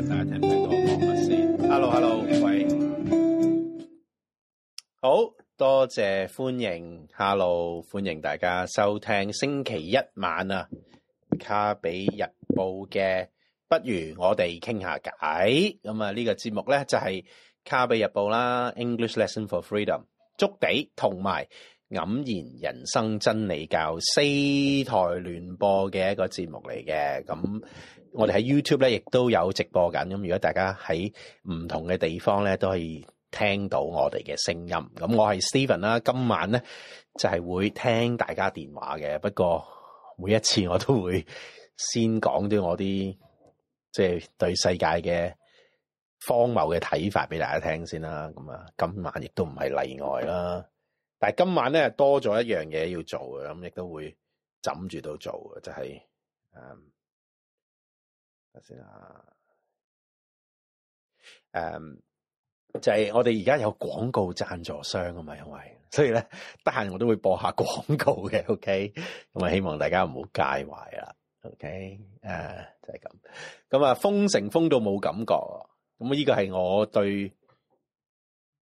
大家聽唔聽到我講乜先？Hello，Hello，喂，好多謝歡迎，Hello，歡迎大家收聽星期一晚啊，《卡比日報》嘅不如我哋傾下偈咁啊！個節呢個節目咧就係、是《卡比日報》啦，《English Lesson for Freedom》、築地同埋黯然人生真理教四台聯播嘅一個節目嚟嘅咁。我哋喺 YouTube 咧，亦都有直播緊。咁如果大家喺唔同嘅地方咧，都可以聽到我哋嘅聲音。咁我係 Steven 啦，今晚咧就係會聽大家電話嘅。不過每一次我都會先講啲我啲即係對世界嘅荒謬嘅睇法俾大家聽先啦。咁啊，今晚亦都唔係例外啦。但係今晚咧多咗一樣嘢要做嘅，咁亦都會枕住到做嘅，就係嗯先啦，誒、um,，就係我哋而家有廣告讚助商啊嘛，因為所以咧得閒我都會播下廣告嘅。OK，咁啊，希望大家唔好介懷啦。OK，誒、uh,，就係咁咁啊，封城封到冇感覺，咁呢個係我對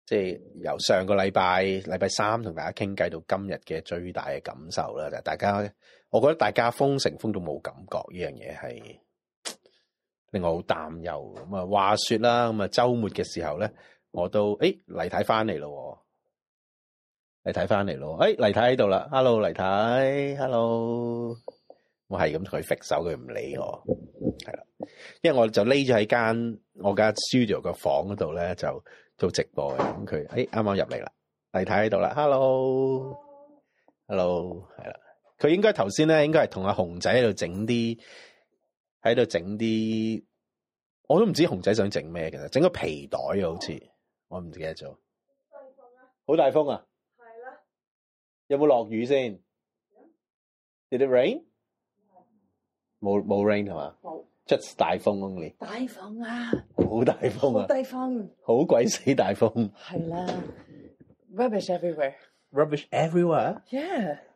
即係、就是、由上個禮拜禮拜三同大家傾偈到今日嘅最大嘅感受啦。就係、大家，我覺得大家封城封到冇感覺呢樣嘢係。這是令我好擔憂咁啊！話說啦，咁啊，周末嘅時候咧，我都誒、哎，黎太翻嚟咯，黎太翻嚟咯，誒、哎，黎太喺度啦，hello 黎太，hello，我係咁同佢揈手，佢唔理我，係啦，因為我就匿咗喺間我家 studio 個房嗰度咧，就做直播嘅，咁佢誒，啱啱入嚟啦，黎太喺度啦，hello，hello，係啦，佢應該頭先咧，應該係同阿熊仔喺度整啲。喺度整啲，我都唔知熊仔想整咩嘅，整個皮袋好似我唔記得咗。好大風啊！係啦的，有冇落雨先？Did it rain？冇冇 No. rain 係嘛？冇 No.，just 大風 only。大風啊！好大風啊！大風，好鬼死大風。係啦，rubbish everywhere，rubbish everywhere。Yeah.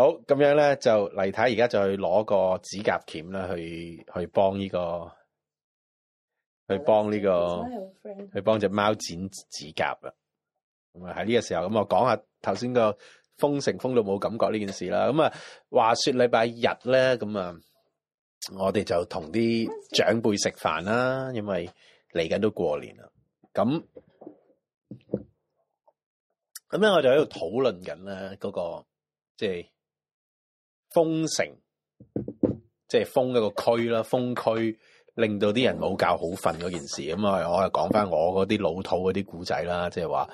好咁樣咧，就黎太而家就去攞個指甲鉗啦，去去幫呢個，去幫呢個，去幫隻貓剪指甲啊！咁啊喺呢個時候，咁我講下頭先個封城封到冇感覺呢件事啦。咁啊，話說禮拜日咧，咁啊，我哋就同啲長輩食飯啦，因為嚟緊都過年啦。咁咁咧，我就喺度討論緊咧，嗰個即係。封城，即係封一個區啦，封區令到啲人冇覺好瞓嗰件事，咁、嗯、啊，我係講翻我嗰啲老土嗰啲古仔啦，即係話，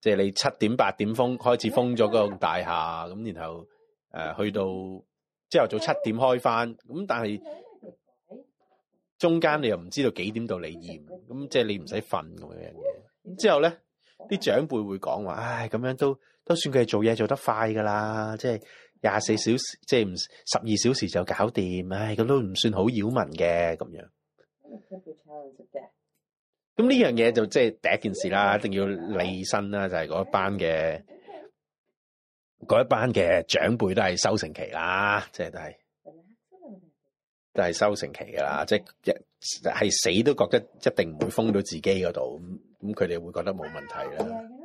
即、就、係、是、你七點八點封開始封咗個大廈，咁然後誒、呃、去到朝頭早七點開翻，咁但係中間你又唔知道幾點到你驗，咁即係你唔使瞓咁樣嘢。之後咧，啲長輩會講話，唉，咁樣都都算佢係做嘢做得快㗎喇，即係。廿四小時即係唔十二小時就搞掂，唉，咁都唔算好擾民嘅咁樣。咁呢、嗯、樣嘢就即係第一件事啦，一定要理身啦，就係、是、嗰一班嘅嗰一班嘅長輩都係收成期啦，即、就、係、是、都係都係收成期噶啦，即係係死都覺得一定唔會封到自己嗰度，咁咁佢哋會覺得冇問題啦。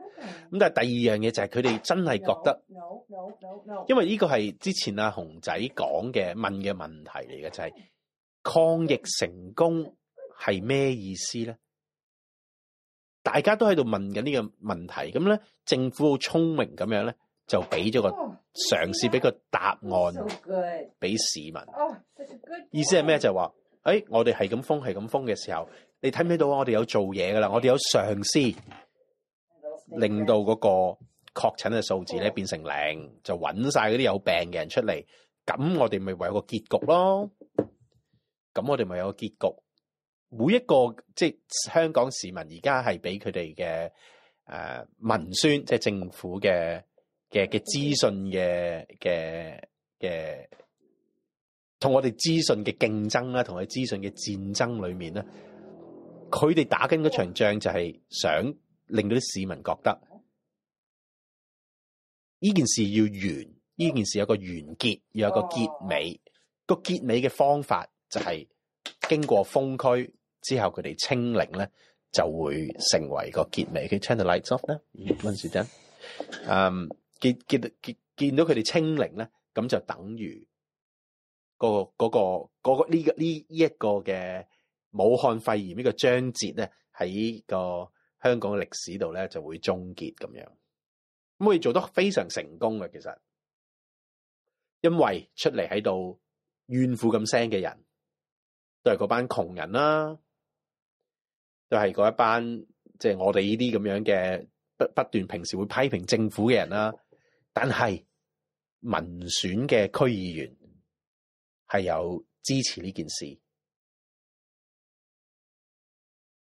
咁但係第二樣嘢就係佢哋真係覺得，因為呢個係之前阿、啊、熊仔講嘅問嘅問題嚟嘅，就係抗疫成功係咩意思咧？大家都喺度問緊呢個問題，咁咧政府好聰明咁樣咧，就俾咗個嘗試，試，俾個答案俾市民。意思係咩？就係、是、話，誒、哎，我哋係咁封，係咁封嘅時候，你睇唔睇到啊？我哋有做嘢噶啦，我哋有嘗試。」令到嗰個確診嘅數字咧變成零，就揾晒嗰啲有病嘅人出嚟。咁我哋咪有個結局咯。咁我哋咪有個結局。每一個即係、就是、香港市民而家係俾佢哋嘅誒文宣，即、就、係、是、政府嘅嘅嘅資訊嘅嘅嘅，同我哋資訊嘅競爭啦，同佢資訊嘅戰爭裏面咧，佢哋打緊嗰場仗就係想。令到啲市民覺得，呢件事要完，呢件事有個完結，要有個結尾。個結尾嘅方法就係經過封區之後，佢哋清零咧，就會成為個結尾。佢聽到嚟咗啦，問時真。嗯，見見見見到佢哋清零咧，咁就等於、那個嗰、嗰個呢、嗰個呢呢一個嘅、嗰個呢個呢個、武漢肺炎呢個章節咧，喺個香港嘅歷史度咧就會終結咁樣，咁可以做得非常成功嘅其實，因為出嚟喺度怨婦咁聲嘅人，都係嗰班窮人啦、啊，都係嗰一班即係我哋呢啲咁樣嘅不不斷平時會批評政府嘅人啦、啊，但係民選嘅區議員係有支持呢件事。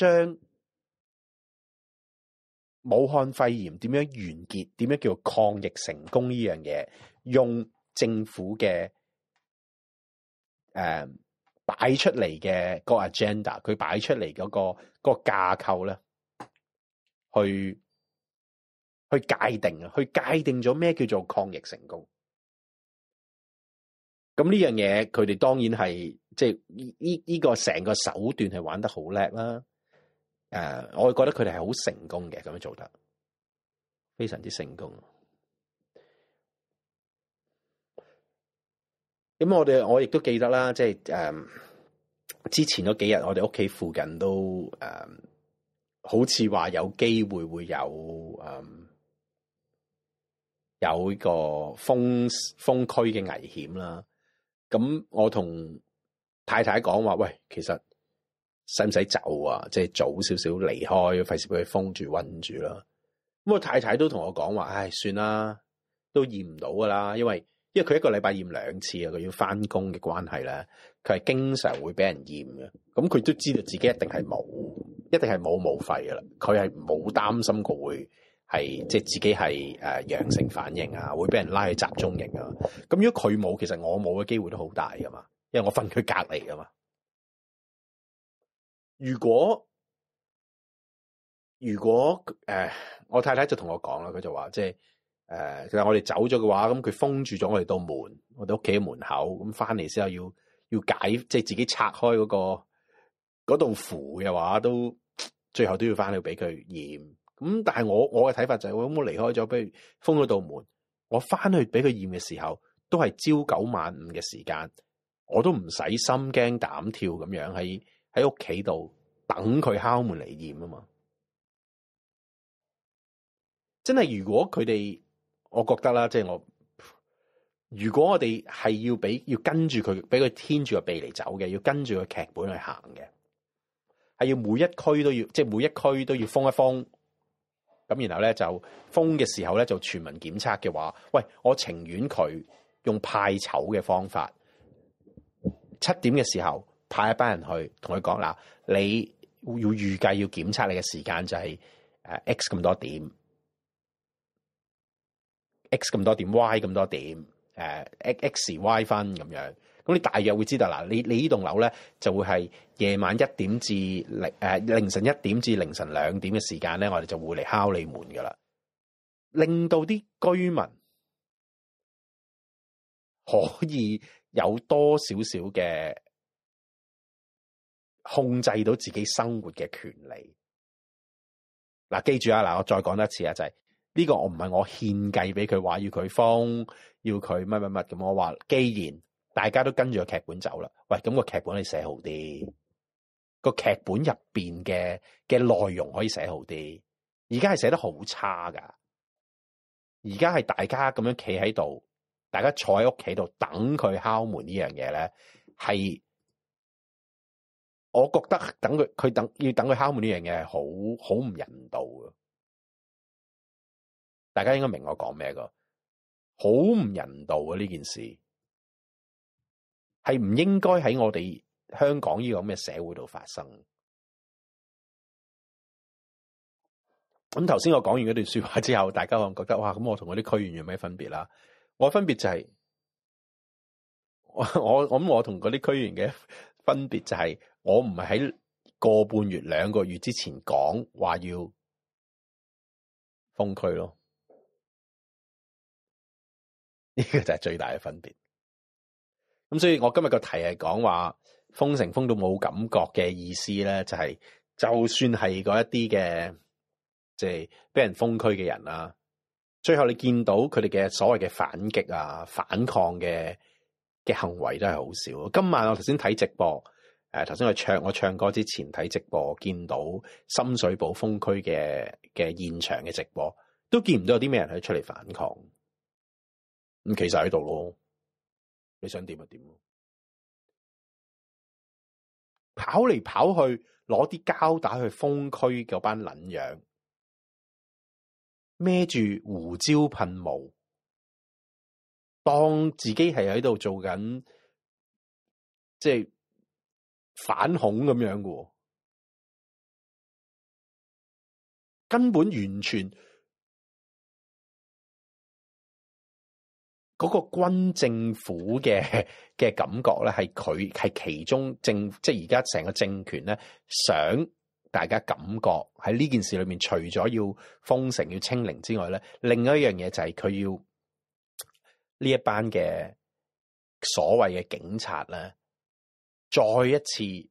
將武漢肺炎點樣完結，點樣叫做抗疫成功呢樣嘢，用政府嘅誒、呃、擺出嚟嘅個 agenda，佢擺出嚟嗰個、個架構咧，去去界定啊，去界定咗咩叫做抗疫成功。咁呢樣嘢，佢哋當然係即係呢呢個成個手段係玩得好叻啦。誒，uh, 我覺得佢哋係好成功嘅，咁樣做得非常之成功。咁我哋我亦都記得啦，即係誒，um, 之前嗰幾日我哋屋企附近都誒，um, 好似話有機會會有誒，um, 有一個封封區嘅危險啦。咁我同太太講話，喂，其實。使唔使走啊？即係早少少離開，費事俾佢封住、溫住啦。咁我太太都同我講話，唉，算啦，都驗唔到噶啦，因為因為佢一個禮拜驗兩次啊，佢要翻工嘅關係咧，佢係經常會俾人驗嘅。咁佢都知道自己一定係冇，一定係冇武肺噶啦。佢係冇擔心佢會係即係自己係誒、呃、陽性反應啊，會俾人拉去集中營啊。咁如果佢冇，其實我冇嘅機會都好大噶嘛，因為我瞓佢隔離㗎嘛。如果如果誒、呃，我太太就同我講啦，佢就話即係誒，佢話我哋走咗嘅話，咁佢封住咗我哋道門，我哋屋企門口咁翻嚟之後要要解，即係自己拆開嗰個嗰道符嘅話，都最後都要翻去俾佢驗。咁但係我我嘅睇法就係，咁我離開咗，比如封咗道門，我翻去俾佢驗嘅時候，都係朝九晚五嘅時間，我都唔使心驚膽跳咁樣喺喺屋企度等佢敲門嚟驗啊嘛！真係如果佢哋，我覺得啦，即係我，如果我哋係要俾要跟住佢，俾佢牽住個鼻嚟走嘅，要跟住個劇本去行嘅，係要每一區都要，即係每一區都要封一封。咁然後咧，就封嘅時候咧就全民檢測嘅話，喂，我情願佢用派籌嘅方法，七點嘅時候。派一班人去，同佢講啦，你要預計要檢測你嘅時間就係誒 x 咁多點，x 咁多點，y 咁多點，誒 x, x x y 分咁樣。咁你大約會知道啦，你你呢棟樓咧就會係夜晚一點至凌誒、呃、凌晨一點至凌晨兩點嘅時間咧，我哋就會嚟敲你門噶啦，令到啲居民可以有多少少嘅。控制到自己生活嘅權利。嗱，記住啊，嗱，我再講多一次啊，就係呢個我唔係我獻計俾佢話要佢封，要佢乜乜乜咁。我話既然大家都跟住個劇本走啦，喂，咁個劇本你寫好啲，個劇本入邊嘅嘅內容可以寫好啲。而家係寫得好差噶，而家係大家咁樣企喺度，大家坐喺屋企度等佢敲門呢樣嘢咧，係。我覺得等佢佢等要等佢敲門呢樣嘢係好好唔人道嘅，大家應該明我講咩嘅，好唔人道啊！呢件事係唔應該喺我哋香港呢個咁嘅社會度發生。咁頭先我講完嗰段說話之後，大家可能覺得哇，咁我同嗰啲區議員有咩分別啦？我分別就係我我我咁，我同嗰啲區議員嘅分別就係……我唔係喺個半月，兩個月之前講話要封區咯，呢個就係最大嘅分別。咁所以我今日個題係講話封城封到冇感覺嘅意思咧，就是，就係就算係嗰一啲嘅，即係俾人封區嘅人啦，最後你見到佢哋嘅所謂嘅反擊啊、反抗嘅嘅行為都係好少。今晚我頭先睇直播。誒，頭先、啊、我唱我唱歌之前睇直播，見到深水埗封區嘅嘅現場嘅直播，都見唔到有啲咩人喺出嚟反抗。咁其實喺度咯，你想點就點咯，跑嚟跑去攞啲膠帶去封區嗰班撚樣，孭住胡椒噴霧，當自己係喺度做緊，即係。反恐咁樣喎，根本完全嗰個軍政府嘅嘅感覺咧，係佢係其中政，即係而家成個政權咧，想大家感覺喺呢件事裏面，除咗要封城、要清零之外咧，另外一樣嘢就係佢要呢一班嘅所謂嘅警察咧。再一次，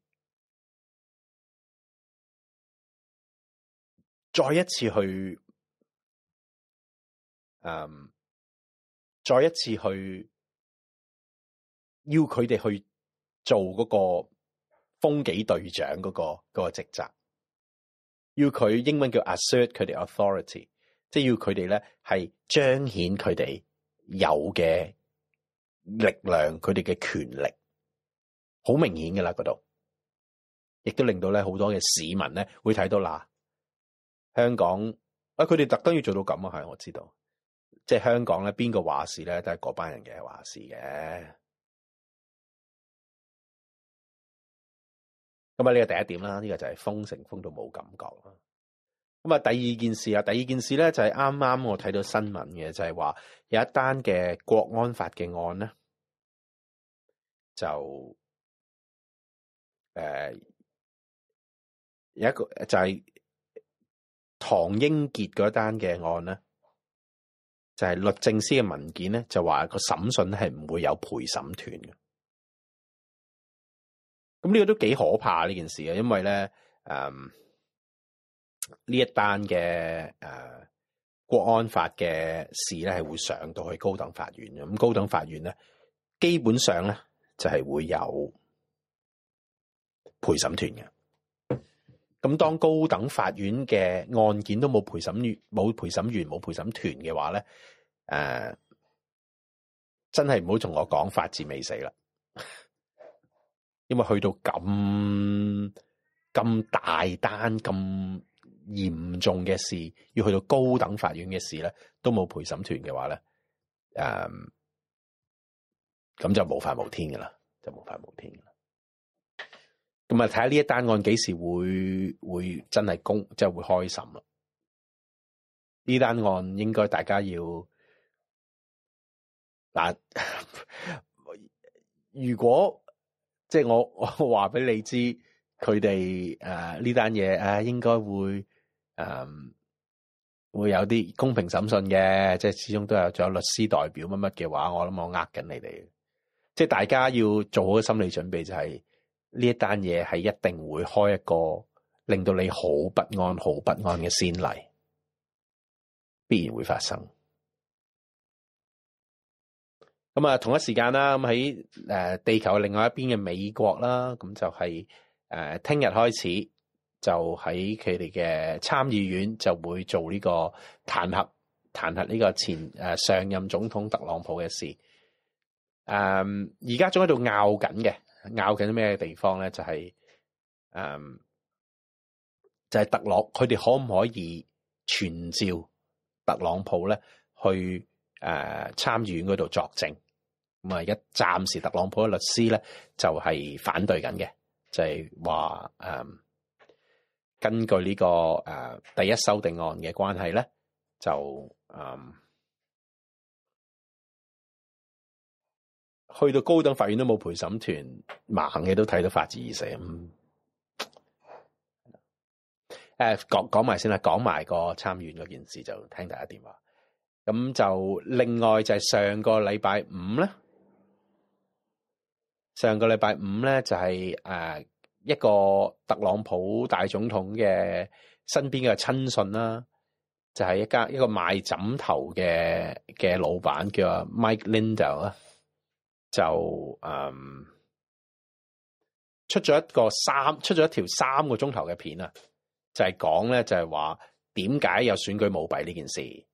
再一次去，嗯，再一次去，要佢哋去做嗰個風紀隊長、嗰個、嗰個職責，要佢英文叫 assert 佢哋 authority，即係要佢哋咧係彰顯佢哋有嘅力量，佢哋嘅權力。好明顯嘅啦，嗰度亦都令到咧好多嘅市民咧會睇到嗱，香港啊，佢哋特登要做到咁啊，係我知道，即係香港咧邊個話事咧都係嗰班人嘅話事嘅。咁啊，呢個第一點啦，呢、這個就係封城封到冇感覺啦。咁啊，第二件事啊，第二件事咧就係啱啱我睇到新聞嘅就係、是、話有一單嘅國安法嘅案咧就。誒，有一個就係唐英傑嗰單嘅案咧，就係律政司嘅文件咧，就話個審訊係唔會有陪審團嘅。咁呢個都幾可怕呢件事嘅，因為咧誒呢一單嘅誒國安法嘅事咧係會上到去高等法院。咁高等法院咧基本上咧就係會有。陪審團嘅，咁當高等法院嘅案件都冇陪審員、冇陪審員、冇陪審團嘅話咧，誒，真係唔好同我講法治未死啦，因為去到咁咁大單、咁嚴重嘅事，要去到高等法院嘅事咧，都冇陪審團嘅話咧，誒、呃，咁就無法無天㗎喇，就無法無天㗎喇。咁啊，睇下呢一單案幾時會會真係公，即係會開審呢單案，應該大家要嗱，啊，如果即係我我話俾你知，佢哋誒呢單嘢誒應該會誒，啊、會有啲公平審訊嘅，即係始終都有仲有律師代表乜乜嘅話，我諗我呃緊你哋，即係大家要做好個心理準備，就係，就係。呢一單嘢係一定會開一個令到你好不安、好不安嘅先例，必然會發生。咁啊，同一時間啦，咁喺誒地球另外一邊嘅美國啦，咁就係誒聽日開始就喺佢哋嘅參議院就會做呢個彈劾彈劾呢個前誒上任總統特朗普嘅事。誒，而家仲喺度拗緊嘅。拗緊咩地方咧？就係、是、誒、嗯，就係、是、特朗，佢哋可唔可以傳召特朗普咧去誒參議院嗰度作證？咁、嗯、啊，一暫時特朗普嘅律師咧就係、是、反對緊嘅，就係話誒，根據呢、這個誒、呃、第一修訂案嘅關係咧，就誒。嗯去到高等法院都冇陪審團盲嘅，都睇到法治意識。誒、嗯，講講埋先啦，講埋個參院嗰件事就聽大家電話。咁就另外就係上個禮拜五啦。上個禮拜五咧就係、是、誒一個特朗普大總統嘅身邊嘅親信啦、啊，就係、是、一家一個賣枕頭嘅嘅老闆叫 Mike Lindell 啊。就嗯出咗一個三出咗一條三個鐘頭嘅片啊，就係講咧就係話點解有選舉舞弊呢件事。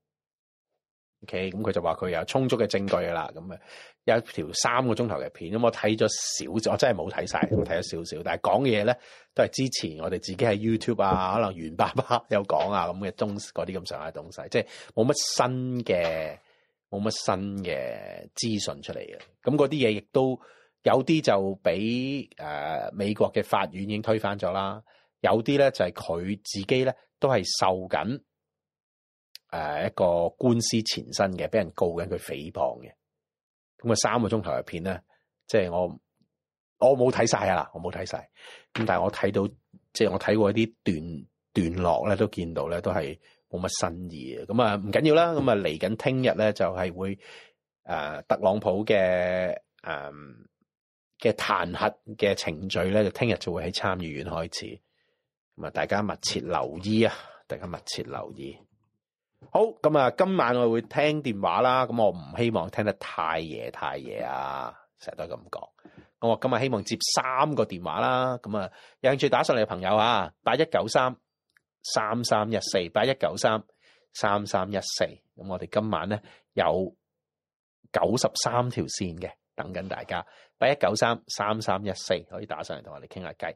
OK，咁佢就話佢有充足嘅證據噶啦，咁啊有一條三個鐘頭嘅片，咁我睇咗少，我真係冇睇晒，睇咗少少，但係講嘢咧都係之前我哋自己喺 YouTube 啊，可能袁爸爸有講啊咁嘅東嗰啲咁上下東西，即係冇乜新嘅。冇乜新嘅資訊出嚟嘅，咁嗰啲嘢亦都有啲就俾誒美國嘅法院已經推翻咗啦，有啲咧就係佢自己咧都係受緊誒一個官司纏身嘅，俾人告緊佢誹謗嘅。咁啊三個鐘頭入片咧，即係我我冇睇曬啊喇，我冇睇晒。咁但係我睇到即係我睇過一啲段段落咧，都見到咧都係。冇乜新意啊！咁啊唔緊要啦，咁啊嚟緊聽日咧就係會誒、呃、特朗普嘅誒嘅彈劾嘅程序咧就聽日就會喺參議院開始，咁啊大家密切留意啊！大家密切留意。好，咁啊今晚我會聽電話啦，咁我唔希望聽得太夜太夜啊，成日都係咁講。咁我今日希望接三個電話啦，咁啊有興趣打上嚟嘅朋友啊，八一九三。三三一四八一九三三三一四，咁我哋今晚咧有九十三條線嘅等緊大家，八一九三三三一四可以打上嚟同我哋傾下偈。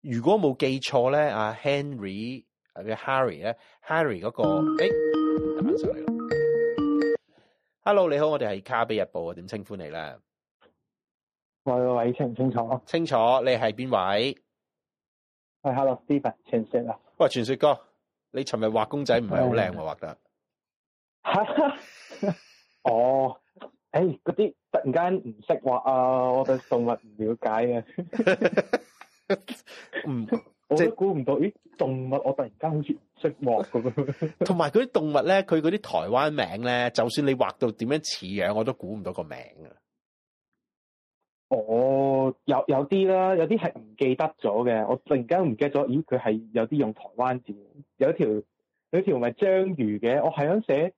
如果冇記錯咧，阿 Henry 或者 Harry 咧，Harry 嗰、那個誒打、欸、上嚟啦。Hello，你好，我哋係《卡比日報》，啊。我點稱呼你咧？喂，喂，清唔清楚？清楚，你係邊位？喂 Hello Steven 陳石啊。喂，傳說哥，你尋日畫公仔唔係好靚喎，畫得。哈， 哦，誒、欸，嗰啲突然間唔識畫啊，我對動物唔了解啊。嗯 我都估唔到，咦、即係欸，動物我突然間好似唔識畫咁樣。同埋嗰啲動物咧，佢嗰啲台灣名咧，就算你畫到點樣似樣，我都估唔到個名啊。我、oh, 有有啲啦，有啲係唔記得咗嘅。我突然間唔記得咗，咦？佢係有啲用台灣字的，有條有條咪章魚嘅。我係想寫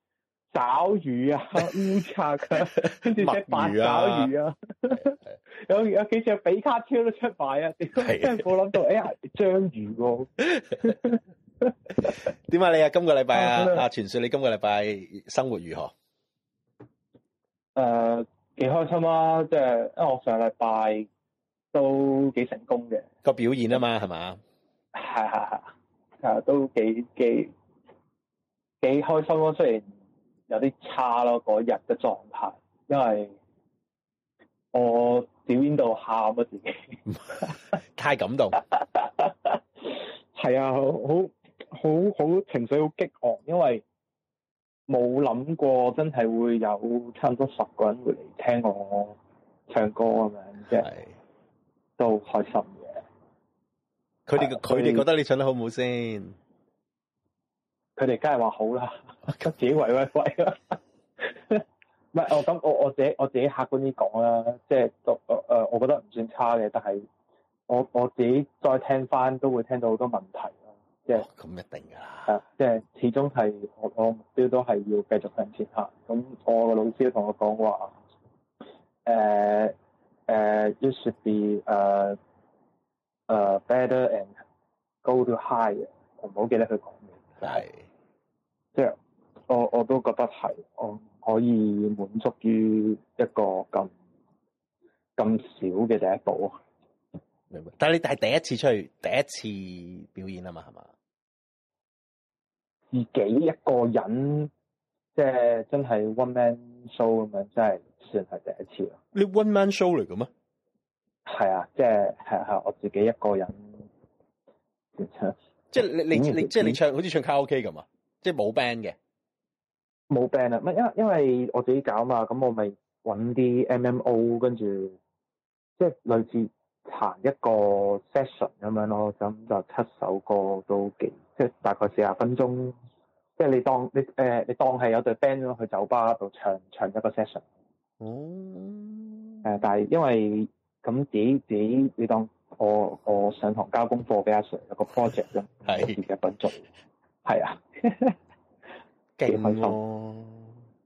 爪魚啊烏賊啊，跟住魚八爪魚啊。有幾有幾隻比卡超都出埋啊！的真係冇諗到，誒的、哎，章魚喎、啊？點解、 啊、你啊？今個禮拜啊阿傳、 啊、說你今個禮拜生活如何？誒。Uh, 幾開心啊！即係，因為我上禮拜都幾成功嘅個表演啊嘛，係嘛？係係係啊，都幾幾幾開心咯。雖然有啲差咯，嗰日嘅狀態，因為我表演到喊咗自己， 太感動，係啊， 好好好情緒好激昂，因為。冇諗過真係會有差唔多十個人會嚟聽我唱歌咁樣，是即係都好開心嘅。佢哋佢哋覺得你唱得好唔好先？佢哋梗係話好啦。給自己喂喂喂啊！唔 係，我咁，我我自己我自己客觀啲講啦，即係都誒誒我，我覺得唔算差嘅，但係我我自己再聽翻都會聽到好多問題。即係咁一定噶，即係始終係我我目標都係要繼續向前行。咁我個老師都同我講話，誒誒，you should be 誒、uh, 誒、uh, better and go to higher。唔好記得佢講嘅，係即係我我都覺得係，我可以滿足於一個咁咁少嘅第一步啊。明白，但係你係第一次出去，第一次表演啊嘛，係嘛？自己一個人，即係真係 one man show 咁樣，真係算係第一次。你 one man show 嚟嘅咩？係啊，即係係係我自己一個人，即係你、嗯、你你即係你唱，好似唱卡拉 OK 咁啊！即係冇 band 嘅，冇 band 啊！因為因為我自己搞啊嘛，咁我咪搵啲 M M O 跟住，即係類似彈一個 session 咁樣咯。咁就七首歌都幾。即大概四十分鐘，即係你當你誒、呃、你當係有隊 band 咯，去酒吧度唱唱一個 session，嗯。哦。誒，但係因為咁自己自己，你當我我上堂交功課俾阿 Sir 有個 project 咯是，自己嘅品種。係 是啊。勁開心。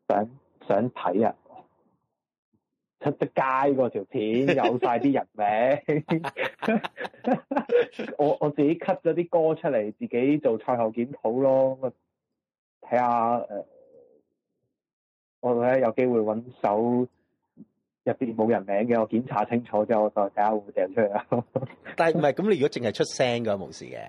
想想睇啊！出得街嗰條片有晒啲人名， 我我自己 cut 咗啲歌出嚟，自己做賽後檢討咯。睇下誒，我睇有機會揾手入邊冇人名嘅，我檢查清楚之後，我再睇下會唔會掟出嚟。 但係唔係咁？你如果淨係出聲嘅話冇事嘅，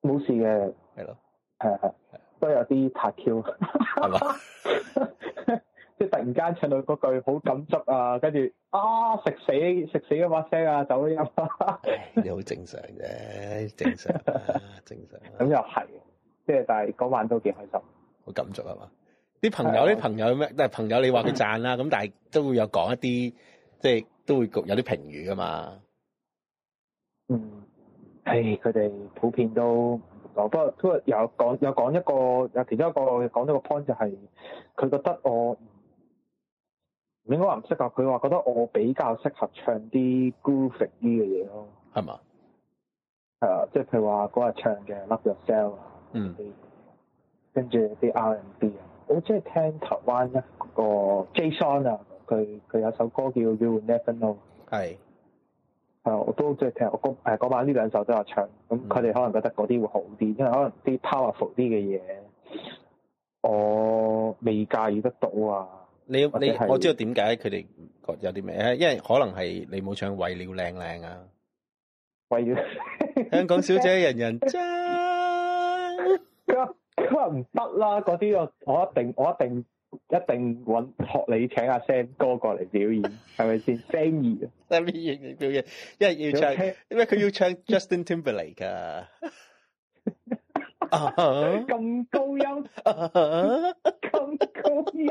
冇事嘅係咯，係係係都有啲拍 Q 係嘛？吧 即係突然間唱到嗰句好感觸啊，跟住啊食死食死嗰把聲啊，走咗音、 哎！你好正常嘅，正常正常咁又係，即係、 就是、但係嗰晚都幾開心，好感觸係嘛？啲朋友啲的朋友咩？但係的朋友你話佢讚啦，咁 但係都會有講一啲即係都會有啲評語㗎嘛？嗯，係佢哋普遍都講，不過都係有講有講一個有其中一個講咗個 point 就係、是、佢覺得我。應該話唔適合，佢話覺得我比較適合唱啲 groovy 啲嘅嘢咯，係嘛嗎？係啊，即係譬如話嗰日唱嘅 Love Yourself 啊，嗯，跟住啲 R&B 啊，我即係聽台灣一個 Jay Sean 啊，佢佢有首歌叫 You Never Know，係，係是、啊、我都即係聽，我嗰晚呢兩首都有唱，咁佢哋可能覺得嗰啲會好啲，因為可能啲 powerful 啲嘅嘢我未介意得到啊。你你我知道點解佢哋覺有啲咩？因為可能係你冇唱為了靚靚啊，為了要香港小姐 人人爭，咁咁話唔得啦！嗰啲我我一定我一定我一定揾學你請阿、啊、s a m 哥過嚟表演，係咪先 s a m 熱嚟表演， 因為要唱咩？佢要唱 Justin Timberlake，咁、啊、 高音，咁 高音。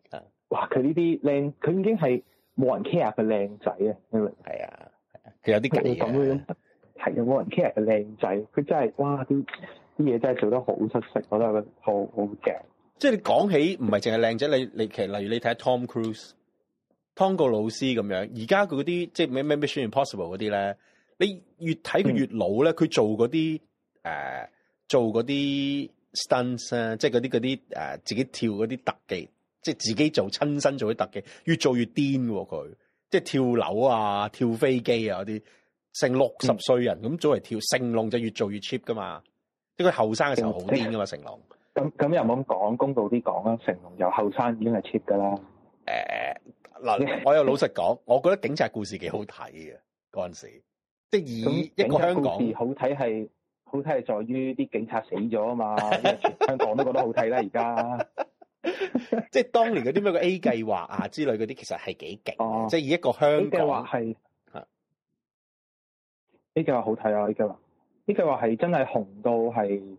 哇！佢呢啲靚，佢已經係冇人 care 嘅靚仔啊！你明？係啊，佢有啲勁嘢。咁樣樣，係啊，冇人 care 嘅靚仔，佢真係哇！啲啲嘢真係做得好出色，我覺得好好正。即係你講起唔係淨係靚仔， 你你其實例如你睇下 Tom Cruise、Tom 湯哥老師咁樣，而家佢嗰啲即係咩咩 Mission Impossible》嗰啲咧，你越睇佢越老咧，佢、嗯、做嗰啲誒做嗰啲 stunts 啊，即係嗰啲嗰啲誒自己跳嗰啲特技。即係自己做親身做啲特技，越做越癲喎佢。即係跳樓啊、跳飛機啊嗰啲，成六十歲人咁做嚟跳。嗯、成龍就越做越 cheap 噶嘛。即係佢後生嘅時候好癲噶嘛。成龍。咁咁又冇咁講，公道啲講啦。成龍由後生已經係 cheap 噶啦。誒，嗱，我又老實講，我覺得警察故事幾好睇嘅嗰陣時，即係以一個香港，好睇係好睇係在於啲警察死咗啊嘛，因為全香港都覺得好睇啦而家。 即係當年嗰啲咩個 A 計劃啊之類嗰啲，其實係幾勁嘅。啊、即係以一個香港，A 計劃係係 A 計劃好睇啊，呢句話，呢句話係真係紅到係誒、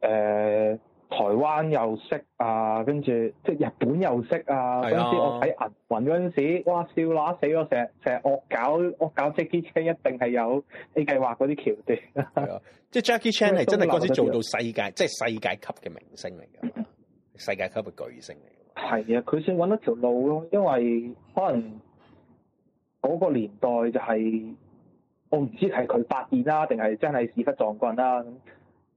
呃、台灣又識啊，跟住即係日本又識啊。嗰陣、啊、時我睇銀魂嗰陣時，哇笑乸死我！成日成日惡搞惡搞 Jackie Chan，一定係有 A 計劃嗰啲橋段。係啊， 即係 Jackie Chan 係真係嗰陣時做到世界即係世界級嘅明星嚟噶 世界級嘅巨星嚟，係啊！佢先揾到一條路咯，因為可能嗰個年代就係、是、我唔知係佢發現啦，定係真係屎忽撞棍啦。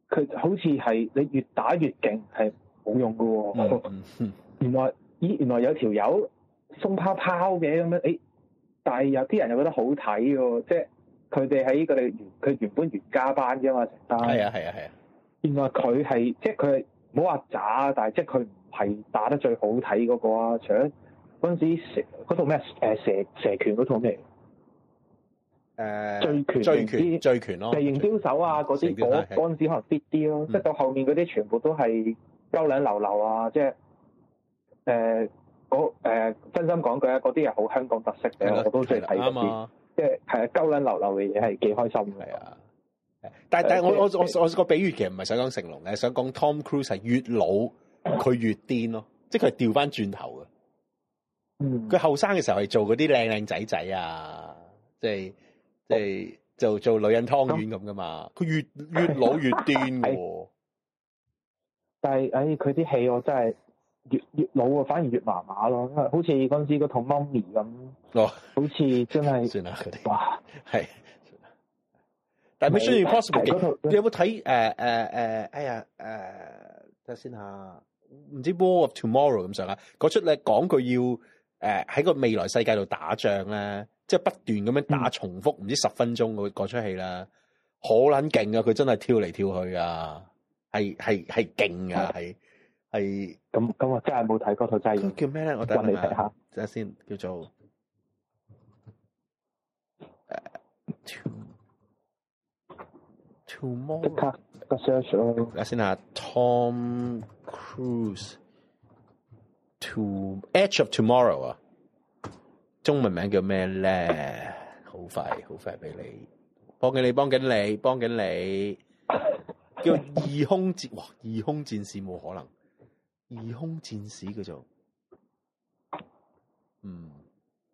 佢好似係你越打越勁，係冇用嘅喎。嗯嗯嗯、原來咦？原來有條友鬆泡泡嘅咁樣。哎，但係有啲人又覺得好睇喎，即係佢哋喺佢哋佢原本原家班啫嘛成班。係啊係啊係啊！原來佢係即係佢。冇好話渣，但係即係佢唔係打得最好睇嗰個啊！除咗嗰陣時蛇嗰套咩？誒蛇蛇拳嗰套咩？誒醉拳、醉拳、醉拳咯，蛇形刁手啊！嗰啲我嗰陣時可能 fit 啲咯，即係到後面嗰啲全部都係鳩撚流流啊！即係誒我真心講句啊，嗰啲係好香港特色嘅，我都中意睇嗰啲，即係係啊鳩撚流流嘅嘢係幾開心嘅。但係但係我我我我個比喻其實唔係想講成龍咧，想講 Tom Cruise 係越老佢越癲咯，即係佢係調翻轉頭嘅。嗯，佢後生嘅時候係做嗰啲靚靚仔仔啊，即係即係做做女人湯圓咁噶嘛。佢越越老越癲嘅。 但係唉，佢啲戲我真係越越老啊，反而越麻麻咯。因為好似嗰陣時套 Mummy 咁，好似真係算啦佢哋，哇，係。但係 Mission Impossible 嘅，你有冇睇？誒誒誒，哎呀，誒睇下先嚇，唔知 War of Tomorrow 咁上下嗰出咧，講佢要誒喺個未來世界度打仗咧，即係不斷咁樣打重複，唔知十分鐘嗰嗰出戲啦，好撚勁啊！佢真係跳嚟跳去啊，係係係勁啊，係係。咁咁我真係冇睇嗰套真係叫咩咧？我等你睇下，睇下先，叫做誒。 《他》《搞笑 show》，先係《Tom Cruise》《To Edge of Tomorrow》啊，中文名叫咩咧？好快，好快俾你，幫緊你，幫緊你，幫緊你，叫《異空戰》哇，《異空戰士》冇可能，《異空戰士》叫做，嗯，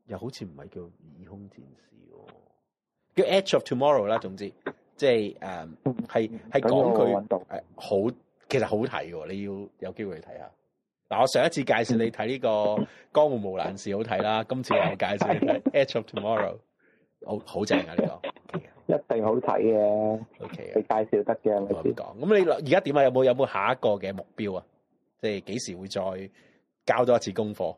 又好似唔係叫《異空戰士、啊》哦，叫《Edge of Tomorrow、啊》啦，總之。即係誒，係係講佢誒，好，其實好睇嘅，你要有機會去睇下。嗱，我上一次介紹你睇呢個《江湖無難事》好睇啦，今次又介紹你睇《 Edge of Tomorrow》，好好正啊呢、 這個，一定好睇嘅。O、okay、K，的你介紹得嘅。咁講，咁 你而家點啊？有冇有冇下一個嘅目標啊？即係幾時會再交多一次功課？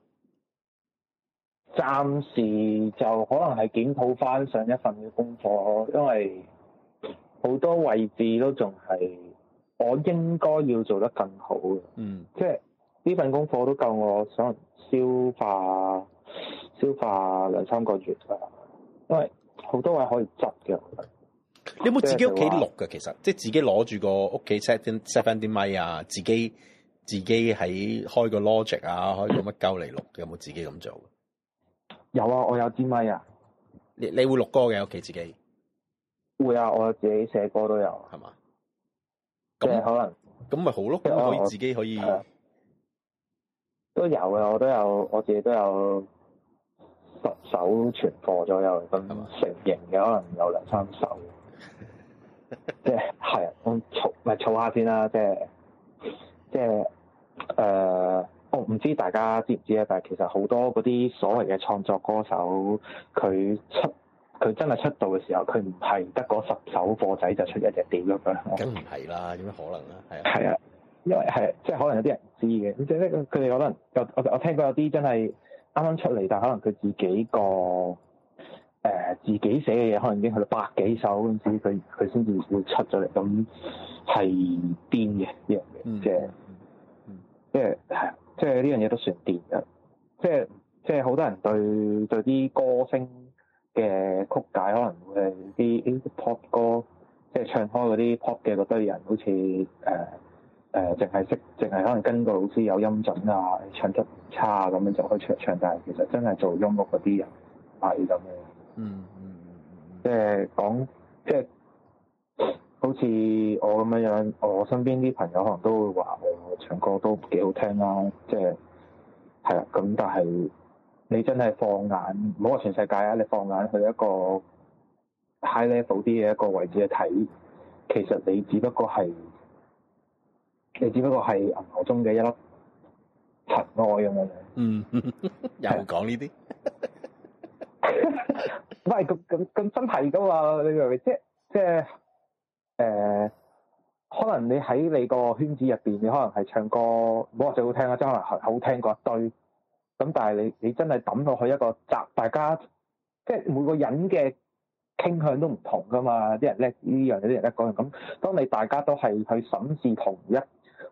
暫時就可能係檢討翻上一份嘅功課，因為。好多位置都仲係我應該要做得更好嘅。嗯，即係呢份功課都夠我想消化消化兩三個月啦，因為好多位可以執嘅。你有冇自己屋企錄嘅？其實即係自己攞住個屋企 set 啲 set 翻啲咪啊，自己自己喺開個 logic 啊，開個乜鳩嚟錄？有冇自己咁做？有啊，我有支咪啊。你你會錄歌嘅屋企自己？會啊，我自己寫歌都有。係嘛？即係可能咁咪好咯，都可，可以自己可以。的都有嘅。我都有，我自己都有十首存貨左右，咁成型嘅嗎可能有兩三首。即係係，我儲咪儲下先啦，即係即係誒，我唔知大家知唔知咧，但係其實好多嗰啲所謂嘅創作歌手，佢出。佢真係出道嘅時候，佢唔係得嗰十首歌仔就出一隻碟咁樣。咁唔係啦，有咩可能啊？係啊，因為係即係可能有啲人唔知嘅，即係咧佢哋可能我我我聽過有啲真係啱啱出嚟，但係可能佢自己個誒、呃、自己寫嘅嘢，可能已經去到百幾首嗰陣時，佢佢先至會出咗嚟，咁係癲嘅呢樣嘢，即係即係呢樣嘢都算癲嘅，即係即係好多人對對啲歌星。嘅曲解可能誒啲 pop 歌，即係唱開嗰啲 pop 嘅嗰堆人，好似誒誒，淨係識淨係可能跟個老師有音準啊，唱得差咁樣就可唱唱，但係其實真係做音樂嗰啲人係咁嘅。嗯，即係講即係，好似我咁樣樣，我身邊啲朋友可能都會話我唱歌都幾好聽啦。即係係啦，咁但係。你真係放眼唔好話全世界啊！你放眼去一個 high level 啲嘅一個位置去睇，其實你只不過係你只不過係銀河中嘅一粒塵埃咁樣。嗯 這，又講呢啲，喂，咁咁咁真係噶嘛？你明唔明？即即誒、呃，可能你喺你個圈子入邊，你可能係唱歌唔好話最好聽啊，即係可能好聽過一堆。.咁但係你你真係抌落去一個集大家，即係每個人嘅傾向都唔同噶嘛，啲人叻呢樣，有啲人叻嗰樣。咁當你大家都係去審視同一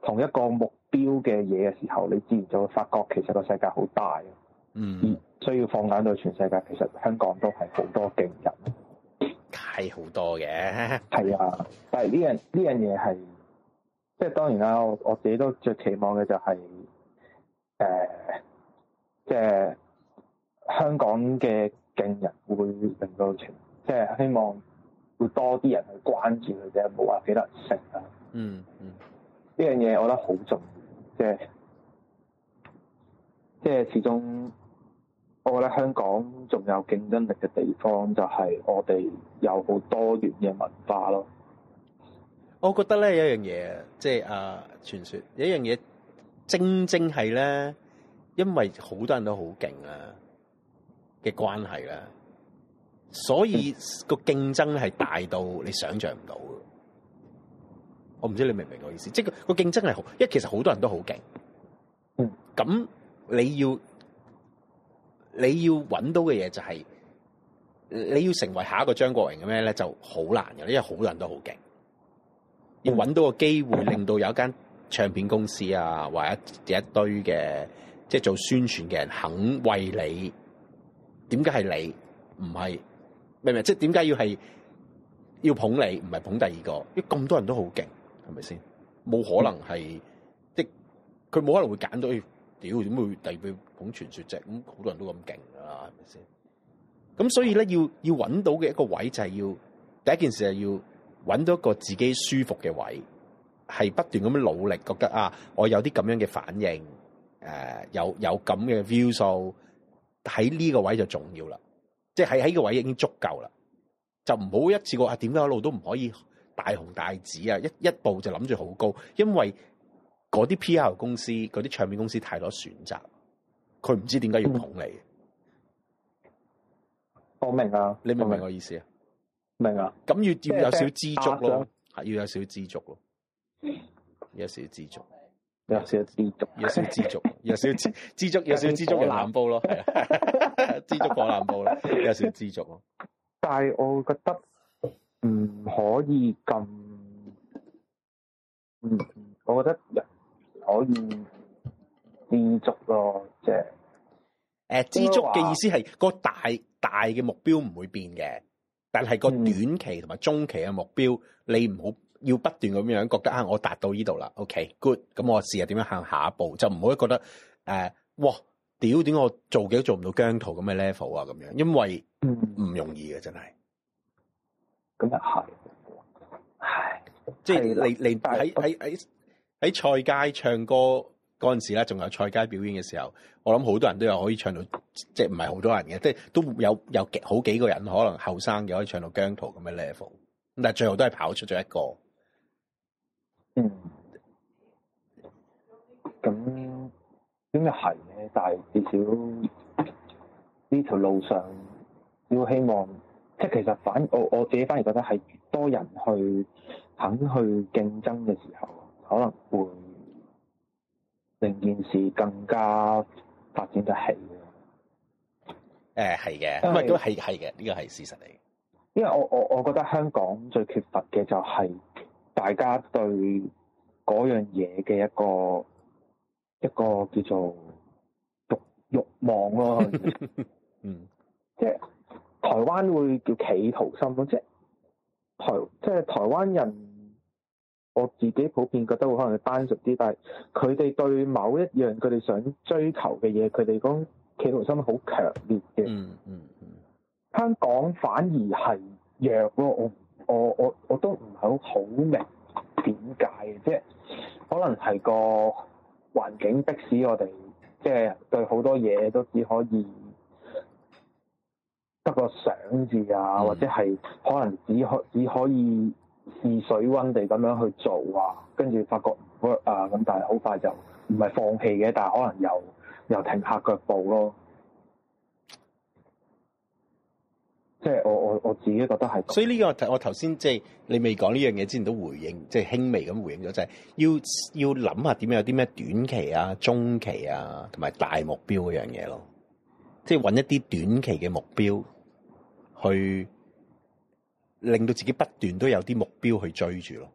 同一個目標嘅嘢嘅時候，你自然就會發覺其實個世界好大。嗯，所以要放眼到全世界，其實香港都係好多勁人，係好多嘅。係 啊，但係呢樣呢樣嘢係，即係當然啦，我我自己都最期望嘅就係、是，誒、呃。即係香港嘅勁人會令到全，即係希望會多啲人去關注佢哋，冇話幾多人識啊！嗯嗯，呢樣嘢我覺得好重要，即係即係始終我覺得香港仲有競爭力嘅地方，就係我哋有好多元嘅文化咯。我覺得咧有一樣嘢，即係啊傳説有一樣嘢，真正正係咧。因為好多人都好勁啊嘅關係啦，所以個競爭係大到你想象唔到嘅。我唔知你明唔明我意思，即係個競爭係好，因為其實好多人都好勁。嗯，咁你要你要揾到嘅嘢就係、是、你要成為下一個張國榮嘅咩咧，就好難嘅。因為好多人都好勁，要揾到個機會令到有一間唱片公司啊，或者一一堆嘅。即係做宣傳嘅人肯為你，點解係你唔係？明唔明？即係點解要係要捧你，唔係捧第二個？因為咁多人都好勁，係咪先？冇可能係，嗯、即佢冇可能會揀到。屌、哎，點會第二杯捧傳說？咁好多人都咁勁噶啦，係咪先？咁所以咧，要要揾到嘅一個位就係要第一件事係要揾到一個自己舒服嘅位，係不斷咁樣努力，覺得啊，我有啲咁樣嘅反應。誒、呃，有有咁嘅 view 數喺呢個位就重要啦，即係喺喺個位已經足夠啦，就唔好一次過啊點解一路都唔可以大紅大紫啊！一一步就諗住好高，因為嗰啲 P. R. 公司，嗰啲唱片公司太多選擇，佢唔知點解要捧你。我明啊，你明唔明我意思啊？明啊，咁要要有少知足咯，要有少知足咯，要有少知足。有少少知足，有少少知足，有少少知足，有少少知足嘅冷煲咯，係啊， 知足過冷煲啦，有少少知足咯。但係我覺得唔可以咁，我覺得人可以知足咯，即係誒，知足嘅意思係個大大嘅目標唔會變嘅，但係個短期同埋中期嘅目標，嗯、你唔好。要不斷咁樣覺得啊，我達到呢度啦，OK good，咁我試下點樣行下一步，就唔好覺得誒、呃，哇屌點我做嘅都做唔到姜濤咁嘅 level 啊？咁樣，因為唔、嗯、容易嘅、嗯、真係，咁就係，唉，即係的你的你喺喺喺喺菜街唱歌嗰陣時咧，仲有菜街表演嘅時候，我諗好多人都有可以唱到，即係唔係好多人嘅，即、就、係、是、都有有好幾個人可能後生嘅可以唱到姜濤咁嘅 level，但係最後都係跑出咗一個。嗯，咁咁又係嘅，但係至少呢條路上要希望，即係其實反我我自己反而覺得係越多人去肯去競爭嘅時候，可能會令件事更加發展得起誒，係嘅、呃，因為都係係嘅，呢個係事實嚟。因為我我我覺得香港最缺乏嘅就係。大家對嗰樣嘢嘅一個一個叫做慾慾望咯，嗯， 即係台灣會叫企圖心咯，即係台即係台灣人，我自己普遍覺得會可能會單純啲，但係佢哋對某一樣佢哋想追求嘅嘢，佢哋講企圖心好強烈嘅，嗯嗯嗯，香港反而係弱咯，我。我我我都唔係好好明點解嘅，即係可能係個環境逼使我哋，即係對好多嘢都只可以得個想字啊，嗯、或者係可能只可只可以試水溫地咁樣去做啊，跟住發覺唔 work 啊，咁但係好快就唔係放棄嘅，但係可能又又停下腳步咯。即係我我我自己覺得係，所以呢個我頭先即係你未講呢樣嘢之前都回應，即係輕微咁回應咗，就係要要諗下點樣有啲咩短期啊、中期啊同埋大目標嗰樣嘢咯，即係揾一啲短期嘅目標去令到自己不斷都有啲目標去追住咯。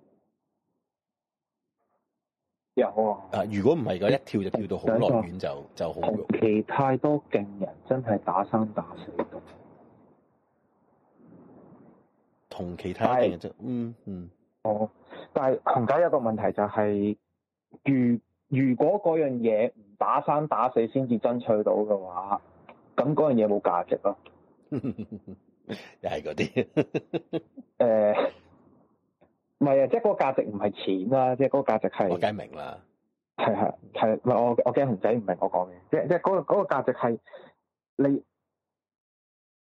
又好啊！啊，如果唔係嘅，一跳就跳到好遠，這個、就就好。同期太多勁人，真係打生打死。同其他嘅啫嗯，嗯嗯，哦，但係熊仔有個問題就係、是，如如果嗰樣嘢唔打生打死先至爭取到嘅話，咁嗰樣嘢冇價值咯。又係嗰啲，誒，唔係啊，即係嗰個價值唔係錢啦，即係嗰個價值係。我梗係明啦，係係係，係我我驚熊仔唔明我講嘅，即係即係嗰個個價值係你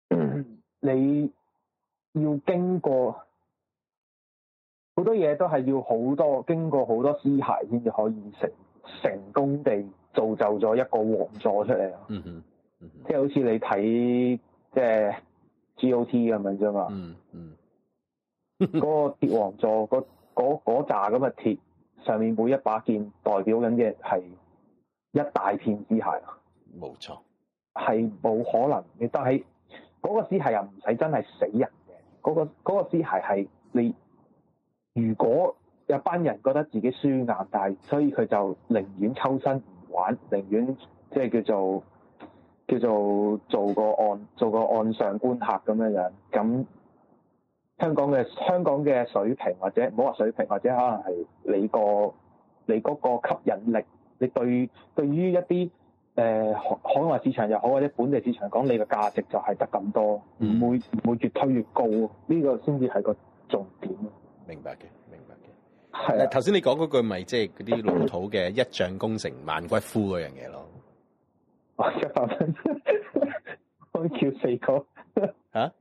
你。 你要經過好多嘢，都係要好多經過好多屍骸，先至可以成成功地造就咗一個王座出嚟啊、嗯！嗯哼，即係好似你睇即係 G O T 咁樣啫嘛。嗯嗯，嗰個鐵王座，嗰嗰嗰扎咁嘅鐵上面每一把劍代表緊嘅係一大片屍骸。冇錯，係冇可能。但係嗰個屍骸又唔使真係死人。嗰、那個嗰、那個師係係你。如果有班人覺得自己輸硬，但係所以佢就寧願抽身唔玩，寧願即係叫做叫做做個岸做個岸上觀客咁樣樣。咁香港嘅香港嘅水平或者唔好話水平，或者可能係你個你嗰個吸引力，你對對於一啲。誒海、呃、海外市場又好，或者本地市場講，你個價值就係得咁多，唔會唔會越推越高，呢、這個先至係個重點。明白嘅，明白嘅。係的。誒頭先你講嗰句咪即係嗰啲老土嘅一將功成萬骨枯嗰樣嘢咯。一百蚊可以叫四個。嚇、啊！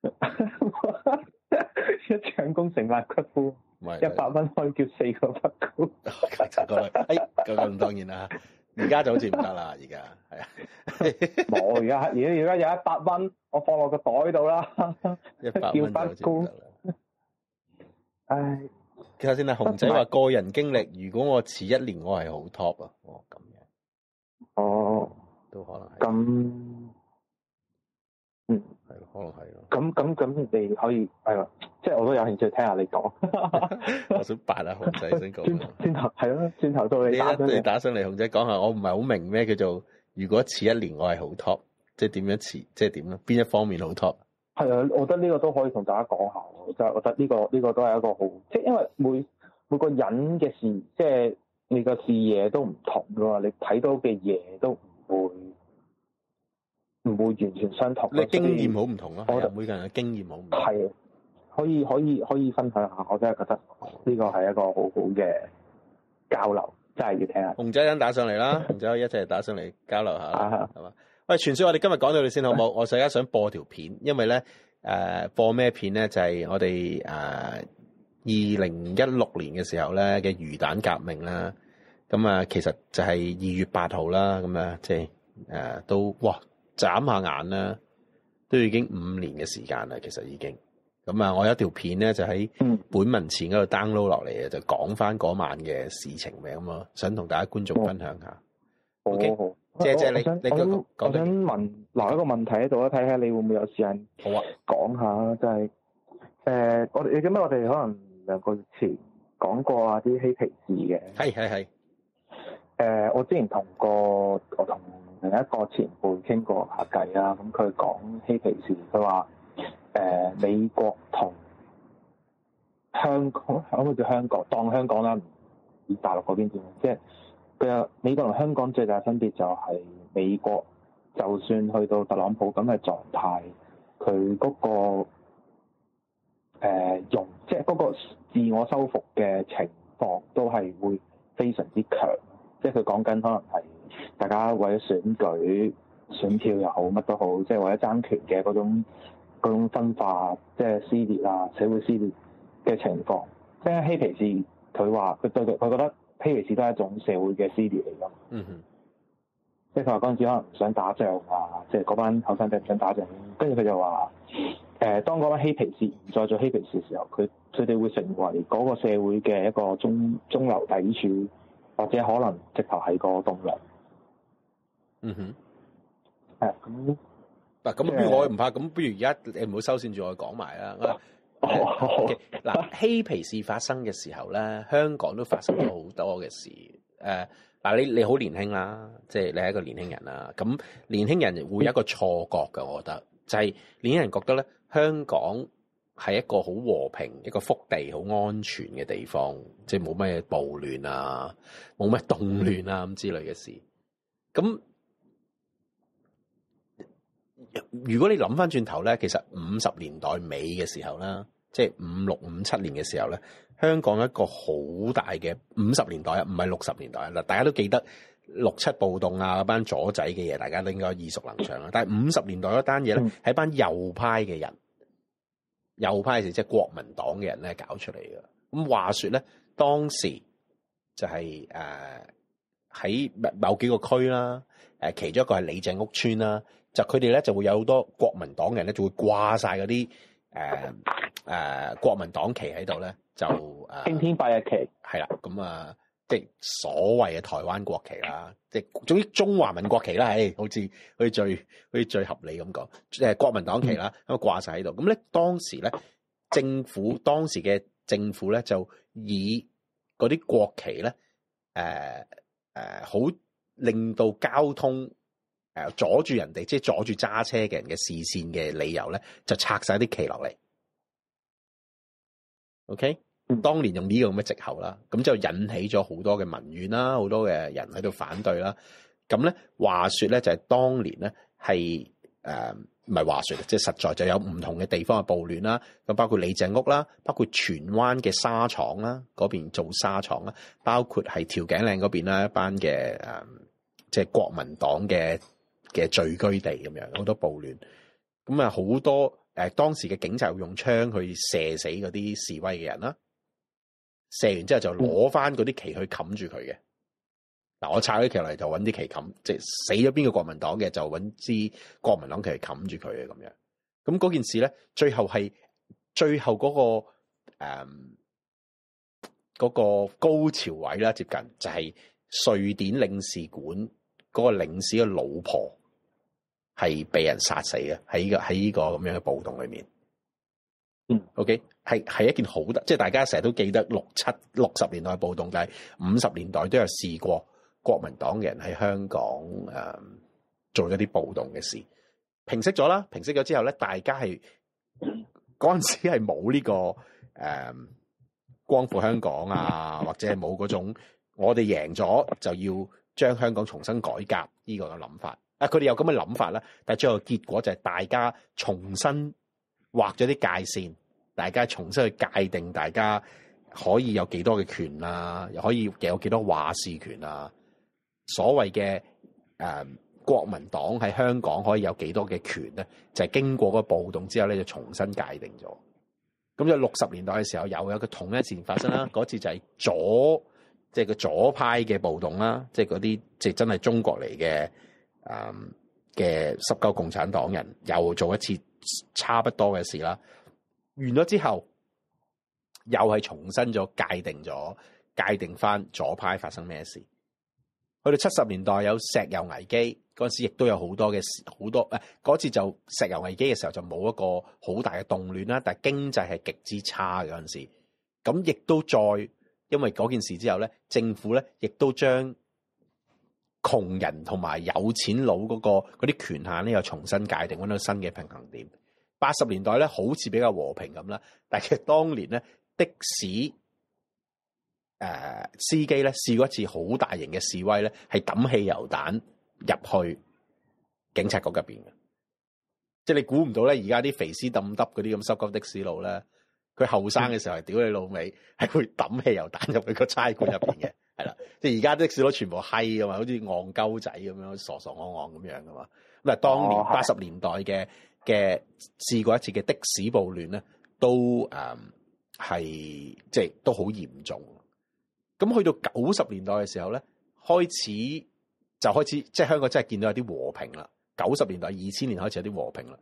一將功成萬骨枯，唔係一百蚊可以叫四個骨枯。夠 啦、哎，夠、那個、當然啦。而家就好似唔得啦，而家係啊，冇而家而而家有一百蚊，我放落個袋度啦，一百蚊好似高， 唉，其實先啦。熊仔話個人經歷，是如果我遲一年，我係好 top 啊！哦，咁樣，哦，都可能係，咁，嗯。係咯，可能係咯。咁咁咁，你哋可以即係我都有興趣聽下你講。 我想八下熊仔先講。轉 頭係咯，轉頭到你打，你打上嚟熊仔講下，我唔係好明咩叫做如果遲一年我係好 top？即係點樣遲，即係點咯？邊一方面好 top？係啊，我覺得呢個都可以同大家講下。我就覺得呢、呢個呢、呢個都係一個好，即係因為每每個人嘅事，即、就、係、是、你個視野都唔同嘅喎，你睇到嘅嘢都唔會。唔會完全相同。你嘅經驗好唔同啊！我覺得、嗯、是每個人嘅經驗好唔同。係，可以可以可以分享一下。我真係覺得呢個係一個很好好嘅交流，真係要聽一下。紅仔欣打上嚟啦，然 仔後一齊打上嚟 交流一下啦，係嘛？ 喂，傳説我哋今日講到你先好冇好？ 我而家想播條片，因為咧誒、呃、播咩片咧？就係、是、我哋誒二零一六年嘅時候咧嘅魚蛋革命啦。咁啊，其實就係二月八號啦。咁啊、就是，即係誒都哇～眨下眼啦，都已經五年嘅時間啦，其實已經。咁啊，我有一條片咧，就喺本文前嗰度 download 落嚟啊，嗯、就講翻嗰晚嘅事情咪咁嘛？想同大家觀眾分享一下。哦、Okay? 好嘅，好，係即姐想你想你講說講。我想問，留說一個問題喺度，睇下你會唔會有時間講、啊、下？就係、是、誒，我、呃、哋你記唔記得我哋可能兩個月前講過啊啲嬉皮事嘅？係係係。誒、呃，我之前同過我同。另一個前輩傾過下偈啦，咁佢、啊、講嬉皮士，佢話誒美國同香港，我唔知叫香港當香港啦，以大陸嗰邊點，即係佢話美國同香港最大嘅分別就係美國，就算去到特朗普咁嘅狀態，佢嗰、嗰個誒容，即係嗰個自我修復嘅情況都係會非常之強，即係佢講緊可能係。大家為咗選舉選票又好，乜都好，即係為咗爭權嘅嗰種嗰種分化，即係撕裂啊，社會撕裂嘅情況。即係嬉皮士佢話，佢對佢佢覺得嬉皮士都係一種社會嘅撕裂嚟㗎。嗯哼，即係佢話嗰陣時可能唔想打仗啊，即係嗰班後生仔唔想打仗。跟住佢就話誒，當嗰班嬉皮士唔再做嬉皮士嘅時候，佢佢哋會成為嗰個社會嘅一個中中流砥柱，或者可能直頭係個棟樑。嗯哼，係咁嗱，咁、嗯啊、我唔怕，咁不如而家你唔好收綫住，我講埋啦。嗱， 嬉、啊、皮士發生嘅時候咧，香港都發生咗好多嘅事。誒，嗱，你你好年輕啦，即係你係一個年輕人啦。咁年輕人會有一個錯覺嘅，我覺得就係、是、年輕人覺得咧，香港係一個好和平、一個福地、好安全嘅地方，即係冇咩暴亂啊，冇咩動亂啊咁之類嘅事，咁。如果你諗翻轉頭咧，其實五十年代尾嘅時候啦，即係五六五七年嘅時候咧，香港一個好大嘅五十年代啊，唔係六十年代啊，大家都記得六七暴動啊，班左仔嘅嘢，大家都應該耳熟能詳。但係五十年代嗰單嘢咧，喺班右派嘅人，右派嘅即係國民黨嘅人咧搞出嚟㗎。咁話說咧，當時就係誒喺某幾個區啦，誒其中一個係李鄭屋村啦。就佢哋咧，就會有好多國民黨人咧，就會掛晒嗰啲誒誒國民黨旗喺度咧，就誒青、呃、天白日旗係啦，咁啊，即係所謂嘅台灣國旗啦，即係總之中華民國旗啦，係、哎、好似佢最嗰最合理咁講國民黨旗啦，咁掛晒喺度。咁咧、嗯、當時咧，政府當時嘅政府咧，就以嗰啲國旗咧誒好令到交通。阻住人哋，即係阻住揸車嘅人嘅視線嘅理由咧，就拆晒啲旗落嚟。OK，當年用呢個咁嘅藉口啦，咁就引起咗好多嘅民怨啦，好多嘅人喺度反對啦。咁咧話説咧，就係、是、當年咧係誒，唔係、呃、話説即係實在就有唔同嘅地方嘅暴亂啦，咁包括李鄭屋啦，包括荃灣嘅沙廠啦，嗰邊做沙廠啦，包括係調景嶺嗰邊啦一班嘅誒，即、呃、係、就是、國民黨嘅。嘅聚居地咁樣，好多暴亂，咁啊好多誒當時嘅警察會用槍去射死嗰啲示威嘅人啦，射完之後就攞翻嗰啲旗去冚住佢嘅。嗱，我抄啲旗落嚟就揾啲旗冚，即係死咗邊個國民黨嘅就揾支國民黨旗嚟冚住佢嘅咁樣。咁嗰件事咧，最後係最後嗰、嗰個誒嗰、嗯嗰個高潮位啦，接近就係瑞典領事館嗰個領事嘅老婆，係俾人殺死嘅，喺呢個喺呢個咁樣嘅暴動裏面，嗯，OK，係係一件好得，即係大家成日都記得六七六十年代暴動，但係五十年代都有試過國民黨嘅人喺香港誒、嗯、做咗啲暴動嘅事，平息咗啦，平息咗之後咧，大家係嗰陣時係冇呢個誒、嗯、光復香港啊，或者係冇嗰種我哋贏咗就要將香港重新改革呢個嘅諗法。啊！佢哋有咁嘅諗法啦，但係最後結果就係大家重新劃咗啲界線，大家重新去界定大家可以有幾多嘅權啦，又可以有幾多話事權啊？所謂嘅誒，國民黨喺香港可以有幾多嘅權咧？就係、是、經過嗰個暴動之後咧，就重新界定咗。咁就六十年代嘅時候有有同一個統一事件發生啦，嗰次就係左即係個左派嘅暴動啦，即係嗰啲即係真係中國嚟嘅。嗯嘅十九共產黨人又做一次差不多嘅事啦，完咗之後又係重新咗界定咗，界定返左派發生咩事。去到七十年代有石油危機嗰陣時，亦都有好多嘅好多誒，嗰次就石油危機嘅時候就冇一個好大嘅動亂啦，但係經濟係極之差嗰陣時，咁亦都再因為嗰件事之後咧，政府咧亦都將，窮人同埋有錢佬嗰個嗰啲權限咧，又重新界定，搵到新嘅平衡點。八十年代咧，好似比較和平咁啦，但係其實當年咧的士誒司機咧試過一次好大型嘅示威咧，係抌汽油彈入去警察局入邊嘅，即係你估唔到咧，而家啲肥屍抌抌嗰啲咁濕鳩的士佬咧，佢後生嘅時候係屌你老味，係會抌汽油彈入去個差館入邊嘅。係啦，即係而家的士佬全部閪噶嘛，好似戇鳩仔咁樣，傻傻戇戇咁樣噶嘛。咁啊，當年八十年代嘅嘅試過一次嘅的，的士暴亂咧，都誒係即係都好嚴重。咁去到九十年代嘅時候咧，開始就開始即係、就是、香港真係見到有啲和平啦。九十年代、二千年開始有啲和平啦。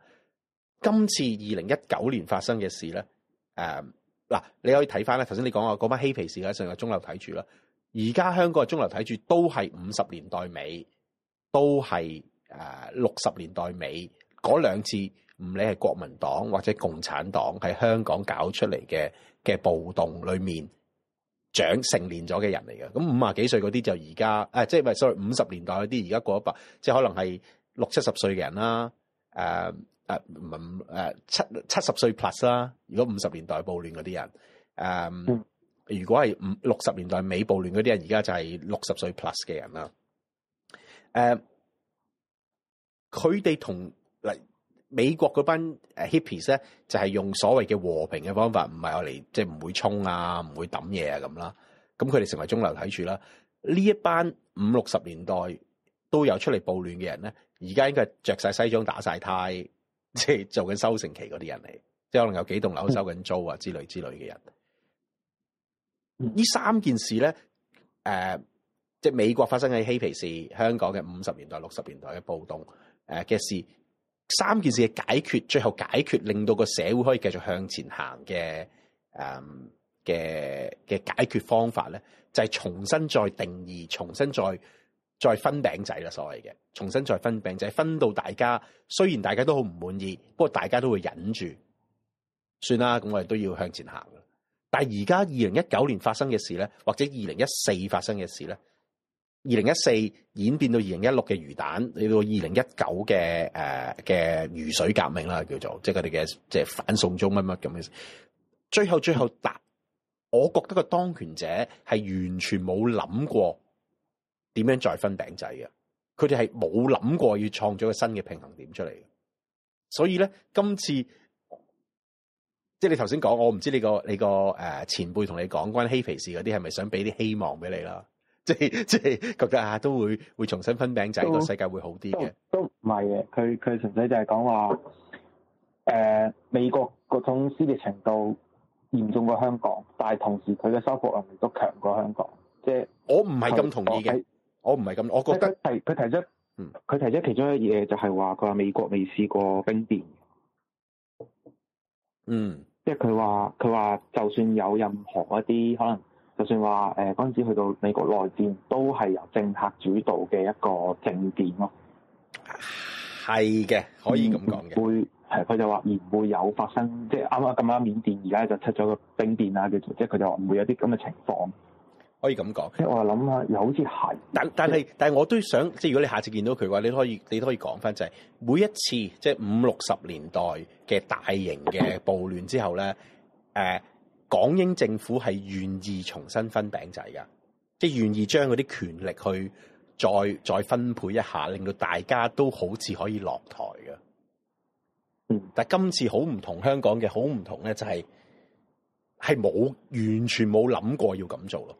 今次二零一九年發生嘅事咧，誒、嗯、嗱、啊、你可以睇翻咧，頭先你講話，嗰班嬉皮士咧，上個鐘樓睇住啦。而家香港嘅中流睇住都係五十年代尾，都係誒六十年代尾嗰兩次，唔理係國民黨或者共產黨喺香港搞出嚟嘅嘅暴動裡面長成年咗嘅人嚟嘅。咁五十幾歲那些啊幾歲嗰啲就而家誒，即係唔係 sorry，五十年代嗰啲而家過一百，即係可能係六七十歲嘅人啦，誒誒唔誒七七十歲 plus 啦。如果五十年代暴亂嗰啲人誒。呃嗯如果係五六十年代尾暴亂嗰啲人，而家就係六十歲 plus 嘅人啦。誒、呃，佢哋同嗱、呃、美國嗰班誒 hippies 咧，就係、是、用所謂嘅和平嘅方法，唔係我嚟，即係唔會衝啊，唔會抌嘢啊咁啦。咁佢哋成為中流砥柱啦。呢一班五六十年代都有出嚟暴亂嘅人咧，而家應該係著曬西裝、打晒呔，即係做緊收成期嗰啲人嚟，即係可能有幾棟樓收緊租啊之類之類嘅人。呢三件事咧，誒、呃，即係美國發生嘅嬉皮士、香港嘅五十年代、六十年代嘅暴動誒嘅事，呃、這三件事嘅解決，最後解決令到個社會可以繼續向前行嘅誒嘅嘅解決方法咧，就係、是、重新再定義，重新再再分餅仔啦，所謂嘅，重新再分餅仔，分到大家雖然大家都好唔滿意，不過大家都會忍住，算啦，咁我哋都要向前行。但係而家二零一九年發生嘅事咧，或者二零一四發生嘅事咧，二零一四演變到二零一六嘅魚蛋，你到二零一九嘅誒嘅如水革命啦叫做，即係佢哋嘅即係反送中乜乜咁嘅事。最後最後，答，我覺得個當權者係完全冇諗過點樣再分餅仔嘅，佢哋係冇諗過要創造個新嘅平衡點出嚟。所以咧，今次。即係你頭先講，我唔知你個你個誒前輩同你講關嬉皮士嗰啲係咪想俾啲希望俾你啦？即係即係覺得啊，都會會重新分餅仔、嗯、個世界會好啲嘅。都唔係嘅，佢佢純粹就係講話誒，美國嗰種撕裂程度嚴重過香港，但係同時佢嘅修復能力都強過香港。即係我唔係咁同意嘅，我唔係咁，我覺得佢佢提佢提出，佢提出其中一樣嘢就係話，佢話美國未試過冰點。嗯，即係佢話佢話就算有任何一啲可能，就算話誒嗰陣時去到美國內戰，都係由政客主導嘅一個政變咯。係嘅，可以咁講嘅，係佢就話而唔會有發生，即係啱啱咁啱緬甸而家就出咗個兵變啦，叫做即係佢就話唔會有啲咁嘅情況。可以咁講，即係我諗啊，又好似係，但但係但係我都想，即係如果你下次見到佢嘅話，你可以你都可以講翻就係每一次即係五六十年代嘅大型嘅暴亂之後咧，誒，港英政府係願意重新分餅仔嘅，即係願意將嗰啲權力去再再分配一下，令到大家都好似可以落台嘅。嗯，但係今次好唔同香港嘅、就係，好唔同咧，就係係冇完全冇諗過要咁做咯。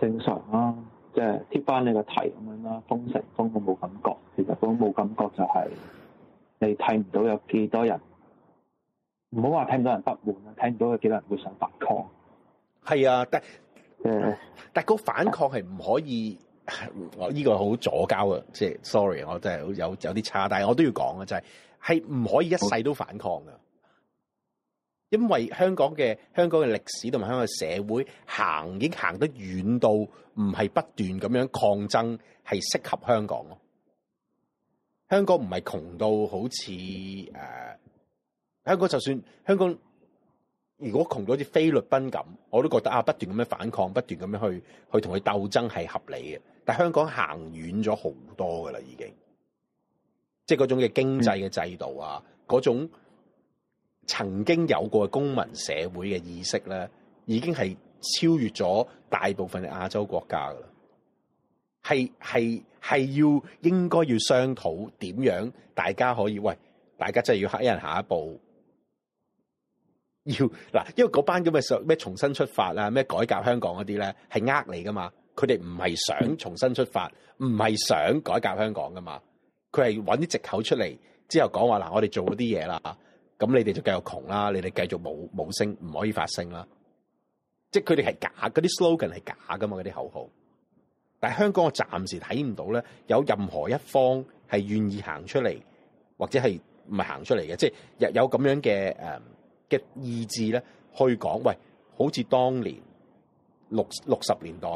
正常啦，即係貼翻你個題咁樣啦，封城封到冇感覺，其實封冇感覺就係你睇唔到有幾多人，唔好話聽唔到人不滿啊，聽唔到有幾多人會想反抗。係啊，但誒，嗯、但個反抗係唔可以，我、這、呢個好左膠啊，即係 sorry，我真係有有啲差，但係我都要講啊，就係係唔可以一世都反抗噶。因為香港嘅香港嘅歷史同埋香港嘅社會行已經行得遠到唔係不斷咁樣抗爭係適合香港咯。香港唔係窮到好似誒、呃，香港就算香港如果窮到好似菲律賓咁，我都覺得啊，不斷咁樣反抗，不斷咁樣去去同佢鬥爭係合理嘅。但香港行遠咗好多噶啦，已經即係嗰種嘅經濟嘅制度啊，嗰、嗯、種。曾經有過公民社會嘅意識咧，已經係超越咗大部分嘅亞洲國家噶啦，係係係要應該要商討點樣大家可以喂，大家真係要黑人下一步要嗱，因為嗰班咁嘅咩重新出發啊，咩改革香港嗰啲咧係呃你噶嘛，佢哋唔係想重新出發，唔係想改革香港噶嘛，佢係揾啲藉口出嚟之後講話嗱，我哋做咗啲嘢啦。咁你哋就繼續窮啦，你哋繼續冇冇聲，唔可以發聲啦。即係佢哋係假，嗰啲 slogan 係假噶嘛，嗰啲口號。但係香港我暫時睇唔到咧，有任何一方係願意行出嚟，或者係唔係行出嚟嘅？即係有有咁樣嘅誒嘅意志咧，去講喂，好似當年六六十年代、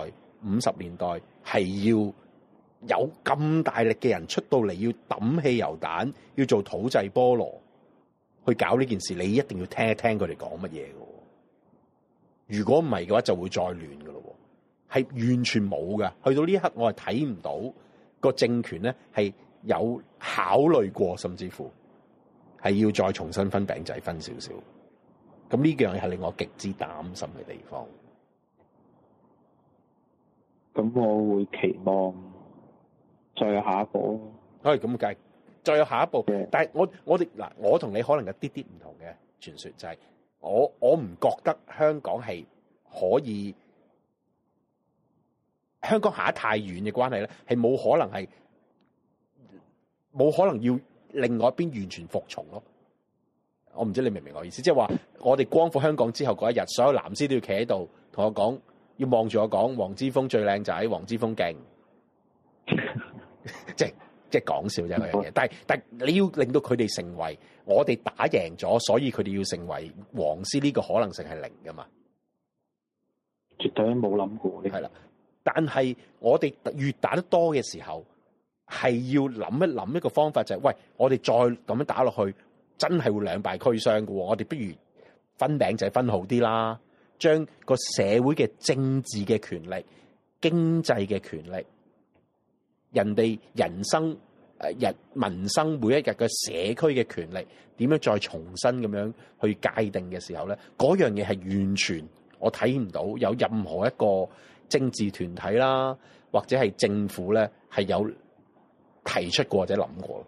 五十年代係要有咁大力嘅人出到嚟，要抌汽油彈，要做土製菠蘿。去搞呢件事，你一定要聽一聽佢哋講乜嘢噶。如果唔係嘅話，就會再亂噶咯。係完全冇噶。去到呢一刻，我係睇唔到個政權咧係有考慮過，甚至乎係要再重新分餅仔分少少。咁呢樣係令我極之擔心嘅地方。咁我會期望再下一步，係咁計。再有下一步，但係我我哋嗱，我同你可能有啲啲唔同嘅傳說就是，就係我我唔覺得香港係可以香港行得太遠嘅關係咧，係冇可能係冇可能要另外一邊完全服從咯。我唔知你明唔明我意思，即係話我哋光復香港之後嗰一日，所有藍絲都要企喺度同我講，要望住我講，黃之鋒最靚仔，黃之鋒勁，即 即係講笑啫，嗰樣嘢，但係但係你要令到佢哋成為我哋打贏咗，所以佢哋要成為黃絲呢個可能性係零噶嘛？絕對冇諗過呢個係啦。但係我哋越打得多嘅時候，係要諗一諗一個方法，就係，就係喂，我哋再咁樣打落去，真係會兩敗俱傷嘅。我哋不如分餅就係分好啲啦，將個社會嘅政治嘅權力、經濟嘅權力。人哋人生誒日民生每一日嘅社區嘅權力點樣再重新咁樣去界定嘅時候咧，嗰樣嘢係完全我睇唔到有任何一個政治團體啦，或者係政府咧係有提出過或者諗過。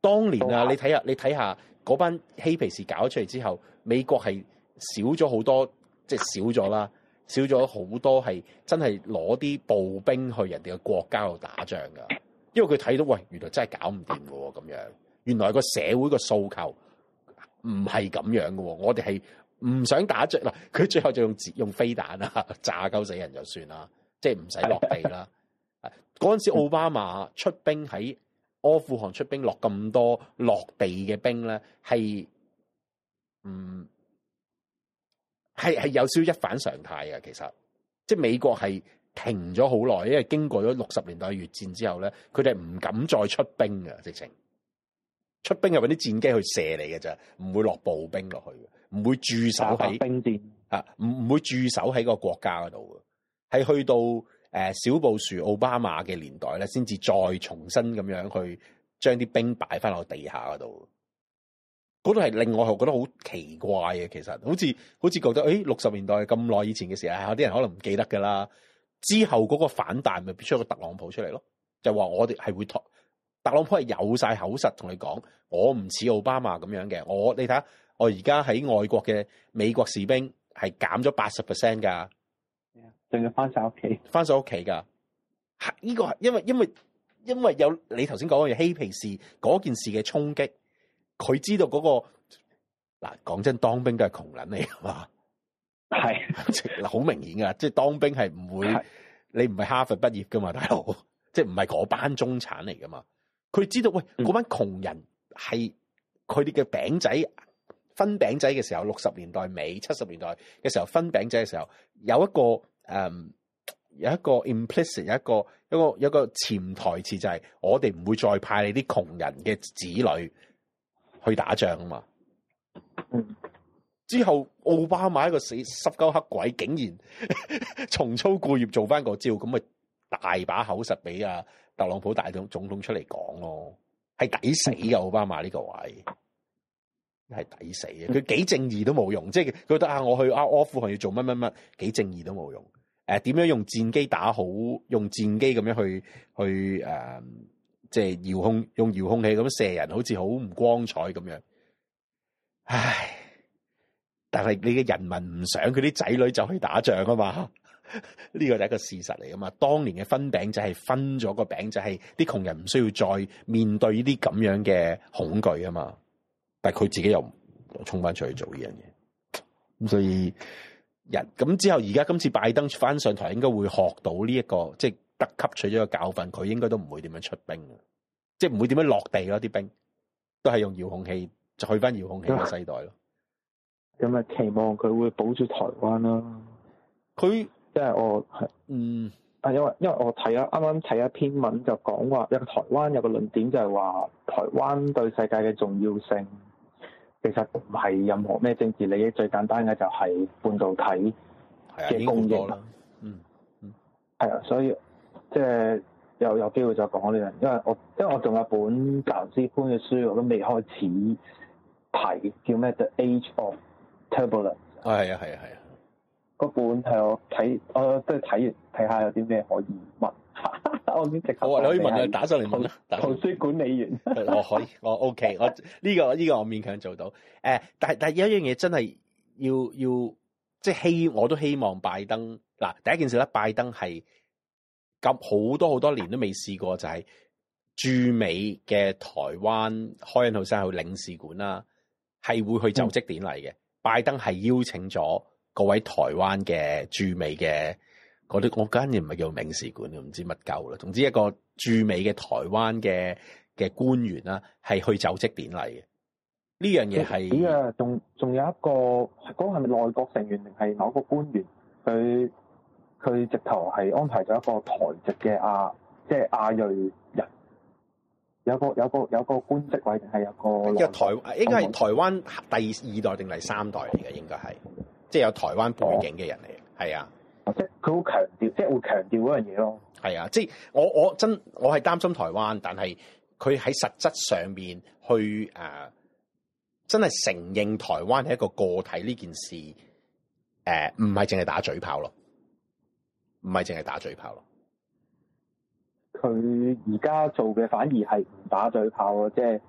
當年啊，你睇下你睇下嗰班嬉皮士搞出嚟之後，美國係少咗好多，即係少咗啦。少咗好多係真係攞啲步兵去人哋嘅國家度打仗噶，因為佢睇到喂，原來真係搞唔掂噶喎咁樣，原來個社會個訴求唔係咁樣噶喎，我哋係唔想打仗啦，佢最後就用用飛彈啊炸鳩死人就算啦，即係唔使落地啦。嗰陣 時奧巴馬出兵喺阿富汗出兵落咁多落地嘅兵咧，係唔～、嗯係係有少一反常態嘅，其實即係美國係停咗好耐，因為經過咗六十年代嘅越戰之後咧，佢哋唔敢再出兵嘅，直情出兵係揾啲戰機去射你嘅咋，唔會落步兵落去嘅，唔會駐守喺兵線嚇，唔唔會駐守喺個國家嗰度嘅，係去到誒、呃、小布殊奧巴馬嘅年代咧，先至再重新咁樣去將啲兵擺翻落地下嗰度。嗰度係另外，我覺得好奇怪嘅。其實好似好似覺得，誒、哎，六十年代咁耐以前嘅時候，有、哎、啲人可能唔記得噶啦。之後嗰個反彈咪出一個特朗普出嚟咯，就話我哋係會托特朗普係有晒口實同你講，我唔似奧巴馬咁樣嘅。我你睇下，我而家喺外國嘅美國士兵係減咗八十 percent 噶，仲要翻晒屋企，翻晒屋企噶。呢、這個係因為因為因為有你頭先講嘅嬉皮士嗰件事嘅衝擊。佢知道嗰個嗱，講真，當兵都係窮人嚟嘛，係好 明顯噶，即係當兵係唔會， 你唔係哈佛畢業噶嘛，大佬即係唔係嗰班中產嚟噶嘛。佢知道，喂嗰班窮人係佢哋嘅餅仔分餅仔嘅時候，六十年代尾七十年代嘅時候分餅仔嘅時候，有一個誒有一個 implicit 有一個有一個有一個潛台詞就係我哋唔會再派你啲窮人嘅子女。去打仗啊嘛，之後奧巴馬一個死濕鳩黑鬼，竟然 重操故業做翻個招，咁咪大把口實俾阿、啊、特朗普大總總統出嚟講咯，係抵死㗎。奧巴馬呢個位係抵死嘅，佢幾正義都冇用，即係佢覺得啊，我去啊阿富汗要做乜乜乜，幾正義都冇用。誒、呃，點樣用戰機打好，用戰機咁樣去去誒。呃即係遙控用遙控器咁射人，好似好唔光彩咁樣。唉，但係你嘅人民唔想佢啲仔女就去打仗啊嘛？呢個就係一個事實嚟噶嘛。當年嘅分餅就係分咗個餅，就係啲窮人唔需要再面對呢啲咁樣嘅恐懼啊嘛。但係佢自己又衝翻出去做呢樣嘢，咁所以人咁之後而家今次拜登翻上台，應該會學到呢一個即係。得吸取咗個教訓，佢應該都唔會點樣出兵嘅，即係唔會點樣落地咯。啲兵都係用遙控器，就去翻遙控器嘅世代咯。咁啊、嗯，期望佢會保住台灣咯。佢即係我係嗯啊，因為它因為我睇啊，啱啱睇一篇文就講話，一個台灣有個論點就係話，台灣對世界嘅重要性其實唔係任何咩政治利益，最簡單嘅就係半導體嘅供應啦。嗯嗯，係啊，所以。即係有有機會再講呢啲因為我因為我仲有本教治潘嘅書，我都未開始睇，叫咩 The Age of Turbulence。哦、啊，係啊，係啊，係啊！嗰本係我睇，我即係睇完睇下有啲咩可以問。 我先直講，你可以問佢跟打上嚟問啦。圖書管理員。 我可以，我 OK，我呢、呢個呢、呢個我勉強做到。誒，但係但係有一樣嘢真係要要，即係希我都希望拜登嗱第一件事咧，拜登係。咁好多好多年都未試過，就係駐美嘅台灣開運好生去領事館啦、啊，係會去就職典禮嘅。嗯、拜登係邀請咗各位台灣嘅駐美嘅嗰啲，我間嘢唔係叫領事館啦，唔知乜鳩啦。總之一個駐美嘅台灣嘅嘅官員啦、啊，係去就職典禮嘅。呢樣嘢係，仲仲有一個嗰、嗰個係咪內閣成員定係某個官員佢？佢直頭係安排咗一個台籍嘅阿，即係阿裔人，有個有個有個官職位，定係有個。一個狼狼應該台，應該係台灣第二代定第三代嚟嘅，應該係，即係有台灣背景嘅人嚟，係啊。即係佢好強調，即係會強調嗰樣嘢咯。係啊，即係我我真我係擔心台灣，但係佢喺實質上面去誒、呃，真係承認台灣係一個個體呢件事，誒唔係淨係打嘴炮咯。唔係淨係打嘴炮咯，佢而家做嘅反而係唔打嘴炮咯，即係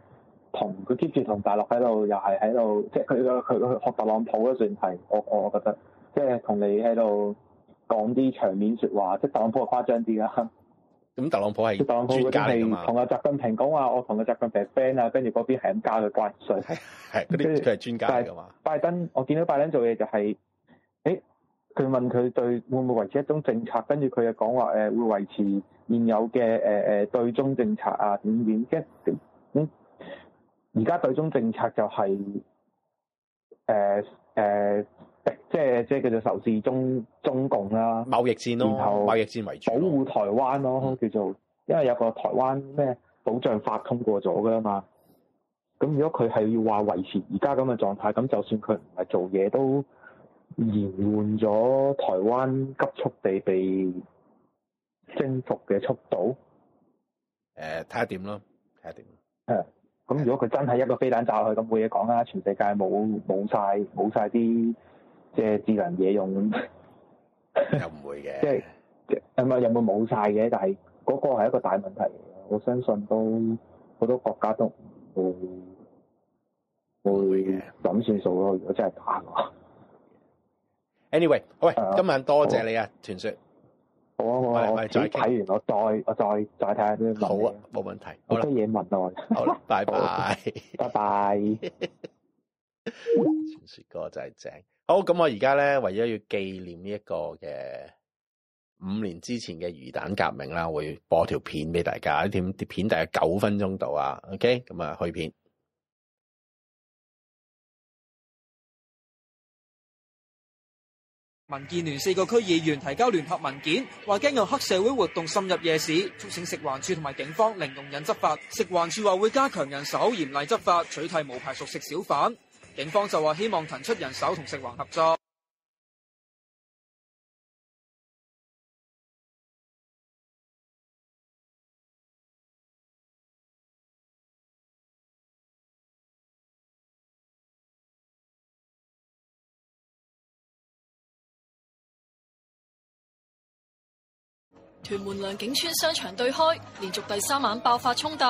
同佢 keep 住同大陸喺度，又係喺度，即係佢個佢佢學特朗普嘅算係，我我我覺得，即係同你喺度講啲場面說話，即係特朗普誇張啲啦。咁特朗普係專家噶嘛，同阿習近平講話啊，我同阿習近平 friend 啊，跟住嗰邊，係咁加佢關稅，係係啲佢係專家噶嘛？拜登，我見到拜登做嘢就係。佢問佢對會唔會維持一種政策，跟住佢又講話誒會維持現有嘅誒誒對中政策啊，點點即係。而、嗯、家對中政策就係誒誒，即係即係叫做仇視中中共啦，貿易戰咯，貿易戰為主，保護台灣咯，嗯、叫做因為有個台灣咩保障法通過咗噶啦嘛。咁如果佢係要話維持而家咁嘅狀態，咁就算佢唔係做嘢都。延緩咗台灣急速地被征服嘅速度，誒睇下點咯，睇下點。誒，咁、嗯、如果佢真係一個飛彈炸落去，咁冇嘢講啦。全世界冇冇晒冇晒啲即係智能嘢用，又唔會嘅。即係係咪有冇冇晒嘅？但係嗰個係一個大問題嚟嘅。我相信都好多國家都會會諗算數咯。如果真係打嘅話。Anyway，好喂，呃、今晚多謝你雪啊，傳說。好啊好，看看好啊，我再睇完我再我再再睇下啲。好啊，冇問題。好多嘢問我、啊。好啦，好啊，拜拜，拜拜。傳說哥真係正。好，咁我而家咧，為咗要紀念呢一個嘅五年之前嘅魚蛋革命啦，我會播條片俾大家。啲片啲片大約九分鐘度啊。OK，咁啊，去片。民建聯四個區議員提交聯合文件，話驚有黑社會活動滲入夜市，促請食環署同埋警方零容忍執法。食環署話會加強人手，嚴厲執法，取締無牌熟食小販。警方就話希望騰出人手同食環合作。屯門良景村商場對開，連續第三晚爆發衝突。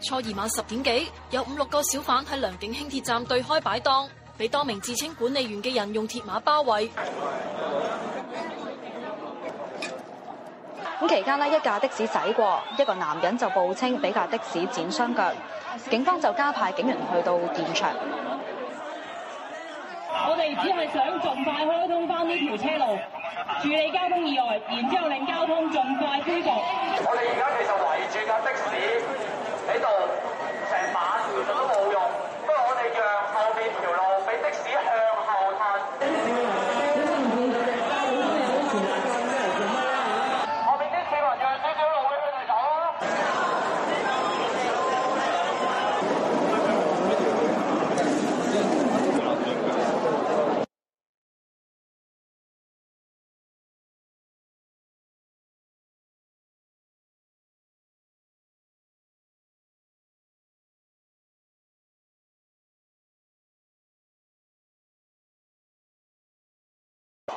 初二晚十點幾，有五六個小販喺良景輕鐵站對開擺檔，被多名自稱管理員嘅人用鐵馬包圍。咁期間呢，一架的士駛過，一個男人就報稱俾架的士剪傷腳，警方就加派警員去到現場。我哋只係想盡快開通返呢條車路，處理交通意外，然之後令交通盡快恢復。我哋而家其實圍住架的士喺度。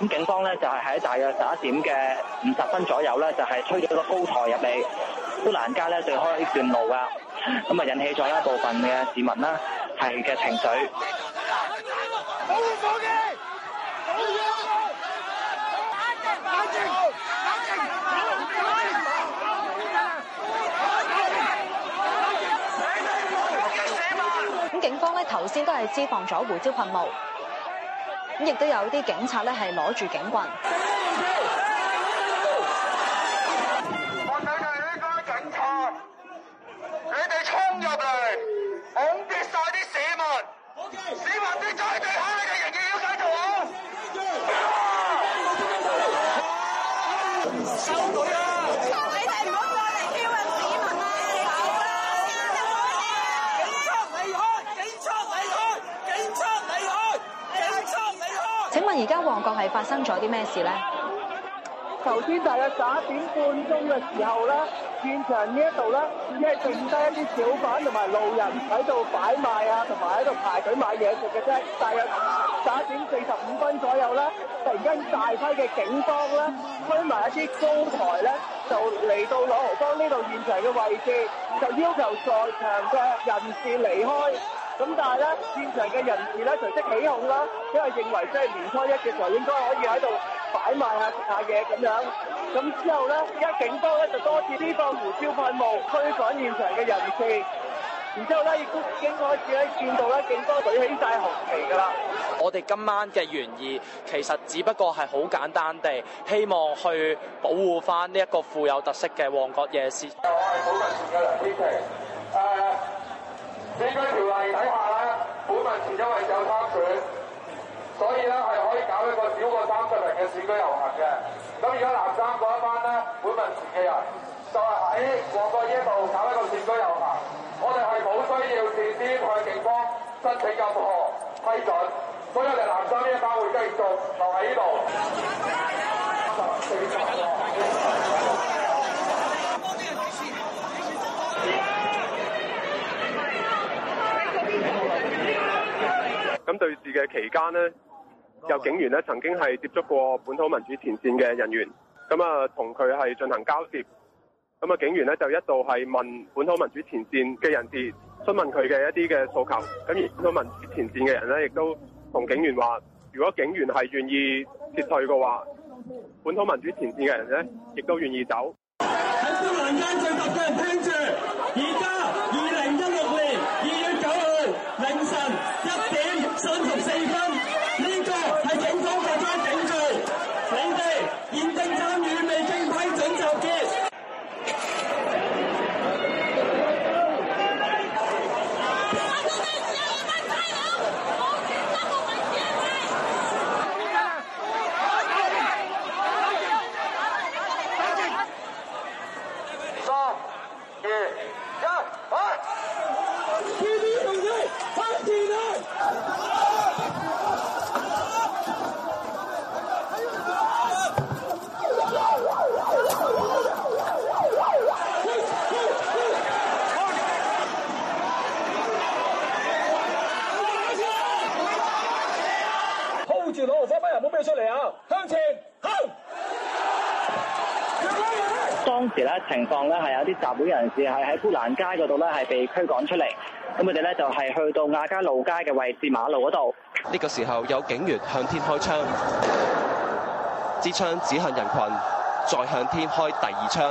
咁警方咧就係喺大約十一點嘅五十分左右咧，就係推咗個高台入嚟，砵蘭街咧對開一段路噶，咁啊引起咗一部分嘅市民啦，係嘅情緒。咁 for 警方咧頭先都係施放咗胡椒噴霧。咁亦都有啲警察呢，係攞住警棍。請問而家旺角係發生咗啲咩事咧？頭先大約十一點半鐘嘅時候咧，現場呢一度咧只係剩低一啲小販同埋路人喺度擺賣啊，同埋喺度排隊買嘢食嘅啫。大約十一點四十五分左右咧，突然間大批嘅警方咧，推埋一啲高台咧，就嚟到朗豪坊呢度現場嘅位置，就要求在場嘅人士離開。咁但係咧，現場嘅人士咧隨即起哄啦，因為認為即係年初一嘅時候應該可以喺度擺賣下食下嘢咁樣。咁之後咧，而家警方咧就多次呢個胡椒噴霧，驅趕現場嘅人士。然之後咧，亦都已經開始呢，見到咧警方舉起晒紅旗噶啦。我哋今晚嘅原意其實只不過係好簡單地希望去保護翻呢一個富有特色嘅旺角夜市。我係、哎選舉條例底下咧，本民前因為有參選，所以咧係可以搞一個少過三十人嘅選舉遊行嘅。咁而家南山嗰一班咧，本民前嘅人就係、是、喺旺角呢一度搞一個選舉遊行，我哋係冇需要事先向警方申請任何批准。所以我哋南山呢一班會繼續做留喺呢度。咁對峙嘅期間呢，有警員呢曾經係接觸過本土民主前線嘅人員，咁啊同佢係進行交涉，咁啊警員呢，就一度係問本土民主前線嘅人士，詢問佢嘅一啲嘅訴求，咁而本土民主前線嘅人呢，亦都同警員話，如果警員係願意撤退嘅話，本土民主前線嘅人呢，亦都願意走。呢度呢係被驅趕出嚟，咁佢哋呢就係去到亞加路街嘅位置馬路嗰度。呢個時候有警員向天開槍，支槍指向人群，再向天開第二槍。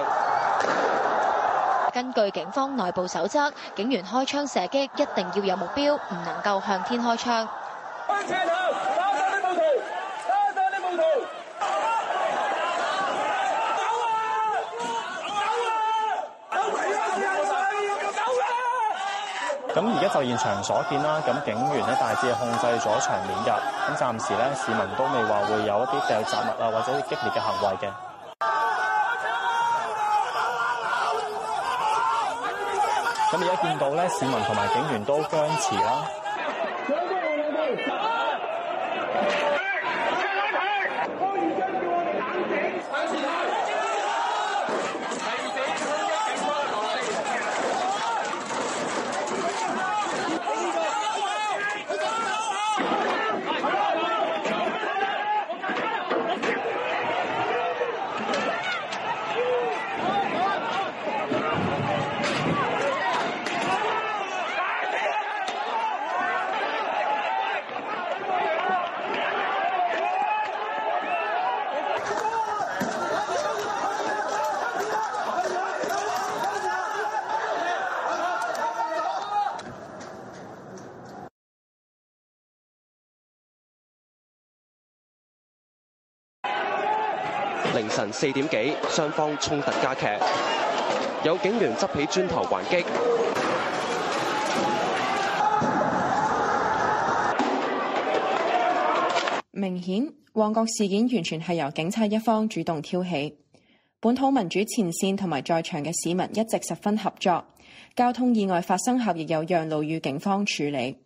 根據警方內部守則，警員開槍射擊一定要有目標，唔能夠向天開槍。咁而家就現場所見啦，咁警員咧大致係控制咗場面㗎，咁暫時咧市民都未話會有一啲嘅雜物啊或者激烈嘅行為嘅。咁而家見到咧，市民同埋警員都僵持啦。四點幾，雙方衝突加劇，有警員執起磚頭還擊。明顯，旺角事件完全係由警察一方主動挑起。本土民主前線同埋在場嘅市民一直十分合作。交通意外發生後，亦有讓路與警方處理，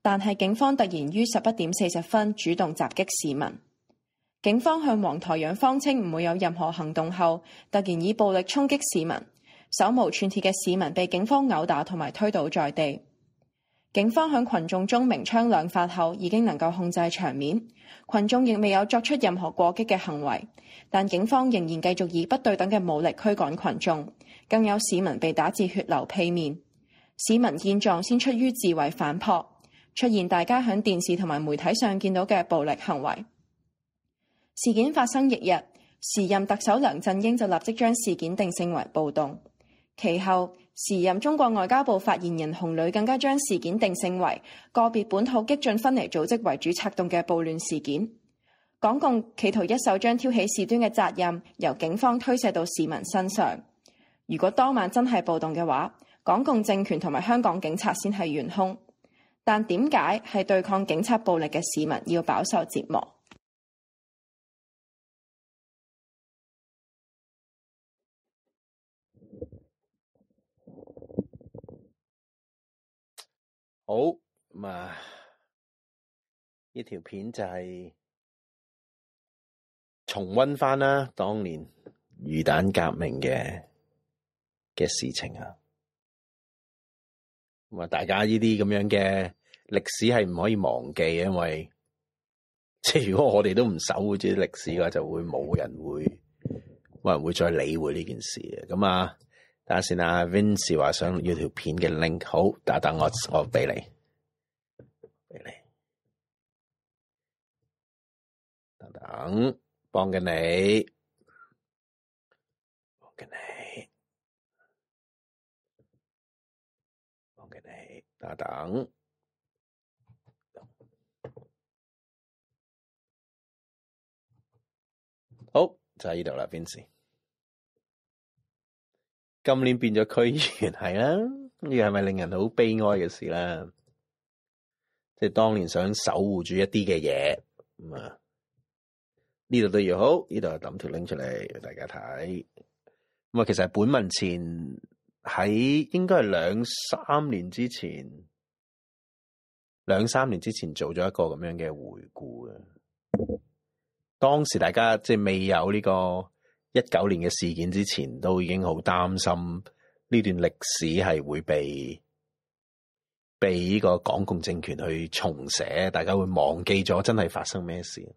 但係警方突然於十一點四十分主動襲擊市民。警方向黃台洋方稱唔會有任何行動後，突然以暴力衝擊市民，手無寸鐵嘅市民被警方毆打同埋推倒在地。警方響群眾中鳴槍兩發後，已經能夠控制場面，群眾亦未有作出任何過激嘅行為，但警方仍然繼續以不對等嘅武力驅趕群眾，更有市民被打至血流披面。市民見狀先出於自衛反撲，出現大家響電視同埋媒體上見到嘅暴力行為。事件發生翌日，時任特首梁振英就立即將事件定性為暴動。其後，時任中國外交部發言人洪磊更加將事件定性為個別本土激進分離組織為主策動嘅暴亂事件。港共企圖一手將挑起事端嘅責任由警方推卸到市民身上。如果當晚真係暴動嘅話，港共政權同埋香港警察先係元兇。但點解係對抗警察暴力嘅市民要飽受折磨？好啊！呢條片就係重溫翻啦，當年魚蛋革命嘅嘅事情啊。咁啊，大家呢啲咁樣嘅歷史係唔可以忘記，因為即係如果我哋都唔守護住啲歷史嘅話，就會冇人會冇人會再理會呢件事咁啊。等下先啊，Vince 話想要條片嘅 link，好，等等我畀你，畀你，等等，幫緊你，幫緊你，幫緊你，等等，好，就係呢度啦 Vince。今年變咗區議員係啦，呢個係咪令人好悲哀嘅事啦？即係當年想守護住一啲嘅嘢咁啊，呢度都要好，呢度抌條拎出嚟，畀大家睇咁啊。其實本文前喺應該係兩三年之前，兩三年之前做咗一個咁樣嘅回顧啊。當時大家即係未有呢個。一九年嘅事件之前都已經好擔心呢段歷史係會被被呢個港共政權去重寫，大家會忘記咗真係發生咩事。咁、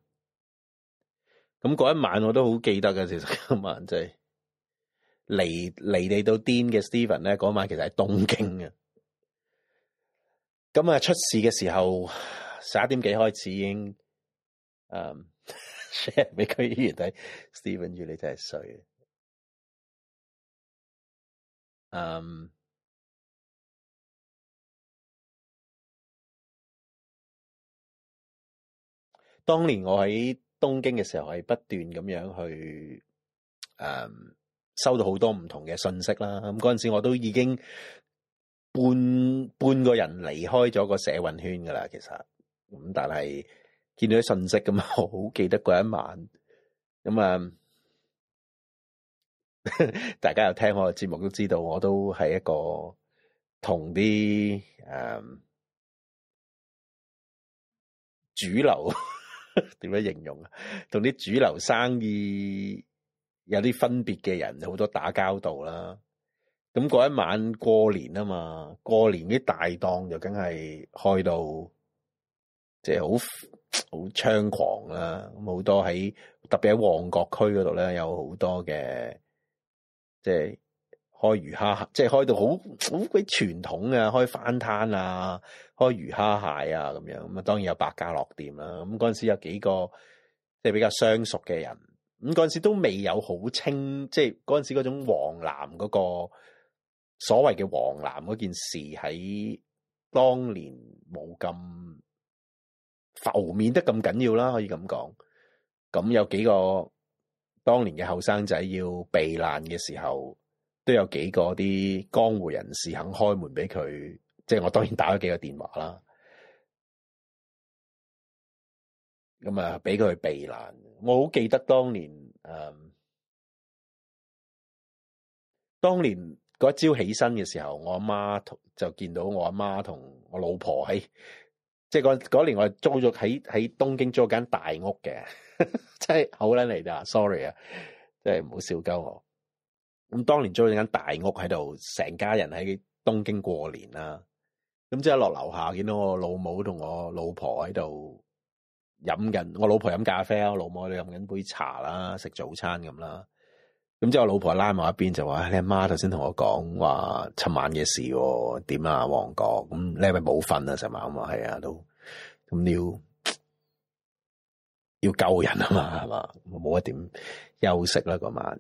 那、嗰、個、一晚我都好記得嘅，其實嗰晚即係離離地到癲嘅 Steven 咧，嗰、那個、晚其實係東京啊。咁啊，出事嘅時候十一點幾開始已經誒。Um, 俾區議員睇，Steven 住你真係衰。嗯、um,，當年我喺東京嘅時候，係不斷咁樣去，誒、um,，收到好多唔同嘅信息啦。咁嗰陣時候我都已經半半個人離開咗個社運圈噶啦。其實，咁但係。見到啲信息，咁好記得嗰一晚咁啊。大家有聽我嘅節目都知道，我都係一個同啲誒主流點 樣形容啊？同啲主流生意有啲分別嘅人，好多打交道啦。咁嗰一晚過年啊嘛，過年啲大檔就梗係開到。即係好好猖狂啦，啊，咁好多喺特別喺旺角區嗰度咧，有好多嘅，即係開魚蝦，即係開到好好鬼傳統嘅，開翻攤啊，開魚蝦蟹啊咁樣。咁啊，當然有百家樂店啦，啊。咁嗰陣時有幾個即係比較相熟嘅人，咁嗰陣時都未有好清，即係嗰陣時嗰種黃藍嗰，嗰個所謂嘅黃藍嗰件事喺當年冇咁浮面得咁緊要啦，可以咁講。咁有幾個當年嘅後生仔要避難嘅時候，都有幾個啲江湖人士肯開門俾佢。即係我當然打咗幾個電話啦。咁啊，俾佢去避難。我好記得當年，誒、嗯，當年嗰一朝起身嘅時候，我阿媽同就見到我阿媽同我老婆喺。即係嗰年我，我係租咗喺喺東京租間大屋嘅，真係好捻嚟噶。Sorry 啊，真係唔好笑鳩我。咁當年租咗間大屋喺度，成家人喺東京過年啦。咁即係落樓下見到我老母同我老婆喺度飲緊，我老婆飲咖啡啊，我老母喺度飲緊杯茶啦，食早餐咁啦。咁之後，我老婆拉埋一邊就話：，你阿媽頭先同我講話，尋晚嘅事點啊，啊？旺角，咁，你係咪冇瞓啊？尋晚咁啊，係啊，都咁你要要救人啊嘛，係嘛？冇一點休息啦嗰晚。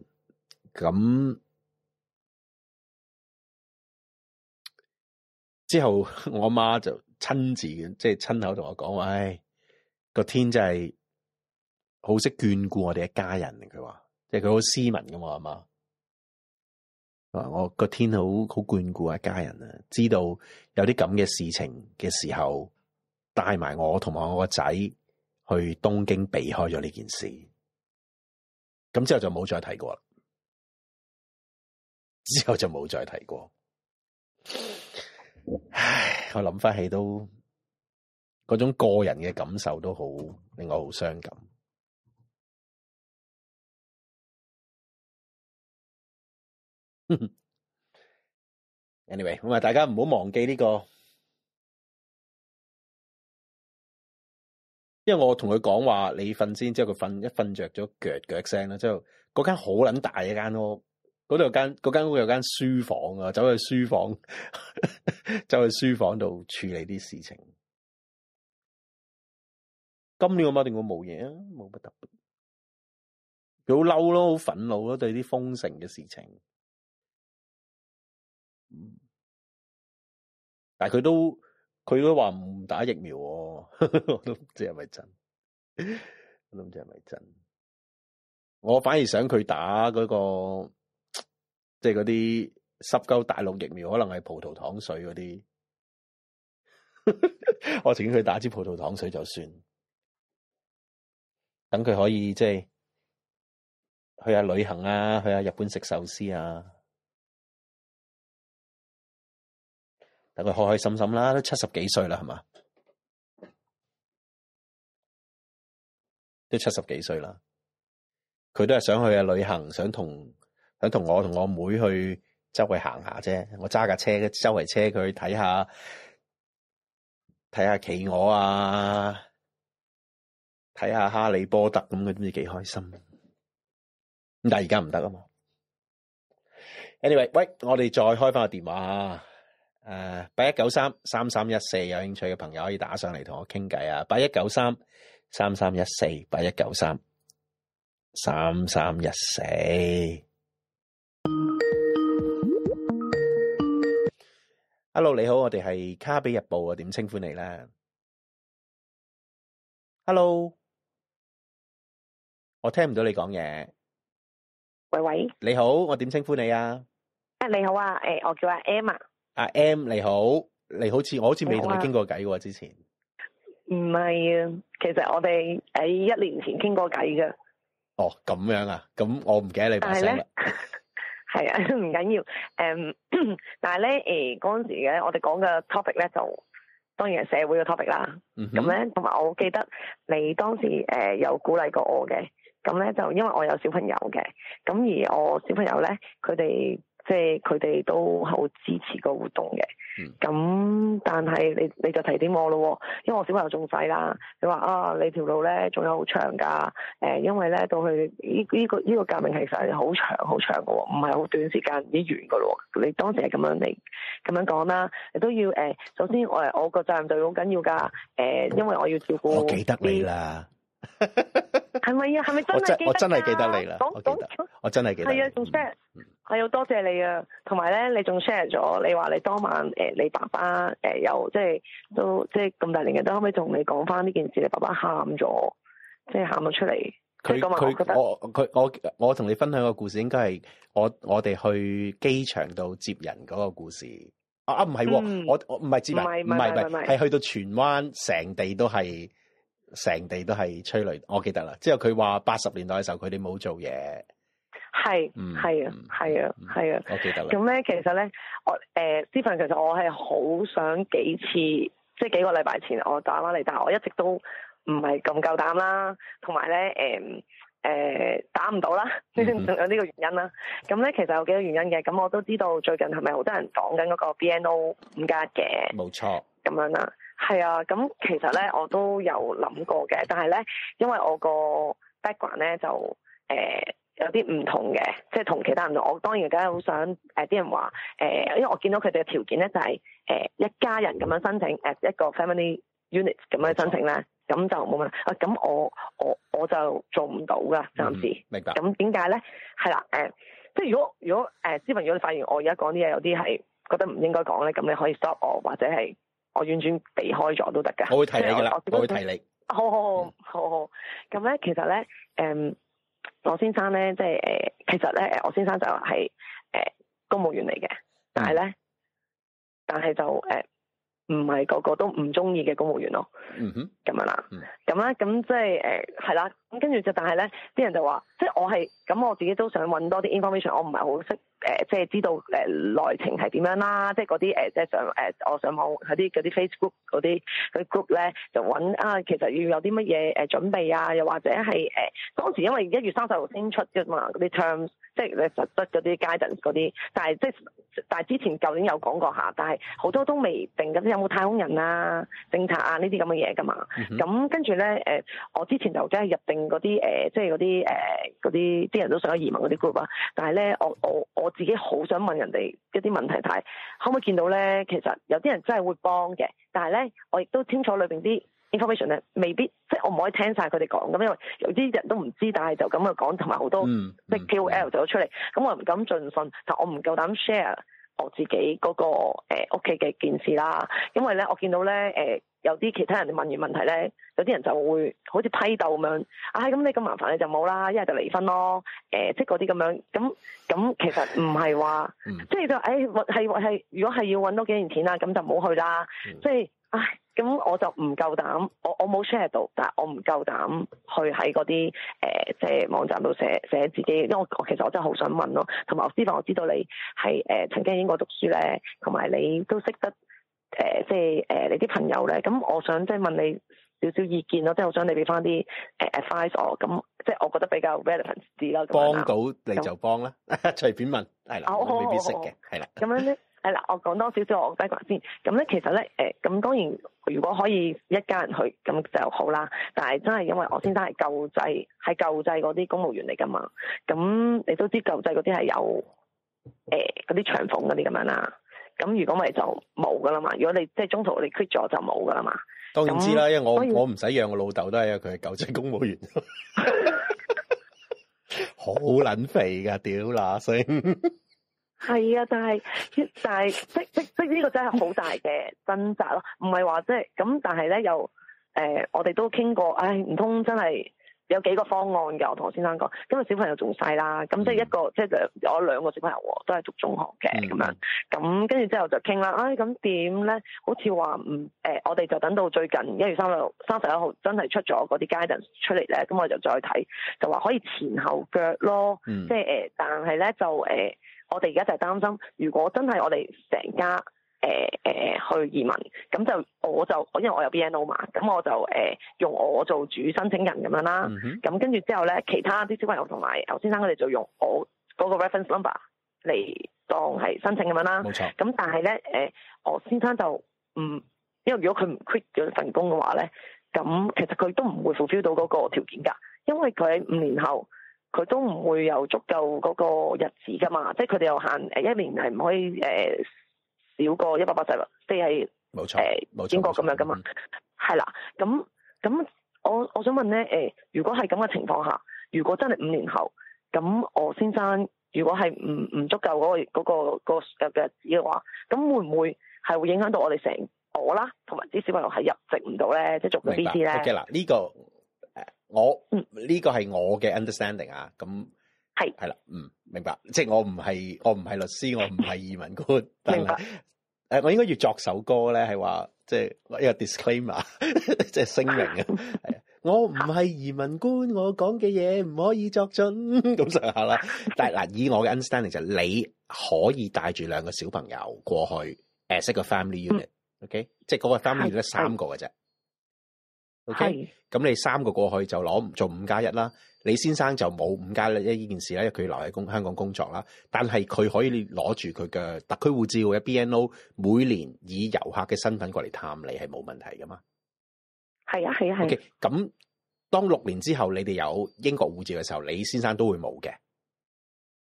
咁之後，我阿媽就親自即係親口同我講話：，唉、哎，個天真係好識眷顧我哋一家人，佢話。即係佢好斯文噶嘛，係嘛？我個天好好眷顧阿家人啊！知道有啲咁嘅事情嘅時候，帶埋我同埋我個仔去東京避開咗呢件事。咁之後就冇再提過喇，之後就冇再提過。唉，我諗翻起都嗰種個人嘅感受都好令我好傷感。 anyway，咁啊，大家唔好忘記呢、這個，因為我同佢講，話你瞓先，之後佢瞓一瞓着咗，腳腳聲啦。之後嗰間好捻大一間屋，嗰度間嗰間屋有間書房啊，走去書房， 走去書房度處理啲事情。今年我冇定我冇嘢啊，冇乜特別。佢好嬲咯，好憤怒咯，對啲封城嘅事情。但係佢都佢都話唔打疫苗、啊，我都唔知係咪真，我都唔知係咪真。我反而想佢打嗰、那個，即係嗰啲濕鳩大陸疫苗，可能係葡萄糖水嗰啲。 我請佢打支葡萄糖水就算，等佢可以即係去下旅行啊，去下日本食壽司啊。等佢開開心心啦，都七十幾歲啦，係嘛？都七十幾歲啦，佢都係想去啊旅行，想同想同我同我妹妹去周圍行下啫。我揸架車，周圍車佢去睇下睇下企鵝啊，睇下哈利波特咁，佢都唔知幾開心咁。但係而家唔得啊嘛。Anyway，喂，我哋再開翻個電話。誒，八一九三三三一四，14，有興趣嘅朋友可以打上嚟同我傾偈啊！八一九三三三一四，八一九三三三一四。Hello，你好，我哋係卡比日報啊，點稱呼你啦？Hello，我聽唔到你講嘢。喂喂，你好，我點稱呼你啊？誒，你好啊，誒，我叫阿 Emma。阿 M 你好，你好似我好似未同你傾過偈嘅、啊、之前，唔係啊，其實我哋喺一年前傾過偈噶。哦，咁樣啊，咁我唔記得你把聲啦。係 啊，唔緊要。誒、嗯，但係咧，誒嗰陣時咧，我哋講嘅 topic 咧就當然係社會嘅 topic 啦。咁咧、嗯哼，同埋我記得你當時誒、呃、有鼓勵過我嘅。咁咧就因為我有小朋友嘅，咁而我小朋友咧佢哋。他們即係佢哋都好支持個活動嘅，咁、嗯、但係你你就提醒我咯，因為我小朋友仲細啦，你話啊你條路咧仲有好長噶，誒、呃、因為咧到去呢呢、這個呢、這個革命其實係好長好長噶，唔係好短時間已經完噶咯，你當時係咁樣嚟咁、嗯、樣講啦，你都要誒、呃、首先我我個責任就好緊要噶，誒、呃、我因為我要照顧我記得你啦。 係咪啊？係咪真係我真我係記得你啦，我真係記得。係啊，仲 share，我又多謝你啊。同埋咧，你仲 share 咗，你話你當晚誒，你爸爸誒又即係都即係咁大年紀，都可唔可以同你講翻呢件事？你爸爸喊咗，即係喊咗出嚟。佢佢我佢我我同你分享個故事，應該係我我哋去機場度接人嗰個故事。啊啊唔係喎，我我唔係接唔係唔係唔係，係去到荃灣成地都係。成地都係催淚，我記得啦。之後佢話八十年代嘅時候他們沒，佢哋冇做嘢，係、嗯，係啊，係啊，係啊、嗯，我記得啦。咁咧，其實咧，我誒、呃、Stephen，其實我係好想幾次，即係幾個禮拜前我打翻嚟，但係我一直都唔係咁夠膽啦，同埋咧，誒，誒，打唔到啦，mm hmm. 仲有呢個原因啦。咁咧，其實有幾個原因嘅。咁我都知道最近係咪好多人講緊嗰個 BNO 5加1嘅？冇錯。咁樣啦，係啊，咁其實咧我都有諗過嘅，但係咧因為我個 background 咧就誒、呃、有啲唔同嘅，即係同其他唔同。我當然梗係好想誒啲人話誒，因為我見到佢哋嘅條件咧就係、是、誒、呃、一家人咁樣申請誒、呃、一個 family unit 咁樣申請咧，咁就冇問題。啊，咁我我我就做唔到噶，暫時、嗯、明白。咁點解咧？係啦、啊，誒、呃，即係如果如果誒，師、呃、父，Stephen，如果你發現我而家講啲嘢有啲係覺得唔應該講咧，咁你可以 stop 我或者係。我完全避開咗都得噶，我會提你噶啦，我，我，我，我會提你。好好好好，咁咧其實咧，誒，羅先生咧，即係誒，其實咧，誒，其實呢，我先生就係，是，誒，呃就是呃，公務員嚟嘅，嗯，但係咧，但係就誒。唔係個個都唔中意嘅公務員咯，咁、嗯哼、咁樣啦、啊，咁咁即係誒係啦，咁跟住就是呃、但係咧，啲人就話，即係我係，咁我自己都想搵多啲 information，我唔係好識誒，即係知道誒內、呃、情係點樣啦、啊，即係嗰啲誒即係上誒、呃、我上網喺啲嗰啲 Facebook 嗰啲 group 咧，就搵啊，其實要有啲乜嘢誒準備啊，又或者係誒、呃、當時因為一月三十號先出㗎嘛嗰啲 terms。即係你實質嗰啲階層嗰啲，但係即係但係之前舊年有講過下，但係好多都未定咁，有冇太空人啊、政策啊呢啲咁嘅嘢噶嘛？咁、嗯、哼跟住咧、呃，我之前就真係入定嗰啲、呃、即係嗰啲嗰啲啲人都想移民嗰啲 group 啊，但係咧我我我自己好想問人哋一啲問題睇，但可唔可以見到咧？其實有啲人真係會幫嘅，但係咧我亦都清楚裏面啲。咧未必，即係我唔可以聽晒佢哋講咁，因為有啲人都唔知，但係就咁樣講，同埋好多、嗯嗯、即係 KOL 走咗出嚟，咁我又唔敢盡信，但我唔夠膽 share 我自己嗰、嗰個誒屋企嘅件事啦。因為咧，我見到咧誒、呃、有啲其他人問完問題咧，有啲人就會好似批鬥咁樣，唉、哎、咁你咁麻煩你就冇啦，一係就離婚咯，誒、呃、即係嗰啲咁樣，咁、嗯、咁、嗯、其實唔係話，嗯、即係就誒係係如果係要搵多幾年錢啦，咁就唔好去啦，即係、嗯、唉。咁我就唔夠膽，我我冇 share 到，但係我唔夠膽去喺嗰啲誒即係網站度寫寫自己，因為我其實我真係好想問咯，同埋我知我知道你係誒、呃、曾經英國讀書咧，同埋你都識得誒、呃、即係誒、呃、你啲朋友咧，咁我想即係問你少少意見咯，即係我想你俾翻啲 advice 我，咁即係我覺得比較 relevant 啲啦。幫到你就幫啦，隨樣便問係啦，哦，我未必識嘅係啦。咁樣咧。的 係啦，我講多少少我 background 先說。咁咧其實咧，誒、呃、咁當然，如果可以一家人去咁就好啦。但係真係因為我先生係舊制，係舊制嗰啲公務員嚟㗎嘛。咁你都知舊制嗰啲係有誒嗰啲長俸嗰啲咁樣啦。咁如果咪就冇㗎啦嘛。如果你即係中途你 quit 咗就冇㗎啦嘛。當然知啦，因為我然我唔使養我老豆都係因為佢係舊制公務員，好撚肥㗎，屌乸聲。所以係啊，但係但係即即即呢個真係好大嘅掙扎咯，唔係話即係咁，但係咧又誒，我哋都傾過，唉、哎，唔通真係有幾個方案嘅？我同先生講，因為小朋友仲細啦，咁即係一個、嗯、即係有有兩個小朋友都係讀中學嘅咁、嗯、樣，咁跟住之後就傾啦，唉、哎，咁點咧？好似話唔誒，我哋就等到最近一月三十三十一號真係出咗嗰啲 guidance 出嚟咧，咁我就再睇，就話可以前後腳咯，即係誒，但係咧就誒。呃我哋而家就係擔心，如果真係我哋成家誒、呃呃、去移民，咁就我就因為我有 BNO 嘛，咁我就誒、呃、用我做主申請人咁樣啦。咁跟住之後咧，其他啲小朋友同埋劉先生佢哋就用我嗰個 reference number 嚟當係申請咁樣啦。冇錯。咁但係咧誒，我、呃、先生就唔，因為如果佢唔 quit 咗份工嘅話咧，咁其實佢都唔會 fulfill 到嗰個條件㗎，因為佢喺五年後，佢都唔會有足夠嗰個日子㗎嘛，即係佢哋有限誒一年係唔可以誒、呃、少過一百八十日，即係冇錯、冇錯、誒英國咁樣㗎嘛。係啦、嗯，咁咁我我想問咧誒、欸，如果係咁嘅情況下，如果真係五年後，咁我先生如果係唔唔足夠嗰、嗰個嗰、嗰個、嗰個日子嘅話，咁會唔會係會影響到我哋成我啦，同埋啲小朋友係入籍唔到咧，即係做緊呢啲咧？明白。OK 啦呢、呢個。我呢個係我嘅 understanding 啊，咁係係啦，嗯，明白，即係我唔係我唔係律師，我唔係移民官，明白？誒，我應該要作首歌咧，係話即係一個 disclaimer，呵呵即係聲明啊，係啊，我唔係移民官，我講嘅嘢唔可以作準，咁上下啦。但係嗱，以我嘅 understanding 就，你可以帶住兩個小朋友過去，誒 set 個 family unit，OK，、okay? 即係嗰個 family 得三個嘅啫。OK，咁是你三個過去就攞唔做五加一啦。李先生就冇五加一呢件事啦，因為佢留喺公香港工作啦。但係佢可以攞住佢嘅特區護照嘅 B N O，每年以遊客嘅身份過嚟探你係冇問題噶嘛？係啊，係啊，係啊。咁、okay? 當六年之後，你哋有英國護照嘅時候，李先生都會冇嘅。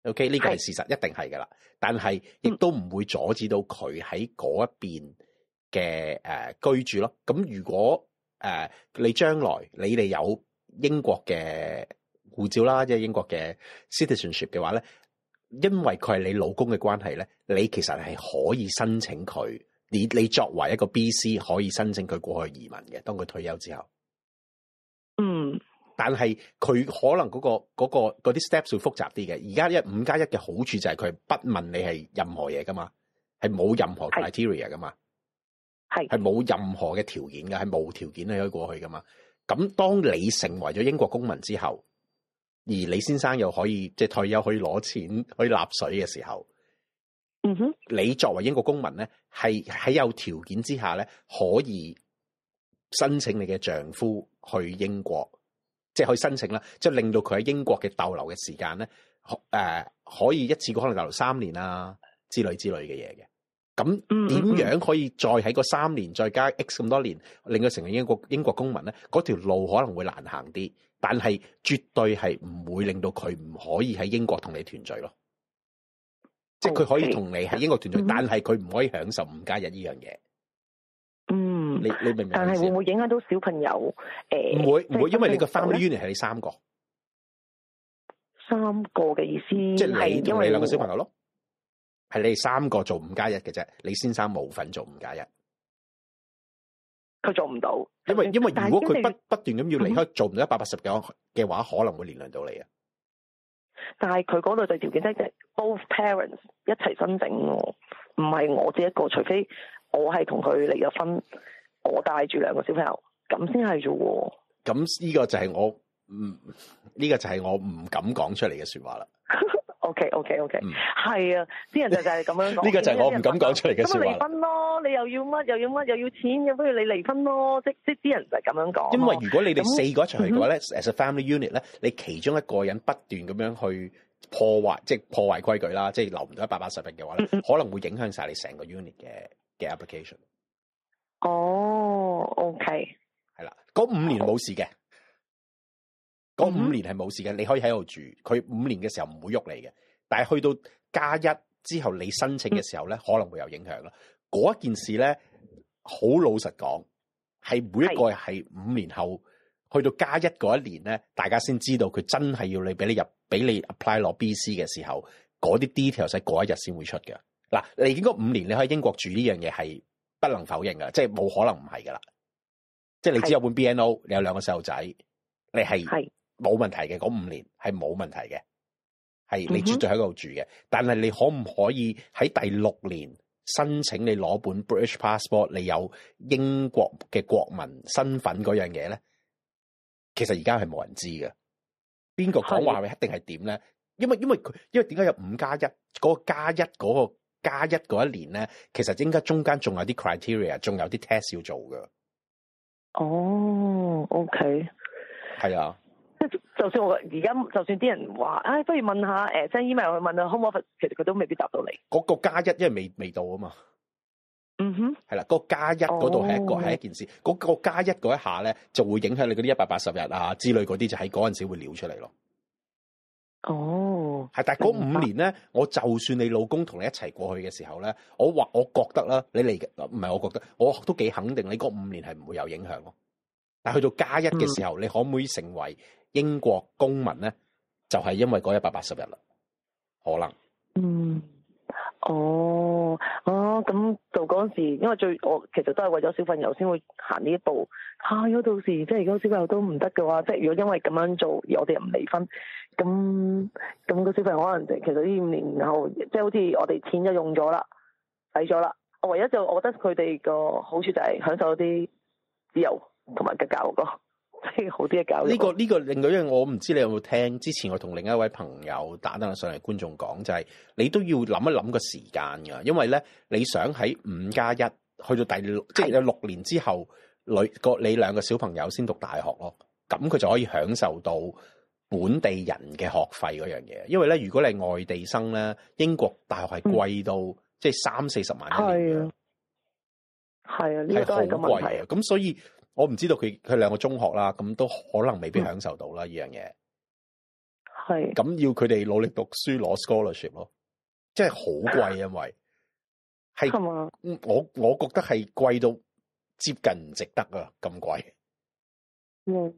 O K，呢個係事實，是一定係噶啦。但係亦都唔會阻止到佢喺嗰一邊嘅誒居住咯。咁如果，誒、uh,，你將來你哋有英國嘅護照啦，即係英國嘅 citizenship 嘅話咧，因為佢係你老公嘅關係咧，你其實係可以申請佢。你你作為一個 B.C. 可以申請佢過去移民嘅。當佢退休之後，嗯，mm. 但係佢可能嗰、嗰個嗰、嗰個啲 steps 會複雜啲嘅。而家一五加一嘅好處就係佢係不問你係任何嘢噶嘛，係冇任何 criteria 噶嘛。係係冇任何嘅條件嘅，係冇條件你可以過去噶嘛？咁當你成為咗英國公民之後，而李先生又可以即係、就是、退休，去攞錢去納稅嘅時候，嗯哼，你作為英國公民咧，係喺有條件之下咧，可以申請你嘅丈夫去英國，即係去申請啦，即、就、係、是、令到佢喺英國嘅逗留嘅時間咧，誒、呃，可以一次過可能逗留三年啊之類之類嘅嘢嘅。咁點樣可以再喺個三年再加 X 咁多年，令佢成為英國英國公民咧？嗰條路可能會難行啲，但係絕對係唔會令到佢唔可以喺英國同你團聚咯。Okay, 即係佢可以同你喺英國團聚，嗯、但係佢唔可以享受唔嫁人呢樣嘢。嗯，你你明唔明？但係會唔會影響到小朋友？誒、欸，唔會唔會，因為你個 family unit 係你三個，三個嘅意思，即係你同你兩個小朋友咯。係你哋三個做五加一嘅啫，李先生冇份做五加一，佢做唔到。因為因為如果佢不不斷咁要離開，嗯、做唔到一百八十九嘅話，可能會連累到你啊。但係佢嗰度就條件即係 both parents 一齊申請咯，唔係我只一個，除非我係同佢離咗婚，我帶住兩個小朋友咁先係啫。喎，咁呢個就係我唔呢、嗯這個就係我唔敢講出嚟嘅說話啦。 O K O K O K，係啊，啲人就就 就就係咁樣講。呢個就係我唔敢講出嚟嘅説話。咁離婚咯，你又要乜又要乜又要錢，又不如你離婚咯。即即啲人就係咁樣講。因為如果你哋四個一齊去嘅話咧，s,、嗯、哼 As a family unit 咧，你其中一個人不斷咁樣去破壞，即係破壞規矩啦，即留唔到一百八十日嘅話咧，可能會影響晒你成個 unit 嘅嘅 application。哦，O K，係啦，嗰五、oh, okay. 年冇事嘅。嗰五年係冇事嘅，你可以喺度住。佢五年嘅時候唔會喐你嘅，但係去到加一之後，你申請嘅時候咧，嗯、可能會有影響咯。嗰一件事咧，好老實講，係每一個係五年後是的 去到加一嗰一年咧，大家先知道佢真係要你俾你入，俾你 apply 落 B.C. 嘅時候，嗰啲 detail 係過一日先會出嘅。嗱，嚟緊嗰五年你喺英國住呢樣嘢係不能否認嘅，就是，即係冇可能唔係噶啦。即係你只有本 B.N.O.，< 是的 S 1> 你有兩個細路仔，你係。冇問題嘅，嗰、那個、五年係冇問題嘅，係你絕對喺嗰度住嘅。但係你可唔可以喺第六年申請你攞本 British passport？你有英國嘅國民身份嗰樣嘢咧？其實而家係冇人知嘅，邊個講話你一定係點咧？因為因為佢因為點解有五加一嗰個加一嗰個加一嗰一年咧？其實應該中間仲有啲 criteria，仲有啲 test 要做嘅。哦、oh，OK，係啊。就算我而家，就算啲人話，唉，不如問一下誒，send、呃、email 去問下，可唔可以？其實佢都未必答到你。嗰個加一，因為未未到啊嘛。嗯哼、mm，係、hmm. 啦，嗰個加一嗰度係一個係一件事。嗰個加一嗰一下咧，就會影響你嗰啲一百八十日啊之類嗰啲，就喺嗰陣時會撩出嚟咯。哦，係，但係嗰五年咧，不我就算你老公同你一齊過去嘅時候咧，我話我覺得啦，你嚟唔係我覺得，我都幾肯定，你嗰五年係唔會有影響咯。但係去到加一嘅時候，mm. 你可唔可以成為？英國公民咧，就係因為嗰一百八十日啦，可能。嗯，哦，哦，咁到嗰陣時，因為最我其實都係為咗小朋友先會行呢一步。吓，如果到時即係如果小朋友都唔得嘅話，即係如果因為咁樣做而我哋又唔離婚，咁咁個小朋友可能就其實呢五年後，即係好似我哋錢就用咗啦，使咗啦。我唯一就我覺得佢哋個好處就係享受啲自由同埋嘅教育咯。好啲嘅交流，呢個呢、這個另外，一樣我唔知你有冇聽之前我同另一位朋友打翻上嚟，觀眾講就係、是、你都要諗一諗個時間嘅，因為咧你想喺五加一去到第六，即係六年之後，女個是的 你兩個小朋友先讀大學咯，咁佢就可以享受到本地人嘅學費嗰樣嘢。因為咧，如果你外地生咧，英國大學係貴到、嗯、即係三四十萬一年係啊的，係啊，呢、這個係個問題啊。咁所以。我唔知道佢佢兩個中學啦，咁都可能未必享受到啦呢樣嘢。係、嗯。咁是要佢哋努力讀書攞 scholarship 咯，即係好貴，因為係我我覺得係貴到接近唔值得啊，咁貴嗯。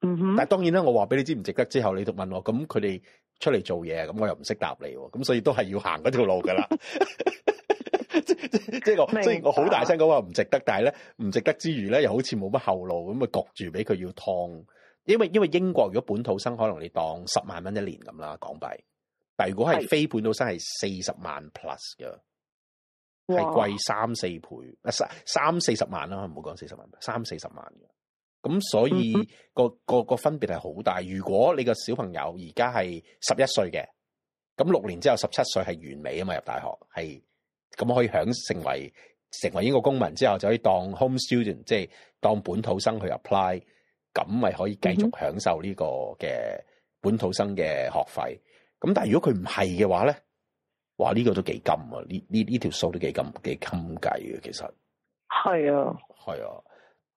嗯哼。但係當然啦，我話俾你知唔值得之後，你就問我咁佢哋出嚟做嘢，咁我又唔識答你，咁所以都係要行嗰條路噶啦。 即即 即我即白雖然我好大聲講話唔值得，但係咧唔值得之餘咧，又好似冇乜後路咁啊，焗住俾佢要燙，因為因為英國如果本土生可能你當十萬蚊一年咁啦港幣，但如果係非本土生係四十萬 plus 嘅，係貴三四倍啊，三三四十萬啦，唔好講四十萬，三四十萬嘅，咁所以、個、嗯、哼個個分別係好大。如果你個小朋友而家係十一歲嘅，咁六年之後十七歲係完美啊嘛入大學係。是咁可以享成為成為英國公民之後，就可以當 home student，即係當本土生去 apply，咁咪可以繼續享受呢個嘅本土生嘅學費。咁、嗯、哼但係如果佢唔係嘅話咧，話呢、呢個都幾金啊！呢呢呢條數都幾金幾襟計嘅其實。係啊，係啊，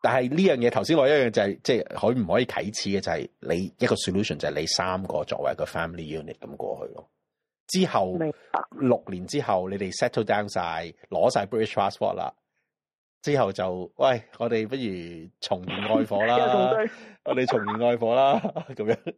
但係呢樣嘢頭先我一樣就係即係可唔可以啟齒嘅就係你一個 solution 就係你三個作為一個 family unit 咁過去咯。之後六白年之後，你哋 settle down 晒，攞晒 British passport 啦。之後就喂，我哋不如重燃愛火啦。 更多 我哋重燃愛火啦，咁 這樣。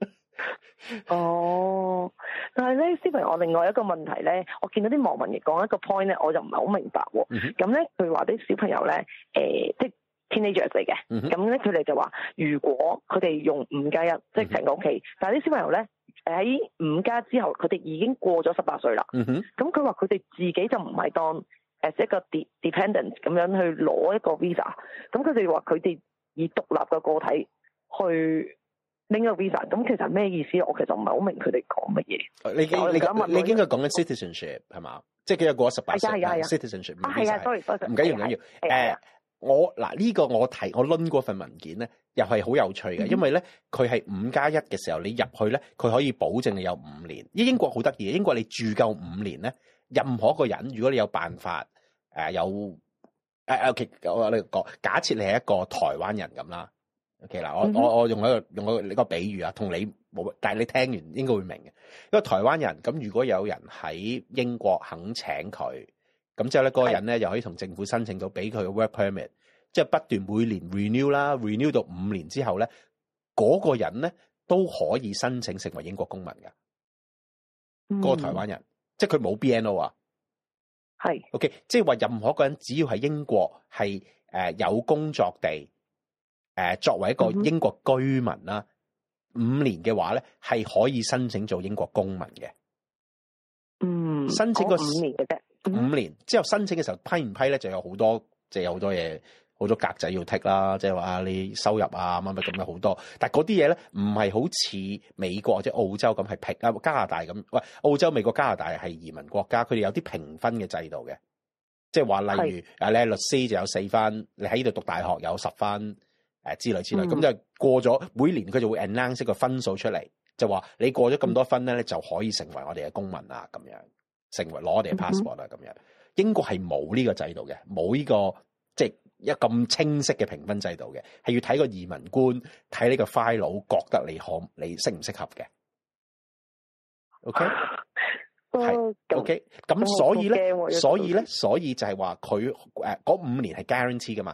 哦，但係咧 Stephen 我另外一個問題咧，我見到啲網民亦講一個 point 咧，我就唔係好明白。咁咧、嗯哼，佢話啲小朋友咧，誒、呃，即、就、係、是、teenagers 嚟嘅。咁咧、嗯哼，佢哋就話，如果佢哋用五加一，即係成個屋企，嗯、哼但係啲小朋友咧。喺 5+1 之後，佢哋已經過咗十八歲啦。嗯哼。咁佢話佢哋自己就唔係當 a 一個 dependent 咁樣去攞一個 visa。咁佢哋話佢哋以獨立嘅個體去拎個 visa。咁其實咩意思？我其實唔係好明佢哋講乜嘢。你應你講，你應該講緊 citizenship 係嘛？即係佢有過十八歲。係啊係啊係啊。citizenship 啊，sorry，sorry。唔緊要唔緊要。誒，我嗱呢個我提我攆過份文件咧。又係好有趣嘅，因為咧佢係五加一嘅時候，你入去咧佢可以保證你有五年。英國好得意，英國你住夠五年咧，任何一個人，如果你有辦法誒、呃、有誒誒，我、啊、我、okay，你講假設你係一個台灣人咁啦，OK 啦，我我我用一個用一個比喻啊，同你冇，但係你聽完應該會明嘅。因為台灣人咁，如果有人喺英國肯請佢咁之後咧，嗰、嗰個人咧是的 又可以同政府申請到俾佢嘅 work permit。即係不斷每年 renew 啦，renew 到五年之後咧，嗰、那個人咧都可以申請成為英國公民嘅。嗯、個台灣人，即係佢冇 BNO 啊，係是 OK，即係話任何一個人只要係英國係誒、呃、有工作地誒、呃、作為一個英國居民啦，五、嗯、年嘅話咧係可以申請做英國公民嘅。嗯，申請個五年嘅啫，五、嗯、年之後申請嘅時候批唔批咧就有好多即係好多嘢。好多格仔要剔啦，即係話你收入啊，乜乜咁樣好多。但係嗰啲嘢咧，唔係好似美國或者澳洲咁係平啊加拿大咁。喂，澳洲、美國、加拿大係移民國家，佢哋有啲評分嘅制度嘅，即係話例如啊，是你律師就有四分，你喺呢度讀大學有十分，誒之類之類。咁、嗯、就過咗每年佢就會 announce 個分數出嚟，就話你過咗咁多分咧，就可以成為我哋嘅公民啦，咁樣成為攞我哋 passport 啦，咁、嗯嗯、樣。英國係冇呢個制度嘅，冇呢、這個即一咁清晰嘅評分制度嘅，係要睇個移民官睇呢個 file，覺得你可你適唔適合嘅。O K，係 O K，咁所以咧，所以咧，所以就係話佢嗰五年係 guarantee 噶嘛，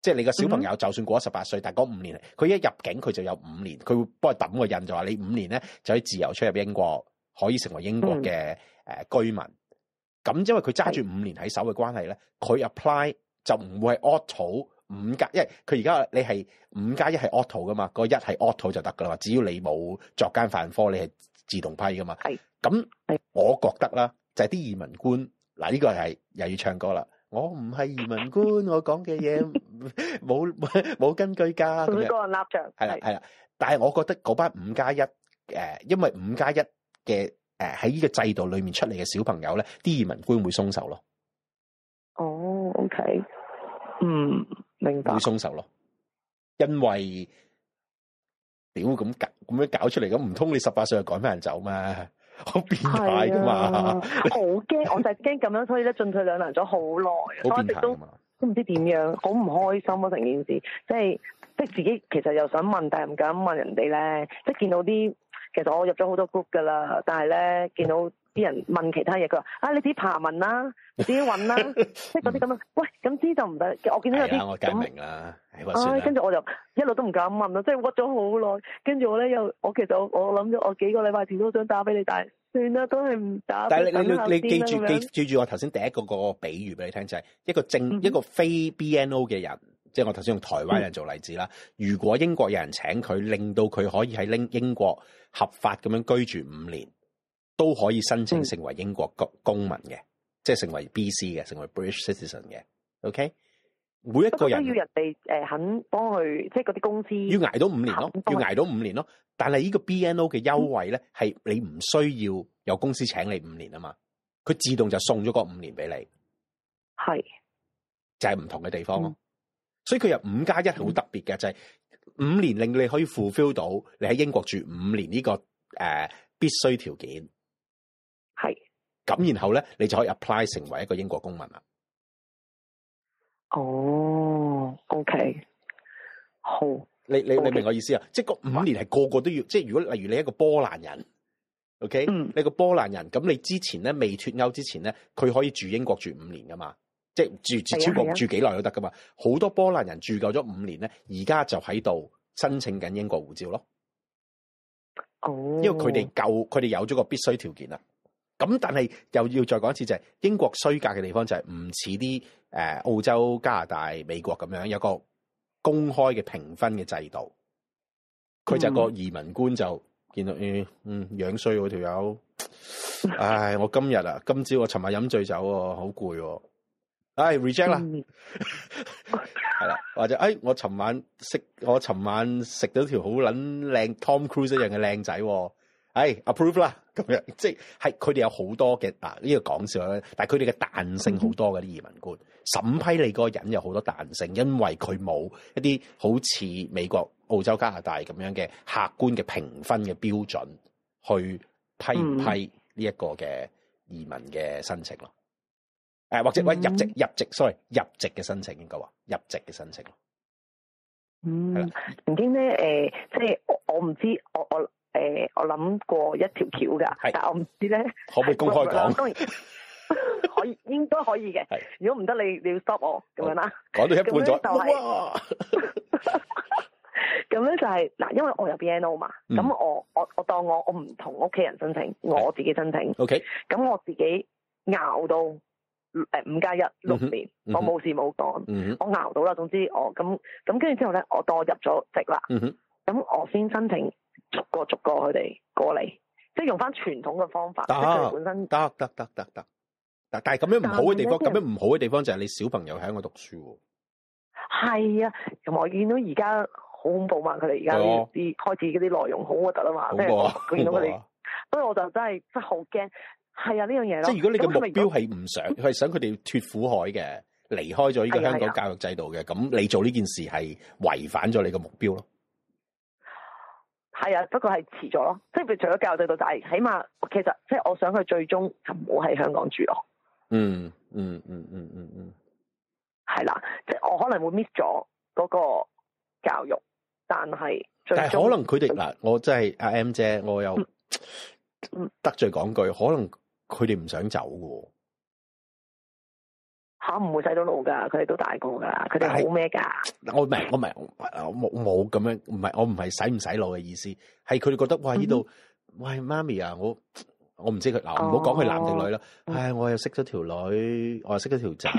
即、就、係、是、你個小朋友、嗯、就算過咗十八歲，但嗰五年佢一入境佢就有五年，佢會幫你揼個印，就話你五年咧就可以自由出入英國，可以成為英國嘅、嗯呃、居民。咁、嗯嗯嗯、因為佢揸住五年喺手嘅關係咧，佢 apply 是。就唔會係 auto 五加一，因為佢而家你係五加一係 auto 㗎嘛，個一係 auto 就得㗎啦。只要你冇作奸犯科，你係自動批㗎嘛。係咁，我覺得啦，就係啲移民官嗱，呢個係又要唱歌啦。我唔係移民官，我講嘅嘢冇冇根據㗎。咁個人立場係啦係啦，但係我覺得嗰班五加一誒，因為五加一嘅誒喺呢個制度裏面出嚟嘅小朋友咧，啲移民官會鬆手咯。哦、oh，OK，嗯，明白。會鬆手咯，因為屌咁咁樣搞出嚟，咁唔通你十八歲就趕返人走咩？好變態噶嘛！好驚、啊， 我就係驚咁樣，所以咧進退兩難咗好耐。好變態噶嘛！我一直都唔知點樣，好唔開心啊！成件事，即係即係自己其實又想問，但係唔敢問人哋咧。即係見到啲，其實我入咗好多 group 噶啦，但係咧見到。啲人問其他嘢，佢話：啊、哎，你自己爬文啦、啊，自己問啦、啊，即係嗰啲咁樣。喂，咁知就唔得。我見到有啲咁。我梗明啦。唉、哎，我算跟住、哎、我就一路都唔敢問咯，即係屈咗好耐。跟住我咧，又我其實我諗咗，我幾個禮拜前都想打俾你，但係算啦，都係唔打。但係你你你記住記吧記住我頭先第一個個比喻俾你聽，就係、是、一個正、mm hmm. 一個非 BNO 嘅人，即係我頭先用台灣人做例子啦。Mm hmm. 如果英國有人請佢，令到佢可以喺英英國合法咁樣居住五年。都可以申請成為英國國公民嘅，嗯、即係成為 B.C 嘅，成為 British citizen 嘅。O.K. 每一個人都要人哋誒肯幫佢，即係嗰啲公司要挨到五年咯，要挨到五年咯。但係、NO、呢個 B.N.O 嘅優惠咧，係、嗯、你唔需要有公司請你五年啊嘛，佢自動就送咗個五年俾你。係是 就係唔同嘅地方咯，嗯、所以佢有五加一好特別嘅，嗯、就係五年令你可以 fulfill 到你喺英國住五年呢個誒必須條件。咁然後咧，你就可以 apply 成為一個英國公民啦。哦、oh,，OK，好，你你 okay. 你明我意思啊？即係個五年係個個都要，即係如果例如你一個波蘭人，OK，、mm. 你一個波蘭人咁你之前咧未脱歐之前咧，佢可以住英國住五年噶嘛？即係住住超過住幾耐都得噶嘛？好的多波蘭人住夠咗五年咧，而家就喺度申請緊英國護照咯。哦，oh. 因為佢哋夠，佢哋有咗個必須條件啦。咁但係又要再講一次，就係英國衰格嘅地方就係唔似啲誒，澳洲、加拿大、美國咁樣有一個公開嘅評分嘅制度，佢就係個移民官就見到嗯，嗯樣衰喎，條友，唉我今日啊今朝我尋晚飲醉酒喎，啊，好攰喎，唉 reject 啦，係啦，嗯、 或者唉我尋晚食我尋晚食到條好撚靚 Tom Cruise 一樣嘅靚仔喎。哎，approve 啦，咁樣，即係佢哋有好多嘅，呢個講笑啦，但係佢哋嘅彈性好多嘅啲移民官，審批你個人有好多彈性，因為佢冇一啲好似美國、澳洲、加拿大咁樣嘅客觀嘅評分嘅標準去批唔批呢一個嘅移民嘅申請咯。誒，嗯，或者喂，入籍入籍，sorry，入籍嘅申請應該話入籍嘅申請咯。嗯，唔知咧，誒，即係我唔知，我我誒，我諗過一條橋噶，但係我唔知咧，可唔可以公開講？當然，可以，應該可以嘅。如果唔得，你你要 stop 我咁樣啦。講到一半咗。咁樣就係嗱，因為我有 BNO 嘛，咁我我我當我我唔同屋企人申請，我自己申請。O K，咁我自己熬到誒五加一六年，我冇事冇干，我熬到啦。總之我咁咁，跟住之後咧，我當我入咗籍啦。咁我先申請。逐個逐個佢哋過嚟，即係用翻傳統嘅方法。啊、本身得，得，得，得，得。但係咁樣唔好嘅地方，咁是樣唔好嘅地方就係你小朋友喺我讀書。係啊，同埋我見到而家好恐怖嘛，佢哋而家啲開始嗰啲內容好核突啊嘛。好過、啊，見到佢哋，所以、啊、我就真係真係好驚。係啊，呢樣嘢咯。即係如果你嘅目標係唔想，佢係、嗯、想佢哋脫苦海嘅，離開咗呢個香港教育制度嘅，咁、啊啊、你做呢件事係違反咗你嘅目標咯。係啊，不過係遲咗咯，即係佢除咗教育制度就係，起碼其實即係我想佢最終就唔好喺香港住咯。嗯嗯嗯嗯嗯，嗯，係、嗯、啦，即、嗯、係我可能會 miss 咗嗰個教育，但係最終但可能佢哋嗱，我真係阿 M 姐，我又得罪講句，可能佢哋唔想走喎。吓唔、啊、會洗到腦噶，佢哋都大個噶，佢哋好咩噶？我明，我明，我冇冇咁樣，唔係我唔係洗唔洗腦嘅意思，係佢哋覺得這裡、嗯、哼喂呢度喂媽咪啊，我我唔知佢嗱，唔好講佢男定女啦。哦、唉，我又識咗條女，我又識咗條仔，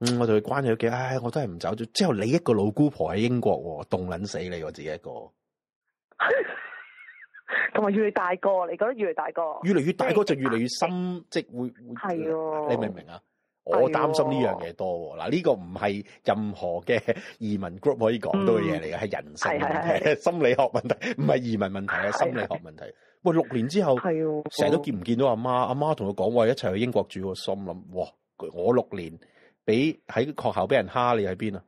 嗯， 我就去關佢嘅。唉，我都係唔走咗。之後你一個老姑婆喺英國凍捻死你，我自己一個。同埋 越嚟大個，你覺得越嚟大個？越嚟越大個就越嚟越深，即係會係哦。你明唔明啊？我擔心呢樣嘢多嗱，呢個唔係任何嘅移民 group 可以講到嘅嘢嚟嘅，係人性嘅問題，心理學問題，唔係移民問題啊，心理學問題。喂，六年之後，係成日都見唔見到阿媽？阿媽同佢講話，我一齊去英國住。我心諗，哇！我六年俾喺學校俾人蝦，你喺邊啊？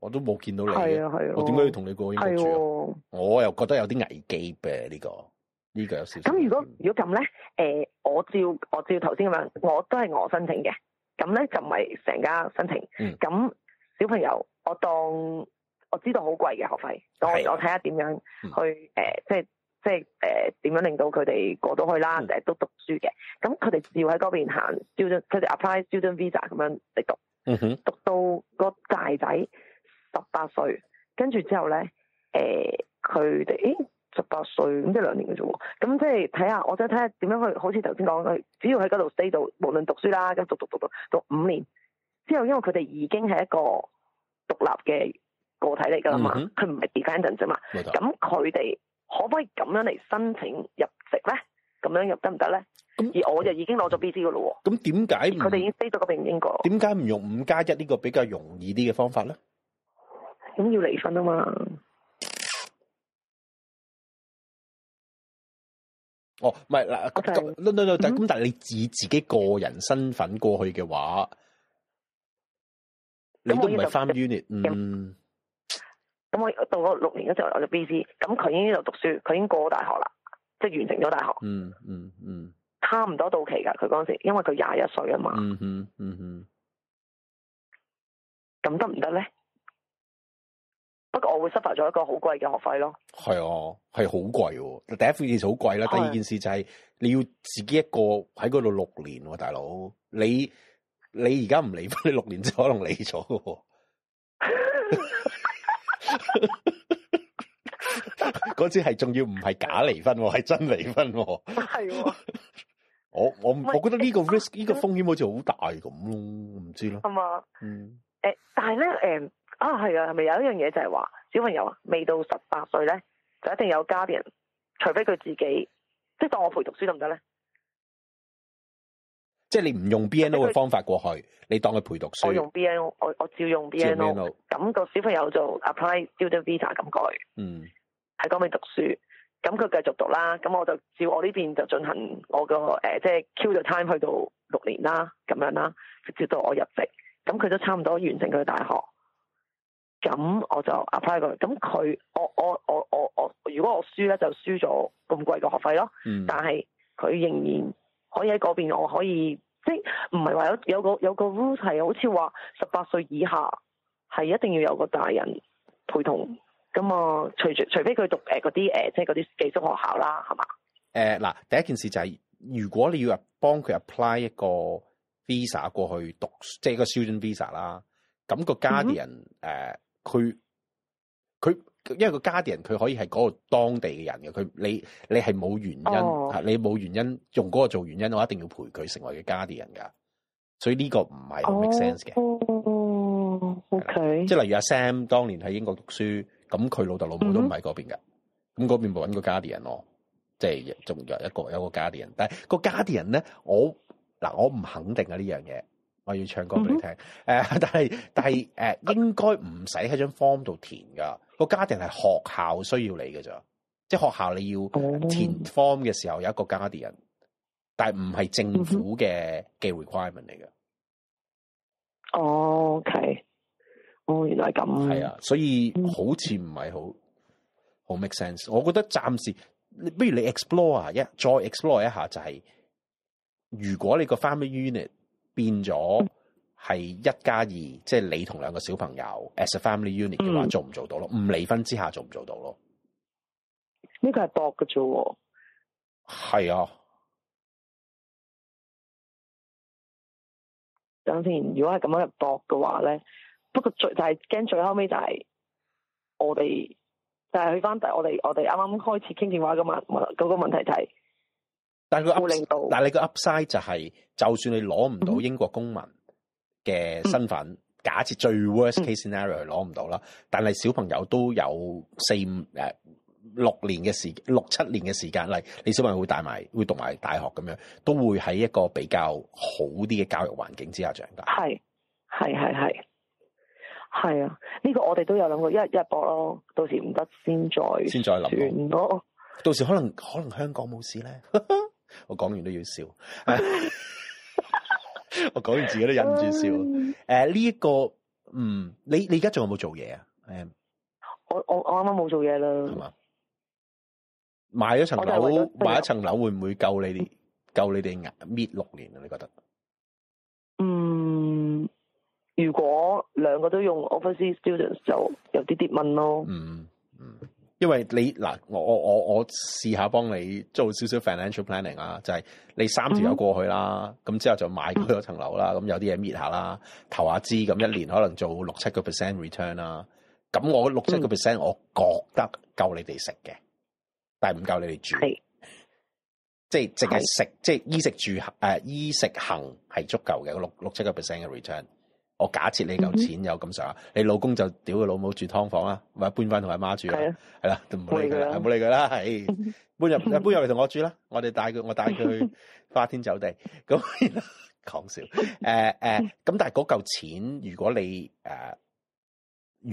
我都冇見到你。係啊，係啊。我點解要同你過英國住啊？我又覺得有啲危機嘅呢個，呢個有少少。咁如果如果咁咧，誒，我照我照頭先咁樣，我都係我申請嘅。咁咧就唔係成家申請，咁、嗯、小朋友我當我知道好貴嘅學費，啊、我我睇下點樣去、嗯呃、即係、呃、即係點、呃、樣令到佢哋過到去啦，誒、嗯、都讀書嘅，咁佢哋要喺嗰邊行 student，佢哋 apply student visa 咁樣嚟讀，嗯、哼讀到個大仔十八歲，跟住之後咧佢哋，呃十八歲咁即係兩年嘅啫喎，咁即係睇下，我即睇下點樣去，好似頭先講，佢只要喺嗰度 stay 到，無論讀書啦，咁讀讀讀讀讀五年之後，因為佢哋已經係一個獨立嘅個體嚟噶啦嘛，佢唔係 dependent 啫嘛，咁佢哋可唔可以咁樣嚟申請入籍咧？咁樣入得唔得咧？嗯、而我就已經攞咗 BC 嘅咯喎。咁點解？佢哋已經 stay 到個邊英國。點解唔用五加一呢個比較容易啲嘅方法咧？咁要離婚啊嘛。哦，唔係嗱，咁咁，no no no，但咁，但係你以自己個人身份過去嘅話，嗯、你都唔係三 Unit。嗯。咁、嗯、我到咗六年嘅時候，有咗 BC，咁佢已經喺度讀書，佢已經過咗大學啦，即係完成咗大學。嗯嗯嗯。差唔多到期㗎，佢嗰時，因為佢廿一歲啊嘛。嗯嗯，嗯咁得唔得咧？嗯不過我會失敗咗一個好貴嘅學費咯，係哦、啊，係好貴嘅。第一件事好貴啦，第二件事就係、是、你要自己一個喺嗰度六年，大佬你你而家唔離婚，你六年之後可能離咗，嗰次係仲要唔係假離婚，係對真離婚。係我我我覺得呢個 risk 呢、呃、個風險好似好大咁咯，唔知道咯。係嘛？嗯。誒，但係咧，誒。啊，係啊，係咪有一樣嘢就係、是、話小朋友啊，未到十八歲咧就一定有家人，除非佢自己即係當我陪讀書得唔得咧？即係你唔用 BNO 嘅方法過去，你當佢陪讀書。我用 BNO，我我照用 BNO、NO。咁個小朋友就 apply student visa 咁過去嗯。喺嗰邊讀書，咁佢繼續讀啦，咁我就照我呢邊就進行我個誒，即、呃、係、就是、Q e time 去到六年啦，咁樣啦，直接到我入籍，咁佢都差唔多完成佢嘅大學。咁我就 apply 佢，咁佢我我我我我如果我輸咧就輸咗咁貴個學費咯，嗯、但係佢仍然可以喺嗰邊，我可以即係唔係話有有個有個 rule 係好似話十八歲以下係一定要有個大人陪同咁啊，除除非佢讀誒嗰啲誒即係嗰啲寄宿學校啦，係嘛？誒嗱、呃，第一件事就係、是、如果你要幫佢 apply 一個 visa 過去讀，即係個 student visa 啦，咁、那個家 u a 誒。呃佢佢因為那個家 u 佢可以係嗰個當地嘅人嘅，佢你你係冇原因嚇、oh.，你冇原因用嗰個做原因，我一定要陪佢成為嘅家 u a r 噶，所以呢個唔係、oh. make sense 嘅。O K，即係例如阿 Sam 當年喺英國讀書，咁佢老豆老母都唔喺嗰邊嘅，咁嗰、mm hmm. 邊冇揾個家 u a r 咯，即係仲有一個有一個 g u a 但係個家 u a r 咧，我嗱我唔肯定啊呢樣嘢。我要唱歌俾你聽，誒、嗯哼，但係但係誒，應該唔使喺張 form 度填噶，個家庭係學校需要你嘅咋，即係學校你要填 form 嘅時候有一個家庭人，但係唔係政府嘅嘅 requirement 嚟嘅。哦，OK，哦，原來係咁。係啊，所以好似唔係好好 make sense。我覺得暫時，不如你 explore 啊，一再 explore 一下，就係如果你個 family unit。變咗係一加二，即係你同兩個小朋友 as a family unit 嘅話，做唔做到咯？唔離婚之下做唔做到咯？呢個係搏嘅啫喎。係啊，等先。如果係咁樣入搏嘅話咧，不過最就係驚最後尾就係我哋就係去翻第我哋我哋啱啱開始傾電話嘅問嗰個問題題，就係。但係佢 up，side, 但係你個 upside 就係，是，就算你攞唔到英國公民嘅身份，嗯、假設最 worst case scenario 攞唔，嗯、到啦，但係小朋友都有四五誒六年嘅時，六七年嘅時間，例如你小朋友會帶埋，會讀埋大學咁樣，都會喺一個比較好啲嘅教育環境之下長大。係係係係係啊！呢、呢個我哋都有諗過，一一博咯，到時唔得先再先再諗咯。到時可能可能香港冇事咧。 我講完都要笑， 我講完自己都忍唔住笑。誒，呢一個，嗯，你你而家仲有冇做嘢啊？誒、um,，我我我啱啱冇做嘢啦。係嘛？買咗層樓，買一層樓會唔會夠你哋？夠、嗯、你哋人搣六年啊？你覺得？嗯，如果兩個都用 Office students 就有啲啲蚊咯。嗯嗯。嗯因為你嗱，我我我我試下幫你做少少 financial planning 啊，就係、是、你三條友過去啦，咁、嗯、之後就買嗰層樓啦，咁、嗯、有啲嘢搣下啦，投下資咁一年可能做六七個 percent return 啦、啊，咁我六七個 percent 我覺得夠你哋食嘅，嗯、但係唔夠你哋住，是即係淨係食，是即係衣食住行誒、呃、衣食行係足夠嘅，六六七個 percent 嘅 return。我假設你嚿錢有咁上下，嗯、哼你老公就屌佢老母住劏房啦，咪搬翻同阿媽住啊，係啦的，都唔好理佢啦，唔好理佢啦，係、嗯、哼搬入搬入嚟同我住啦，我哋帶佢我帶佢去花天酒地，咁講， 笑，咁、呃呃、但係嗰嚿錢如、呃，如果你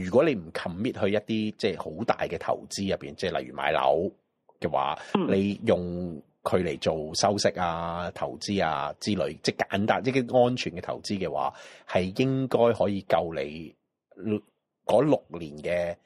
如果你唔 commit 去一啲即係好大嘅投資入邊，即係例如買樓嘅話，嗯、你用。佢嚟做收息啊、投資啊之類，即係簡單，即啲安全嘅投資嘅話，係應該可以夠你嗰六年嘅誒、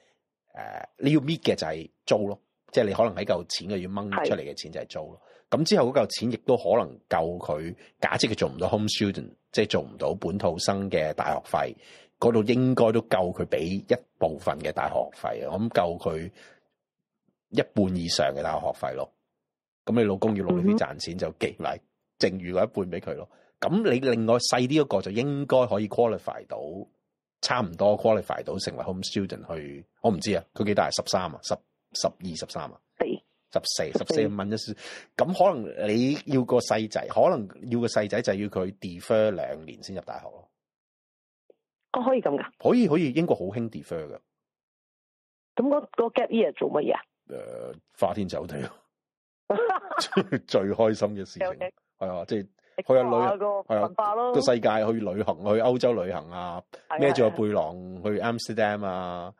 呃，你要搣嘅就係租咯，即係你可能喺嚿錢嘅要掹出嚟嘅錢就係租咯。咁的之後嗰嚿錢亦都可能夠佢，假設佢做唔到 home student，即係做唔到本土生嘅大學費，嗰度應該都夠佢俾一部分嘅大學費，我諗夠佢一半以上嘅大學費咯。咁你老公要努力啲賺錢就寄埋剩餘嗰一半俾佢咯。咁你另外細啲嗰個就應該可以 qualify 到，差唔多 qualify 到成為 home student 去。我唔知啊，佢幾大？十三啊，十十二十三啊，十四十四蚊一。咁可能你要個細仔，可能要個細仔就要佢 defer 兩年先入大學咯。哦，可以咁噶？可以可以，英國好興 defer 噶、呃。咁個 gap year 做乜嘢啊？花天酒地 最開心嘅事情係啊，即係 Okay.、就是、去下旅行，係啊個世界去旅行，去歐洲旅行啊，孭住個背囊去 Amsterdam 啊，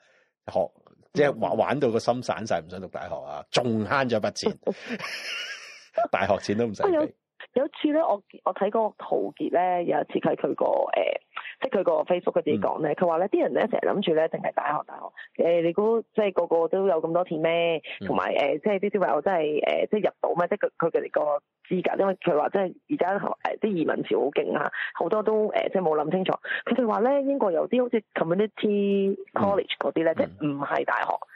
學即係玩，玩到個心散晒，唔想讀大學啊，仲慳咗一筆錢， 大學錢都唔使。有有次咧，我我睇個陶傑咧，有一次喺佢個誒。即係佢個 Facebook 佢自己講咧，佢話咧啲人咧成日諗住咧，淨係大學大學，呃、你估即係個個都有咁多錢咩？同埋、嗯呃、即係啲小朋友真係、呃、即係入到咩？即係佢佢哋個資格，因為佢話即係而家誒啲移民潮好勁啊，好多都、呃、即係冇諗清楚。佢哋話咧，英國有啲好似 community college 嗰啲咧，嗯、即係唔係大學。嗯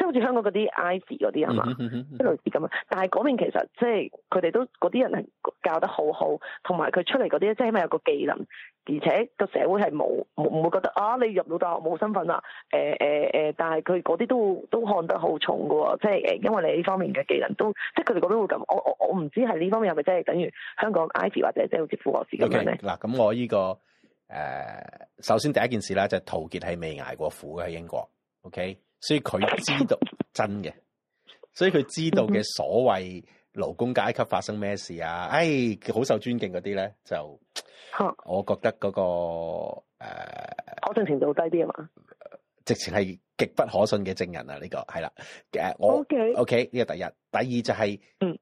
即好似香港嗰啲 Ivy 嗰啲啊嘛，即、嗯、類似咁啊。但係嗰邊其實即係佢哋都嗰啲人係教得好好，同埋佢出嚟嗰啲即係起碼有個技能，而且個社會係冇唔會覺得啊，你入到大學冇身份啦。誒誒誒，但係佢嗰啲都都看得好重嘅喎，即係誒，因為你呢方面嘅技能都即係佢哋嗰邊會咁。我我我唔知係呢方面係咪即係等於香港 Ivy 或者即係好似副學士咁樣咧。嗱咁、okay. 這個，我呢個誒，首先第一件事咧就係、是、陶傑係未捱過苦嘅喺英國。OK。所以佢知道 真嘅，所以佢知道嘅所謂勞工階級發生咩事啊？哎，好受尊敬嗰啲咧，就，吓哈，我覺得嗰、那個誒，呃、可信程度低啲啊嘛。直情係極不可信嘅證人啊！呢、這個係啦，誒，我，OK，呢、okay, 個第一，第二就係、是，嗯，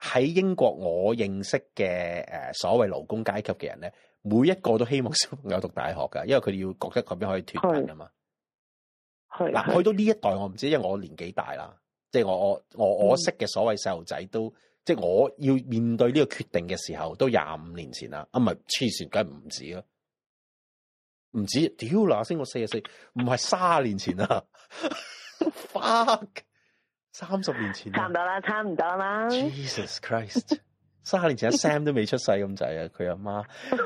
喺英國我認識嘅誒、呃、所謂勞工階級嘅人咧，每一個都希望小朋友讀大學噶，因為佢哋要覺得佢邊可以脫貧啊嘛。嗱，去到呢一代我唔知，因為我年紀大啦，即係我我我我識嘅所謂細路仔都，即係我要面對呢個決定嘅時候，都廿五年前啦，啊唔係黐線，梗係唔止啦，唔止，屌嗱聲我四啊四，唔係卅年前啦，fuck，三十年前差唔多啦，差唔多啦嘛，Jesus Christ，卅年前 Sam 都未出世咁滯啊，佢阿媽，誒、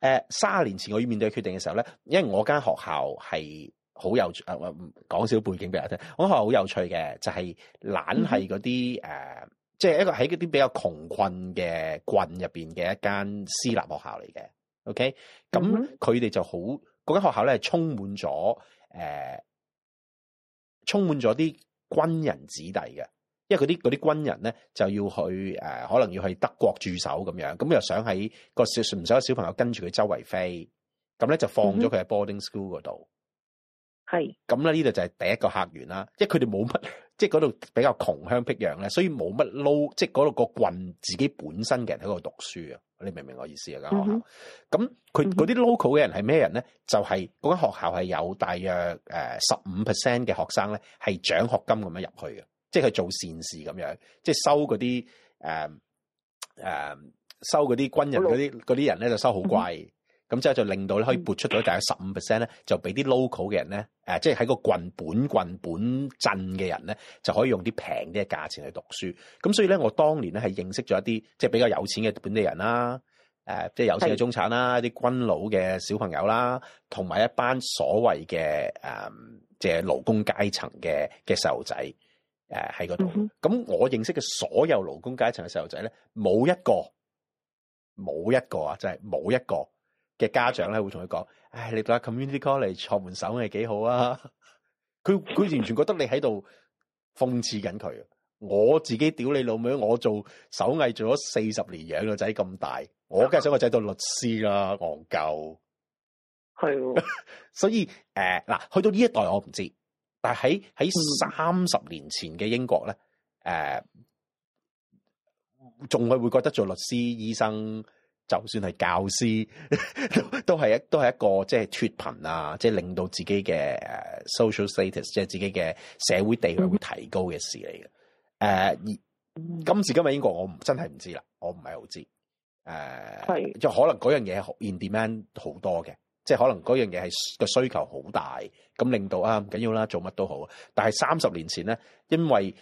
呃、誒，卅、呃、年前我要面對決定嘅時候咧，因為我間學校係。好有趣誒，我講少背景俾人聽，我學校好有趣嘅就係、是，懶係嗰啲誒，即係、呃就是、一個喺嗰啲比較窮困嘅郡入邊嘅一間私立學校嚟嘅。OK，咁佢哋就好嗰間學校咧，係充滿咗誒，充滿咗啲軍人子弟嘅，因為嗰啲嗰啲軍人咧就要去誒、呃，可能要去德國駐守咁樣，咁又想喺個小唔想有小朋友跟住佢周圍飛，咁咧就放咗佢喺 boarding school 嗰度。嗯係，咁咧呢度就係第一個客源啦，即係佢哋冇乜，即係嗰度比較窮鄉僻壤咧，所以冇乜撈，即係嗰度個郡自己本身嘅人喺度讀書啊，你明唔明我意思啊？嗰間學校，咁佢嗰啲 local 嘅人係咩人咧？就係、是、嗰間學校係有大約誒十五 percent 嘅學生咧，係獎學金咁樣入去嘅，即係佢做善事咁樣，即係收嗰啲誒誒收嗰啲軍人嗰啲啲人咧就收好貴。嗯咁之後就令到咧可以撥出到大概十五 percent 咧，就俾啲 local 嘅人咧，咳咳即係喺個郡本郡本鎮嘅人咧，就可以用啲平啲嘅價錢去讀書。咁所以咧，我當年咧係認識咗一啲即係比較有錢嘅本地人啦、啊，即係有錢嘅中產啦、啊，啲軍是佬嘅小朋友啦、啊，同埋一班所謂嘅誒，即係勞工階層嘅嘅細路仔，喺嗰度。咁、嗯、我認識嘅所有勞工階層嘅細路仔咧，冇一個冇一個啊，即係冇一個。嘅家長咧會同佢講，唉、哎，你得 community college 嚟坐門手係幾好啊？佢佢完全覺得你喺度諷刺緊佢。我自己屌你老味，我做手藝做咗四十年，養個仔咁大，我梗係想個仔做律師啦，憨鳩係喎。的 所以誒嗱、呃，去到呢一代我唔知道，但係喺喺三十年前嘅英國咧誒，仲、呃、係會覺得做律師、醫生。就算係教師 都都係一都係一個即係脫貧啊，即係令到自己嘅 social status 即係自己嘅社會地位會提高嘅事嚟嘅。誒、嗯，uh, 今時今日英國我真係唔知啦，我唔係好知誒。係、uh, 是即可能嗰樣嘢 in demand 好多嘅，即係可能嗰樣嘢係個需求好大，咁令到啊唔緊要啦，做乜都好。但係三十年前咧，因為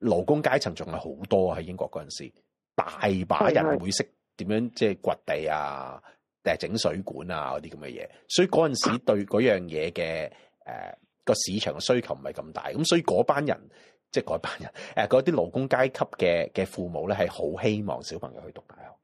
勞工階層仲係好多喺英國嗰陣時，大把人會識。點樣即係掘地啊？定係整水管啊？嗰啲咁嘅嘢，所以嗰陣時對嗰樣嘢嘅誒個市場嘅需求唔係咁大，咁所以嗰班人即係嗰班人誒嗰啲勞工階級嘅嘅父母咧，係好希望小朋友去讀大學。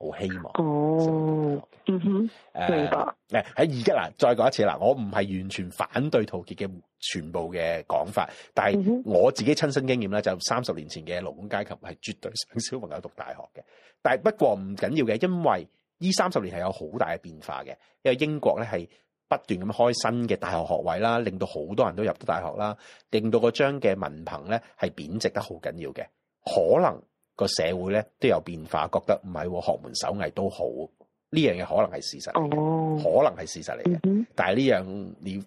好希望哦，嗯哼，明白。喺而家嗱，再講一次啦，我唔係完全反對陶傑嘅全部嘅講法，但係我自己親身經驗咧，就三十年前嘅勞工階級係絕對想小朋友讀大學嘅。嗯哼，但係不過唔緊要嘅，因為呢三十年係有好大嘅變化嘅，因為英國咧係不斷咁開新嘅大學學位啦，令到好多人都入到大學啦，令到個張嘅文憑咧係貶值得好緊要嘅，可能。個社會咧都有變化，覺得唔係學門手藝都好呢樣嘢，可能係事實。哦，可能係事實嚟嘅，但係呢樣你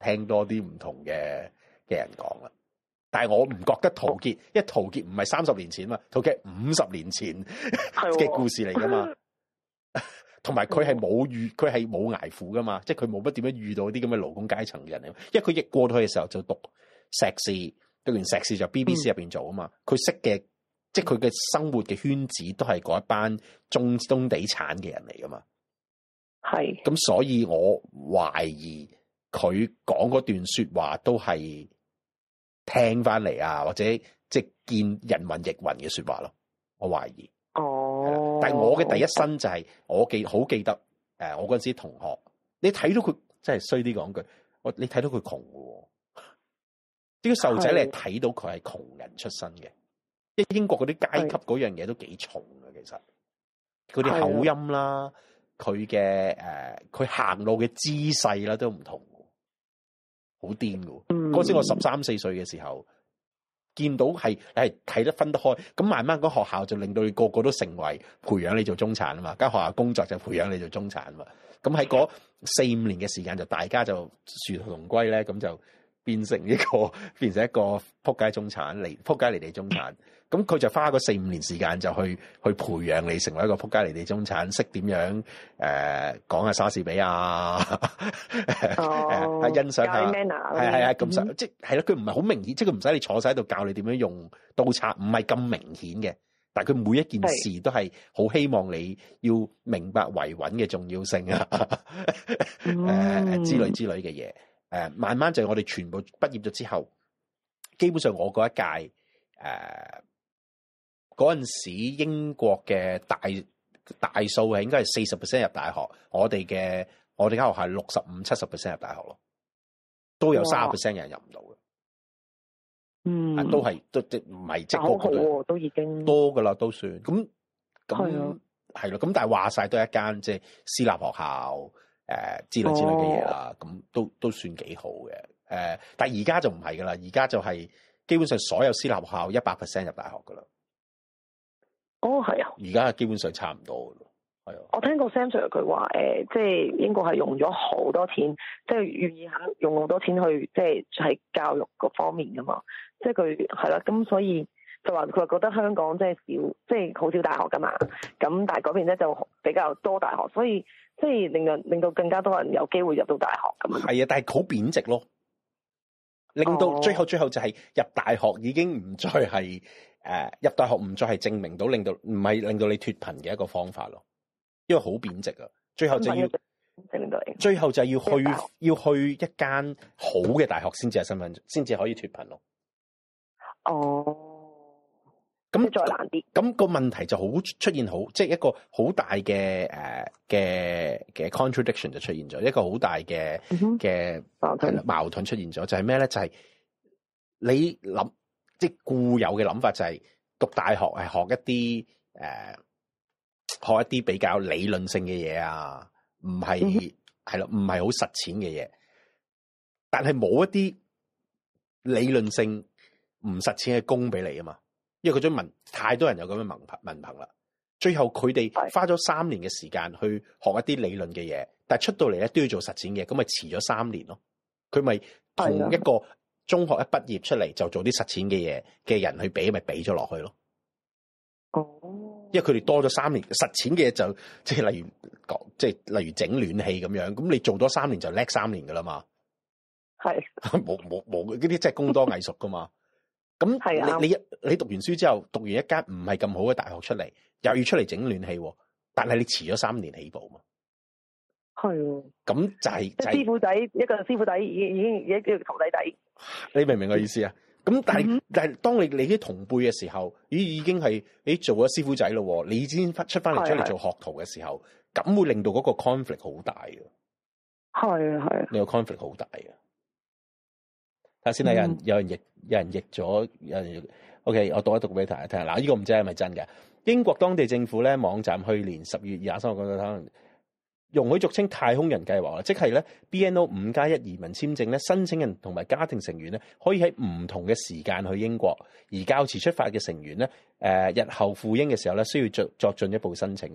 聽多啲唔同嘅嘅人講啦。但係我唔覺得陶傑，因為陶傑唔係三十年前嘛，陶傑五十年前嘅故事嚟㗎嘛。同埋佢係冇遇，佢係冇挨苦㗎嘛，即係佢冇乜點樣遇到啲咁嘅勞工階層嘅人嚟。因為佢亦過咗去嘅時候就讀碩士，讀完碩士就 BBC 入邊做啊嘛。佢識嘅。即係佢嘅生活嘅圈子都係嗰一班中東地產嘅人嚟㗎嘛？係。咁所以我懷疑佢講嗰段說話都係聽翻嚟啊，或者即係見人云亦云嘅說話咯。我懷疑。哦。但係我嘅第一身就係我記好記得誒，我嗰時同學，你睇到佢真係衰啲講句，我你睇到佢窮喎，呢、這個瘦仔你係睇到佢係窮人出身嘅。即係英國嗰啲階級嗰樣嘢都幾重噶，是的 其實佢啲口音啦，佢嘅誒，佢、呃、行路嘅姿勢啦，都唔同，好癲噶。嗰時我十三四歲嘅時候，見到係你係睇得分得開，咁慢慢嗰學校就令到你個個都成為培養你做中產啊嘛，間學校工作就培養你做中產啊嘛，咁喺嗰四五年嘅時間就大家就殊途同歸咧，咁就變成一個變成一個仆街中產嚟，仆街嚟嘅中產。嗯咁佢就花個四五年時間就去去培養你成為一個仆街離地中產，識點樣誒講、呃、下莎士比亞啊，係、oh, 欣賞下，係係啊，咁使、嗯、即係咯，佢唔係好明顯，即係佢唔使你坐晒喺度教你點樣用刀叉，唔係咁明顯嘅，但係佢每一件事都係好希望你要明白維穩嘅重要性啊，誒之類之類嘅嘢，誒、呃、慢慢就我哋全部畢業咗之後，基本上我嗰一屆誒。呃嗰陣時，英國嘅大大數係應該係四十 percent 入大學。我哋嘅我哋間學校係六十五七十 percent 入大學咯，都有三十 percent 人入唔到嘅。嗯，都係都唔係即都已經多噶啦，都算咁咁係咯，咁的。但係話晒都係一間即、係、私立學校誒、呃，之類之類嘅嘢啦。咁、哦、都都算幾好嘅、呃、但係而家就唔係噶啦，而家就係基本上所有私立學校一百 percent 入大學噶啦。哦，係啊，而家基本上差唔多咯，係啊。我聽過 Samson 佢話，誒，即係英國係用咗好多錢，即係願意肯用好多錢去，即係喺教育嗰方面噶嘛。即係佢係啦，咁所以就話佢話覺得香港即係少，即係好少大學噶嘛。咁但係嗰邊咧就比較多大學，所以即係令人令到更加多人有機會入到大學咁啊。係啊，但係好貶值咯，令到最後最後就係入大學已經唔再係。誒，入大學唔再係證明到令到，唔係令到你脱貧嘅一個方法咯，因為好貶值啊。最後就要，最後就要去要去一間好嘅大學先至係身份，先至可以脱貧咯。哦，咁再難啲。咁個問題就好出現好，即係一個好大嘅誒嘅嘅 contradiction 就出現咗，一個好大嘅嘅矛盾矛盾出現咗，就係咩咧？就係你諗。即固有嘅諗法就係讀大學係學一啲誒，學一啲比較理論性嘅嘢啊，唔係係咯，唔係好實踐嘅嘢。但係冇一啲理論性唔實踐嘅工俾你啊嘛，因為佢想文太多人有咁嘅文憑文憑啦。最後佢哋花咗三年嘅時間去學一啲理論嘅嘢，的但係出到嚟咧都要做實踐嘅，咁咪遲咗三年咯。佢咪同一個。中學一畢業出嚟就做啲實踐嘅嘢嘅人去俾，咪俾咗落去咯。哦，因為佢哋多咗三年實踐嘅嘢就即係例如講，即係例如整暖氣咁樣。咁你做多三年就叻三年噶啦嘛。係是。冇冇冇嗰啲即係工多藝熟噶嘛。咁 你你你讀完書之後，讀完一間唔係咁好嘅大學出嚟，又要出嚟整暖氣，但係你遲咗三年起步嘛。係咁就係、仔，師傅仔一個師傅仔，已已經已經叫徒弟仔。你明唔明我意思啊？咁但係但係，當你你啲同輩嘅時候，已經是你已經係你做咗師傅仔咯，你先出來出翻嚟出嚟做學徒嘅時候，咁的會令到嗰個 conflict 好大嘅。係啊的，係啊，你個 conflict 好大嘅。睇下先啊，有人有人譯，有人譯咗，有人。OK，我讀一讀俾大家聽下。嗱，呢個唔知係咪真嘅？英國當地政府咧網站去年十月廿三號嗰度可能。容許俗稱太空人計劃啦，即係咧 BNO 五加一移民簽證咧，申請人同埋家庭成員咧可以喺唔同嘅時間去英國，而較遲出發嘅成員咧，誒日後赴英嘅時候咧需要作作進一步申請。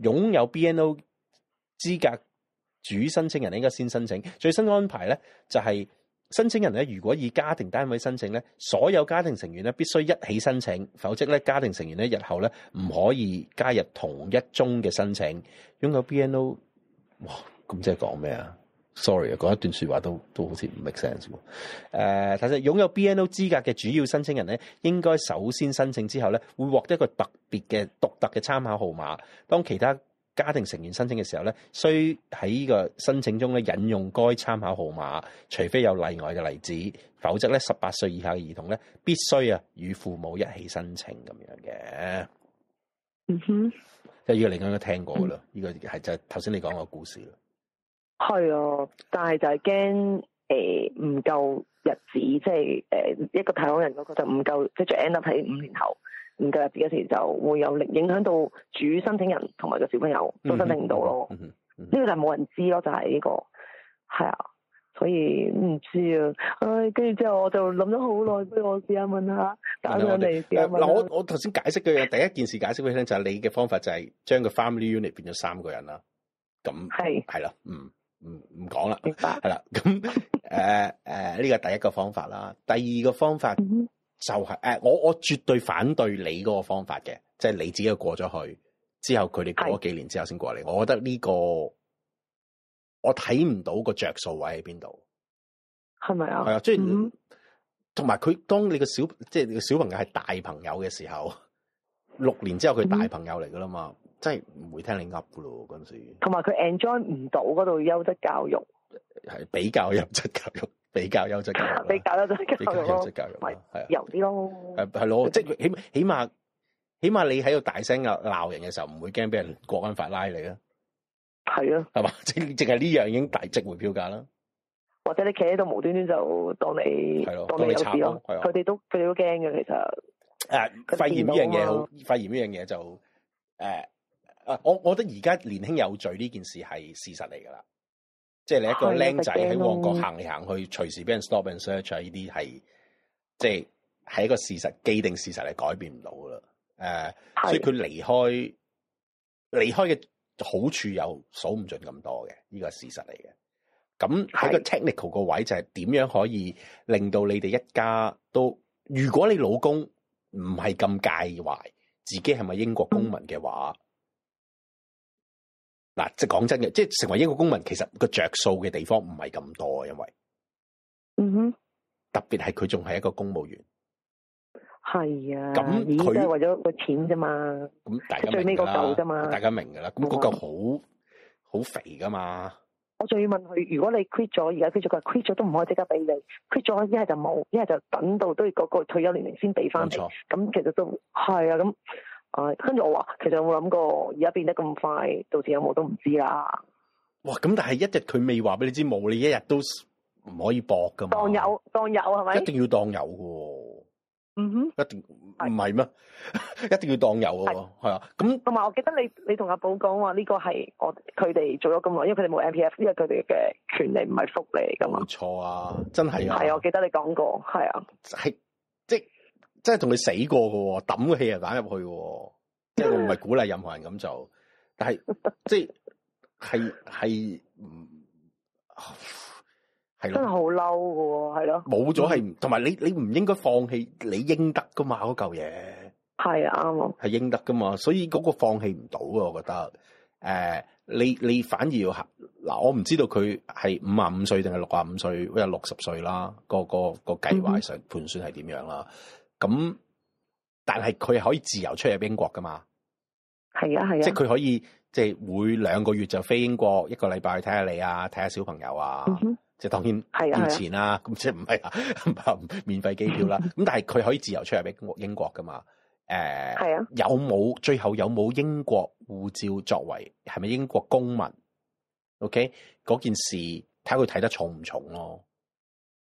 擁有 BNO 資格主申請人應該先申請，最新安排咧就係、是。申請人咧，如果以家庭單位申請咧，所有家庭成員咧必須一起申請，否則咧家庭成員咧日後咧唔可以加入同一宗嘅申請。擁有 BNO，哇，咁即係講咩啊？Sorry，講一段説話都都好似唔 make sense 喎。誒、呃，睇下擁有 BNO 資格嘅主要申請人咧，應該首先申請之後咧，會獲得一個特別嘅獨特嘅參考號碼。當其他家庭成員申請嘅時候咧，需喺呢個申請中咧引用該參考號碼，除非有例外嘅例子，否則咧十八歲以下嘅兒童咧必須啊與父母一起申請咁樣嘅。嗯哼、mm，呢、hmm。個你應該聽過噶啦，呢、這個係就係頭先你講個故事。係啊、mm，hmm。但係就係驚誒唔夠日子，即係誒一個太空人都覺得唔夠，即係 end up 喺五年後。唔夠日子時就會有影影響到主申請人同埋個小朋友，嗯、哼都申請唔到咯。呢個就係冇人知咯，就係、係、呢、呢個係啊，所以唔知啊。唉，跟住之後我就諗咗好耐，嗯、哼不如我試，試問一下問下搞咗你試嗱、嗯、我我頭先解釋嘅嘢，第一件事解釋俾你聽就係你嘅方法就係將個 family unit 變咗三個人啦。咁係係啦，唔唔唔講啦，係啦。咁誒誒呢個係第一個方法啦，第二個方法。嗯就係誒，我我絕對反對你嗰個方法嘅，即係你自己過咗去之後，佢哋過咗幾年之後先過嚟。我覺得呢個我睇唔到個着數位喺邊度，係咪啊？係啊，即係同埋佢當你個小即係你個小朋友係大朋友嘅時候，六年之後佢大朋友嚟噶啦嘛，即係唔會聽你噏噶咯嗰陣時。同埋佢 enjoy 唔到嗰度優質教育，係比較優質教育。比較優質教育，比較優質教育咯，係啊，油啲咯，係咯，即係起起碼起碼你喺度大聲啊鬧人嘅時候，唔會驚俾人國安法拉你啦，係咯，係嘛，淨淨係呢樣已經大值回票價啦，或者你企喺度無端端就當你當你慘咯，佢哋都佢哋都驚嘅其實，誒肺炎呢樣嘢好，肺炎呢樣嘢就誒我我覺得而家年輕有罪呢件事係事實嚟噶啦。即係你一個僆仔喺旺角行嚟行去，隨時俾人 stop and search，呢啲係即係係一個事實，既定事實你改變唔到噶啦。誒的，所以佢離開離開嘅好處有數唔盡咁多嘅，呢、這個係事實嚟嘅。咁喺個 technical 個位就係點樣可以令到你哋一家都，如果你老公唔係咁介懷，自己係咪英國公民嘅話？嗯嗱，即係講真嘅，即係成為英國公民，其實個着數嘅地方唔係咁多，因為，嗯哼，特別係佢仲係一個公務員，係啊，咁佢就為咗個錢啫嘛，咁大家呢明嘛，大家明噶啦，咁嗰嚿好好肥噶嘛，我仲要問佢，如果你 quit 咗，而家 quit 咗，佢 quit 咗都唔可以即刻俾你，quit 咗一係就冇，一係就等到都要個個退休年齡先俾翻。咁錯，咁其實都係啊咁。誒，跟住我話，其實有冇諗過，而家變得咁快，到時有冇都唔知啦、啊。哇！咁但係一日佢未話俾你知冇，你一日都唔可以搏噶嘛當。當有當有係咪？是一定要當有嘅。嗯哼。一定唔係咩？是是 一定要當有嘅，係是啊。咁同埋，我記得你你同阿寶講話呢個係我佢哋做咗咁耐，因為佢哋冇 MPF，因為佢哋嘅權利唔係福利噶嘛。冇錯啊，真係啊。係，我記得你講過，係啊。即係同佢死過嘅，抌個氣啊打入去，即係我唔係鼓勵任何人咁做，但係 即係係係係咯，真係好嬲嘅，係咯，冇咗係同埋你，你唔應該放棄你應得噶嘛，嗰嚿嘢係啱啱係應得噶嘛，所以嗰個放棄唔到啊，我覺得誒、呃，你你反而要嗱、呃，我唔知道佢係五啊五歲定係六啊五歲，或者六十歲啦，嗰個、嗰個個計劃上盤算係點樣啦。嗯咁，但係佢可以自由出入英國噶嘛？係啊，係啊。即係佢可以，即係每兩個月就飛英國一個禮拜去睇下你啊，睇下小朋友啊。即係當然要錢啦，咁即係唔係啊？的啊 免費機票啦。咁 但係佢可以自由出入英國英國噶嘛？誒、欸，係啊的。有冇最後有冇英國護照作為？係咪英國公民？OK，嗰件事睇佢睇得重唔重咯，啊？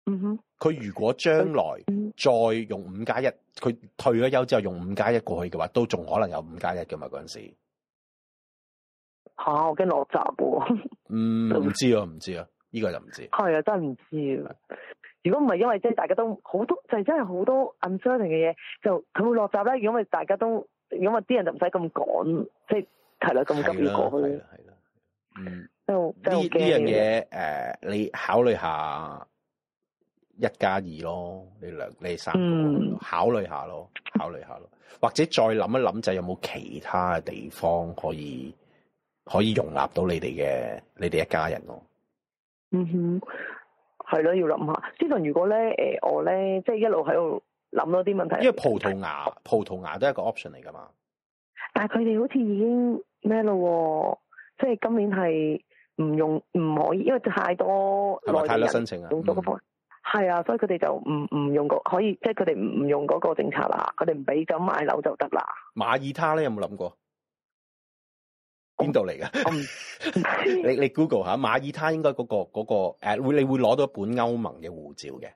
嗯哼，佢如果將來再用五加一，佢、嗯、退咗休之後用五加一過去嘅話，都仲可能有五加一嘅嘛？嗰陣時吓，我驚落閘嘅。嗯，唔嗎知啊，唔知啊，呢、呢個就唔知。係啊，真係唔知啊。如果唔係因為即係大家都好多，就係、是、真係好多 uncertainty 嘅嘢，就佢會落閘咧。如果咪大家都，如果咪啲人就唔使咁趕，即係係啦，咁急要過去。嗯，就呢呢樣嘢誒、呃，你考慮下。一加二咯，你兩你三個、嗯、考慮下咯，考慮下咯，或者再諗一諗就有冇其他嘅地方可以可以容納到你哋嘅你哋一家人咯。嗯哼，係咯，要諗下。司 t 如果咧誒我咧即係一路喺度諗多啲問題，因為葡萄牙的葡萄牙都係一個 option 嚟噶嘛。但係佢哋好似已經咩咯、啊，即係今年係唔用唔可以，因為太多吧太多申請啊，好多嗰方。係啊，所以佢哋就唔唔用嗰可以，即係佢哋唔唔用嗰個政策啦，佢哋唔俾咁買樓就得啦。馬爾他咧有冇諗過？邊度嚟嘅？你你 Google 下馬爾他應該嗰、嗰個嗰、嗰個誒，會、嗰個、你會攞到一本歐盟嘅護照嘅。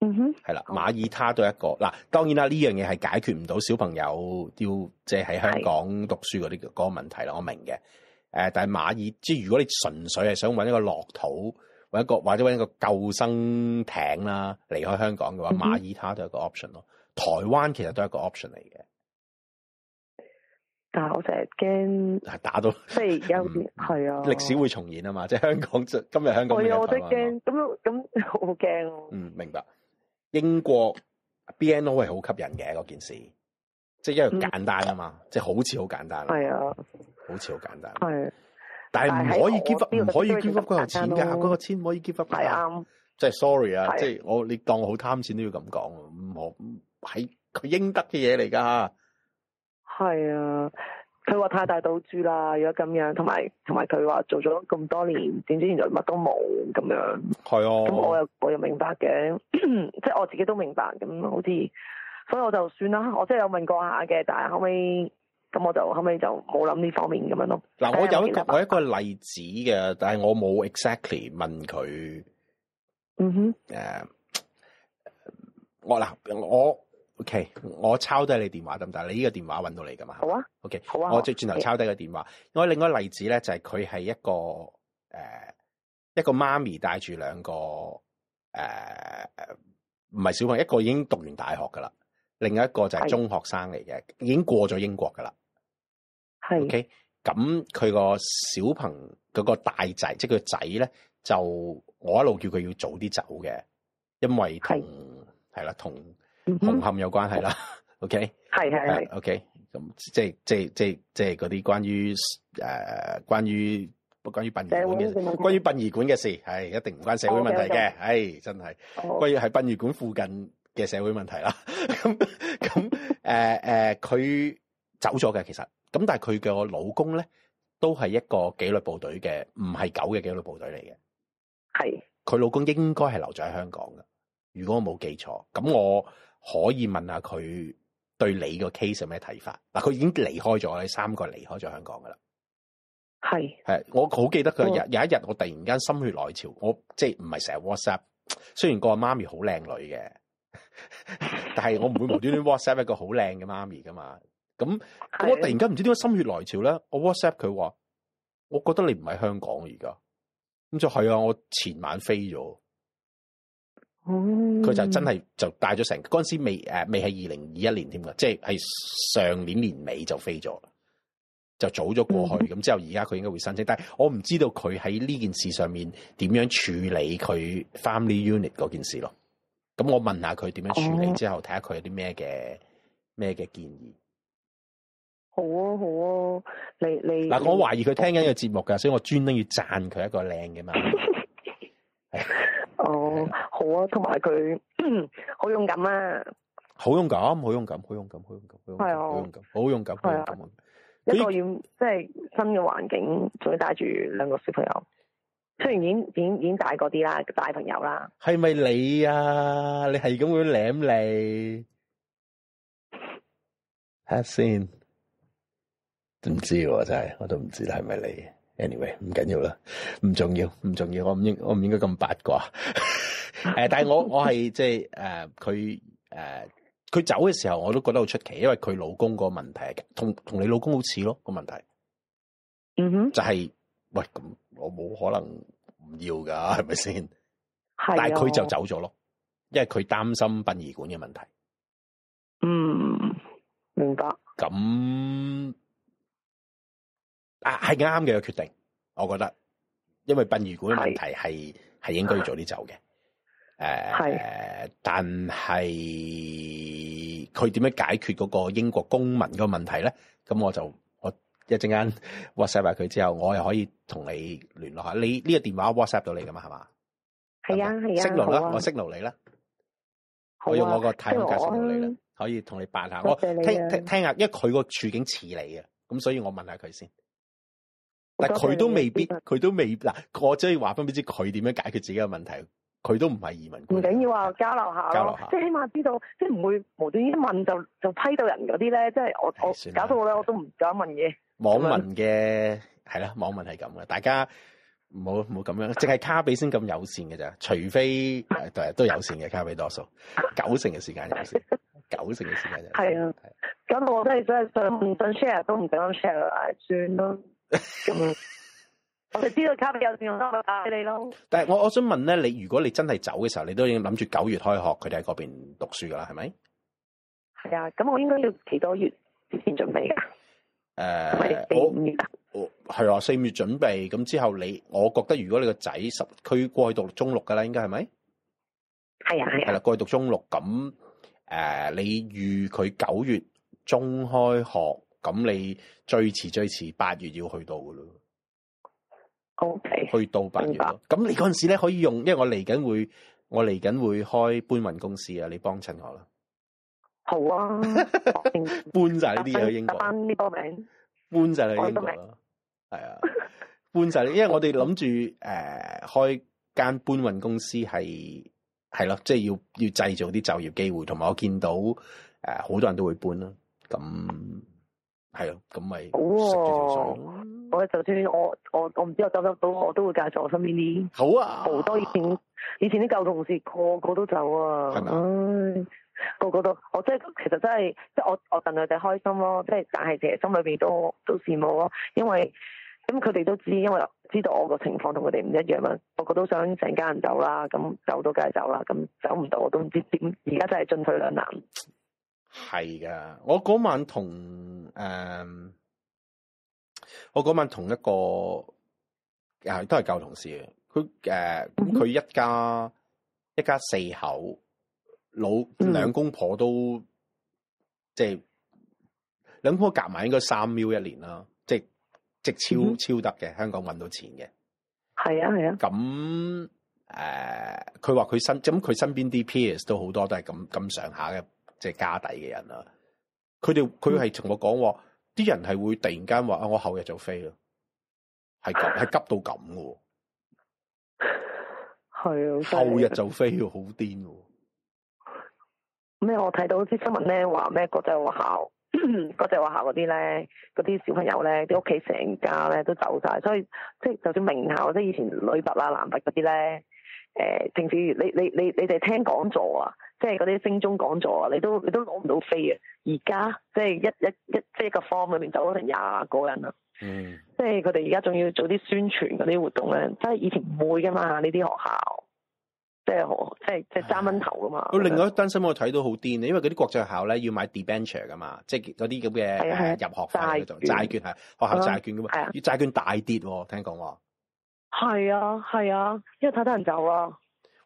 嗯哼，係啦，馬爾他都一個嗱，當然啦，呢樣嘢係解決唔到小朋友要即係喺香港讀書嗰啲嗰個問題啦。是我明嘅，誒，但係馬爾即係如果你純粹係想搵一個樂土。或者一個或者搵一個救生艇啦，離開香港嘅話，馬爾他都係一個 option 咯。台灣其實都係一個 option 嚟嘅，但係我成日驚打到，即係有啲係、 嗯、啊。歷史會重演啊嘛，即係香港今今日香港。係啊，我即係驚咁咁好驚咯。啊、嗯，明白。英國 BNO 係好吸引嘅嗰件事，即係因為簡單啊嘛，啊即係好似好簡單。係啊，好似好簡單。係、啊。但係唔可以 give up 唔可以 give up 嗰個錢㗎。嗰、嗰個錢唔可以 give up、嗰個。係啱的，即係 sorry 啊！即係的我你當我好貪錢都要咁講，唔好係佢應得嘅嘢嚟㗎係啊，佢話太大賭注啦，如果咁樣，同埋同埋佢話做咗咁多年，點知原來乜都冇咁樣。係啊的，咁我又我又明白嘅， 即係我自己都明白咁，好似所以我就算啦。我真係有問過下嘅，但係後尾。咁我就後尾就冇諗呢方面咁樣咯。嗱，我有一個我一個例子嘅，但係我冇 exactly 問佢。嗯哼。誒，我嗱我 OK，我抄低你電話咁，但係你呢個電話揾到你噶嘛？好啊。OK，好啊。我最轉頭抄低個電話。我另外一個例子咧，就係佢係一個誒一個媽咪帶住兩個誒唔係小朋友，一個已經讀完大學噶啦。另一個就係中學生嚟嘅，是已經過咗英國噶啦。係是，OK，咁佢個小朋嗰、嗰個大仔，即係佢個仔咧，就我一路叫佢要早啲走嘅，因為同係啦，同同是紅磡有關係啦，呃哦。OK，係係係，OK，咁即係即係即係即係嗰啲關於誒關於關於殯儀館嘅事，關於殯儀館嘅事係一定唔關社會問題嘅，唉，真係 okay. 關於喺殯儀館附近。嘅社會問題啦， 咁咁誒誒，佢、呃、走咗嘅其實咁，但係佢嘅老公咧都係一個紀律部隊嘅，唔係狗嘅紀律部隊嚟嘅，係佢是老公應該係留咗喺香港嘅，如果我冇記錯咁，我可以問下佢對你個 case 有咩睇法嗱？佢已經離開咗啦，三個離開咗香港噶啦，係係是我好記得佢有、嗯、有一日，我突然間心血來潮，我即係唔係成日 WhatsApp，雖然個媽咪好靚女嘅。 但係我唔會無端端 WhatsApp 一個好靚嘅媽咪噶嘛？咁我突然間唔知點解心血來潮咧，我 WhatsApp 佢話，我覺得你唔喺香港而家，咁就係啊，我前晚飛咗。哦，佢就真係就帶咗成嗰陣時未誒未係二零二一年添噶，即係係上年年尾就飛咗，就早咗過去。咁 之後而家佢應該會申請，但係我唔知道佢喺呢件事上面點樣處理佢 Family Unit 嗰件事咯。咁我問下佢點樣處理之後，睇下佢有啲咩嘅咩嘅建議。好啊，好啊，你你嗱、啊，我懷疑佢聽緊呢個節目㗎，我所以我專登要讚佢一個靚嘅嘛。哦， 哦，好啊，同埋佢好勇敢啊！好勇敢，好勇敢，好勇敢，好勇敢，好、啊、勇敢，好勇敢，一個要即係、就是、新嘅環境，仲要帶住兩個小朋友。雖然已經已經已經大過啲啦，大朋友啦。係咪你啊？你係咁樣舐你？下先，唔知喎，真係我都唔知是是 anyway, 係啦，係咪你？Anyway，唔緊要啦，唔重要，唔重,重要。我唔應，我唔應該咁八卦。誒， 但係我我係即係誒，佢、呃、誒，佢走嘅時候，我都覺得好出奇，因為佢老公,問老公、個問題，同同你老公好似咯個問題。嗯哼，就係、是。喂，咁我冇可能唔要噶，係咪先？係，是的 但係佢就走咗咯，因為佢擔心殯儀館嘅問題。嗯，明白。咁啊，係啱嘅決定，我覺得，因為殯儀館嘅問題係係的應該要早啲走嘅。誒的，係、呃，但係佢點樣解決嗰個英國公民嘅問題咧？咁我就。一陣間 WhatsApp 埋佢之後，我又可以同你聯絡下。你呢個電話 WhatsApp 到你噶嘛？係嘛？係啊係啊，識路啦，啊啊、我識路你啦，啊、我用我個態度介紹到你啦，可以同你辦一下。謝謝啊、我聽聽下，因為佢個處境似你啊，咁所以我問下佢先。但佢都未必，佢都未嗱，我即係話分唔知佢點樣解決自己嘅問題，佢都唔係移民。唔緊要啊，交流下。交流下，即係起碼知道，即係唔會無端端問就就批鬥人嗰啲咧。即係我我搞到我咧，我都唔想問嘢。網民嘅，係啦，網民係咁嘅，大家唔好唔好咁樣，淨係卡比先咁友善嘅咋？除非誒 都友善嘅，卡比多數九成嘅時間友善，九成嘅時間就係啊。咁我都係真係想唔想 share 都唔想 share 算咯。咁我哋知道卡比友善，多謝你咯。但係我我想問咧，你如果你真係走嘅時候，你都已經諗住九月開學，佢哋喺嗰邊讀書噶啦，係咪？係啊，咁我應該要幾多月之前準備噶？誒，呃、4, 月我月係四月準備，咁之後你，我覺得如果你個仔十，佢過去讀中六噶啦，應該係咪？係啊係啊。係啦、啊啊，過去讀中六，咁誒、呃，你預佢九月中開學，咁你最遲最遲八月要去到噶咯。O K。去到八月，咁白你嗰陣時咧可以用，因為我嚟緊會，我嚟緊會開搬運公司啊，你幫襯我啦。好啊， 搬晒呢啲嘢去英國，搬晒去英國，係 啊，搬晒，因為我哋諗住誒開間搬運公司係係咯，即係、啊就是、要要製造啲就業機會，同埋我見到誒好、呃、多人都會搬啦，咁係咯，咁咪、啊、好啊！我 就算我我我唔知我走得到，我都會介紹我身邊啲好啊，好多以前以前啲舊同事個個都走啊，係咪嗎？哎個個都，我即係其實真係，即係我我戥佢哋開心咯，即係但係自己心裏邊都都羨慕咯，因為咁佢哋都知，因為知道我個情況同佢哋唔一樣嘛。個個都想成家人走啦，咁走都梗係走啦，咁走唔到我都唔知點。而家真係進退兩難。係噶，我嗰晚同誒、嗯，我嗰晚同一個啊，都係舊同事嘅，佢誒，佢、呃、一家 一家四口。老兩公婆都、嗯、即係兩公婆夾埋，應該三 mill 一年啦，即係即超、嗯、超得嘅，香港搵到錢嘅。係啊，係啊。咁誒，佢話佢身咁，佢身邊啲 peers 都好多都係咁咁上下嘅，即係家底嘅人啦。佢哋佢係同我講，啲、嗯、人係會突然間話啊，我後日就飛咯，係係急到咁嘅。係啊 的，後日就飛，好癲。咩？我睇到啲新聞咧，話咩國際學校、 國際學校嗰啲咧，嗰啲小朋友咧，啲屋企成家咧都走晒，所以即係、就是、就算名校，即、就、係、是、以前女拔啦男拔嗰啲咧，誒、呃，平時你你你你哋聽講座啊，即係嗰啲升中講座啊，你都你都攞唔到飛啊。而家即係一一一，即係、就是、個 form 裏邊走咗成廿個人啊。嗯，即係佢哋而家仲要做啲宣傳嗰啲活動咧，即、就、係、是、以前唔會噶嘛呢啲學校。即係，即係，即係三蚊頭啊嘛！佢、啊、的另外一單新聞我睇到好癲，因為嗰啲國際學校咧要買 debenture 噶嘛，即係嗰啲咁嘅入學費度、啊啊、債券係、啊、學校債券噶嘛，要、啊、債券大跌喎、啊，聽講話係啊係啊，因為太多人走啊。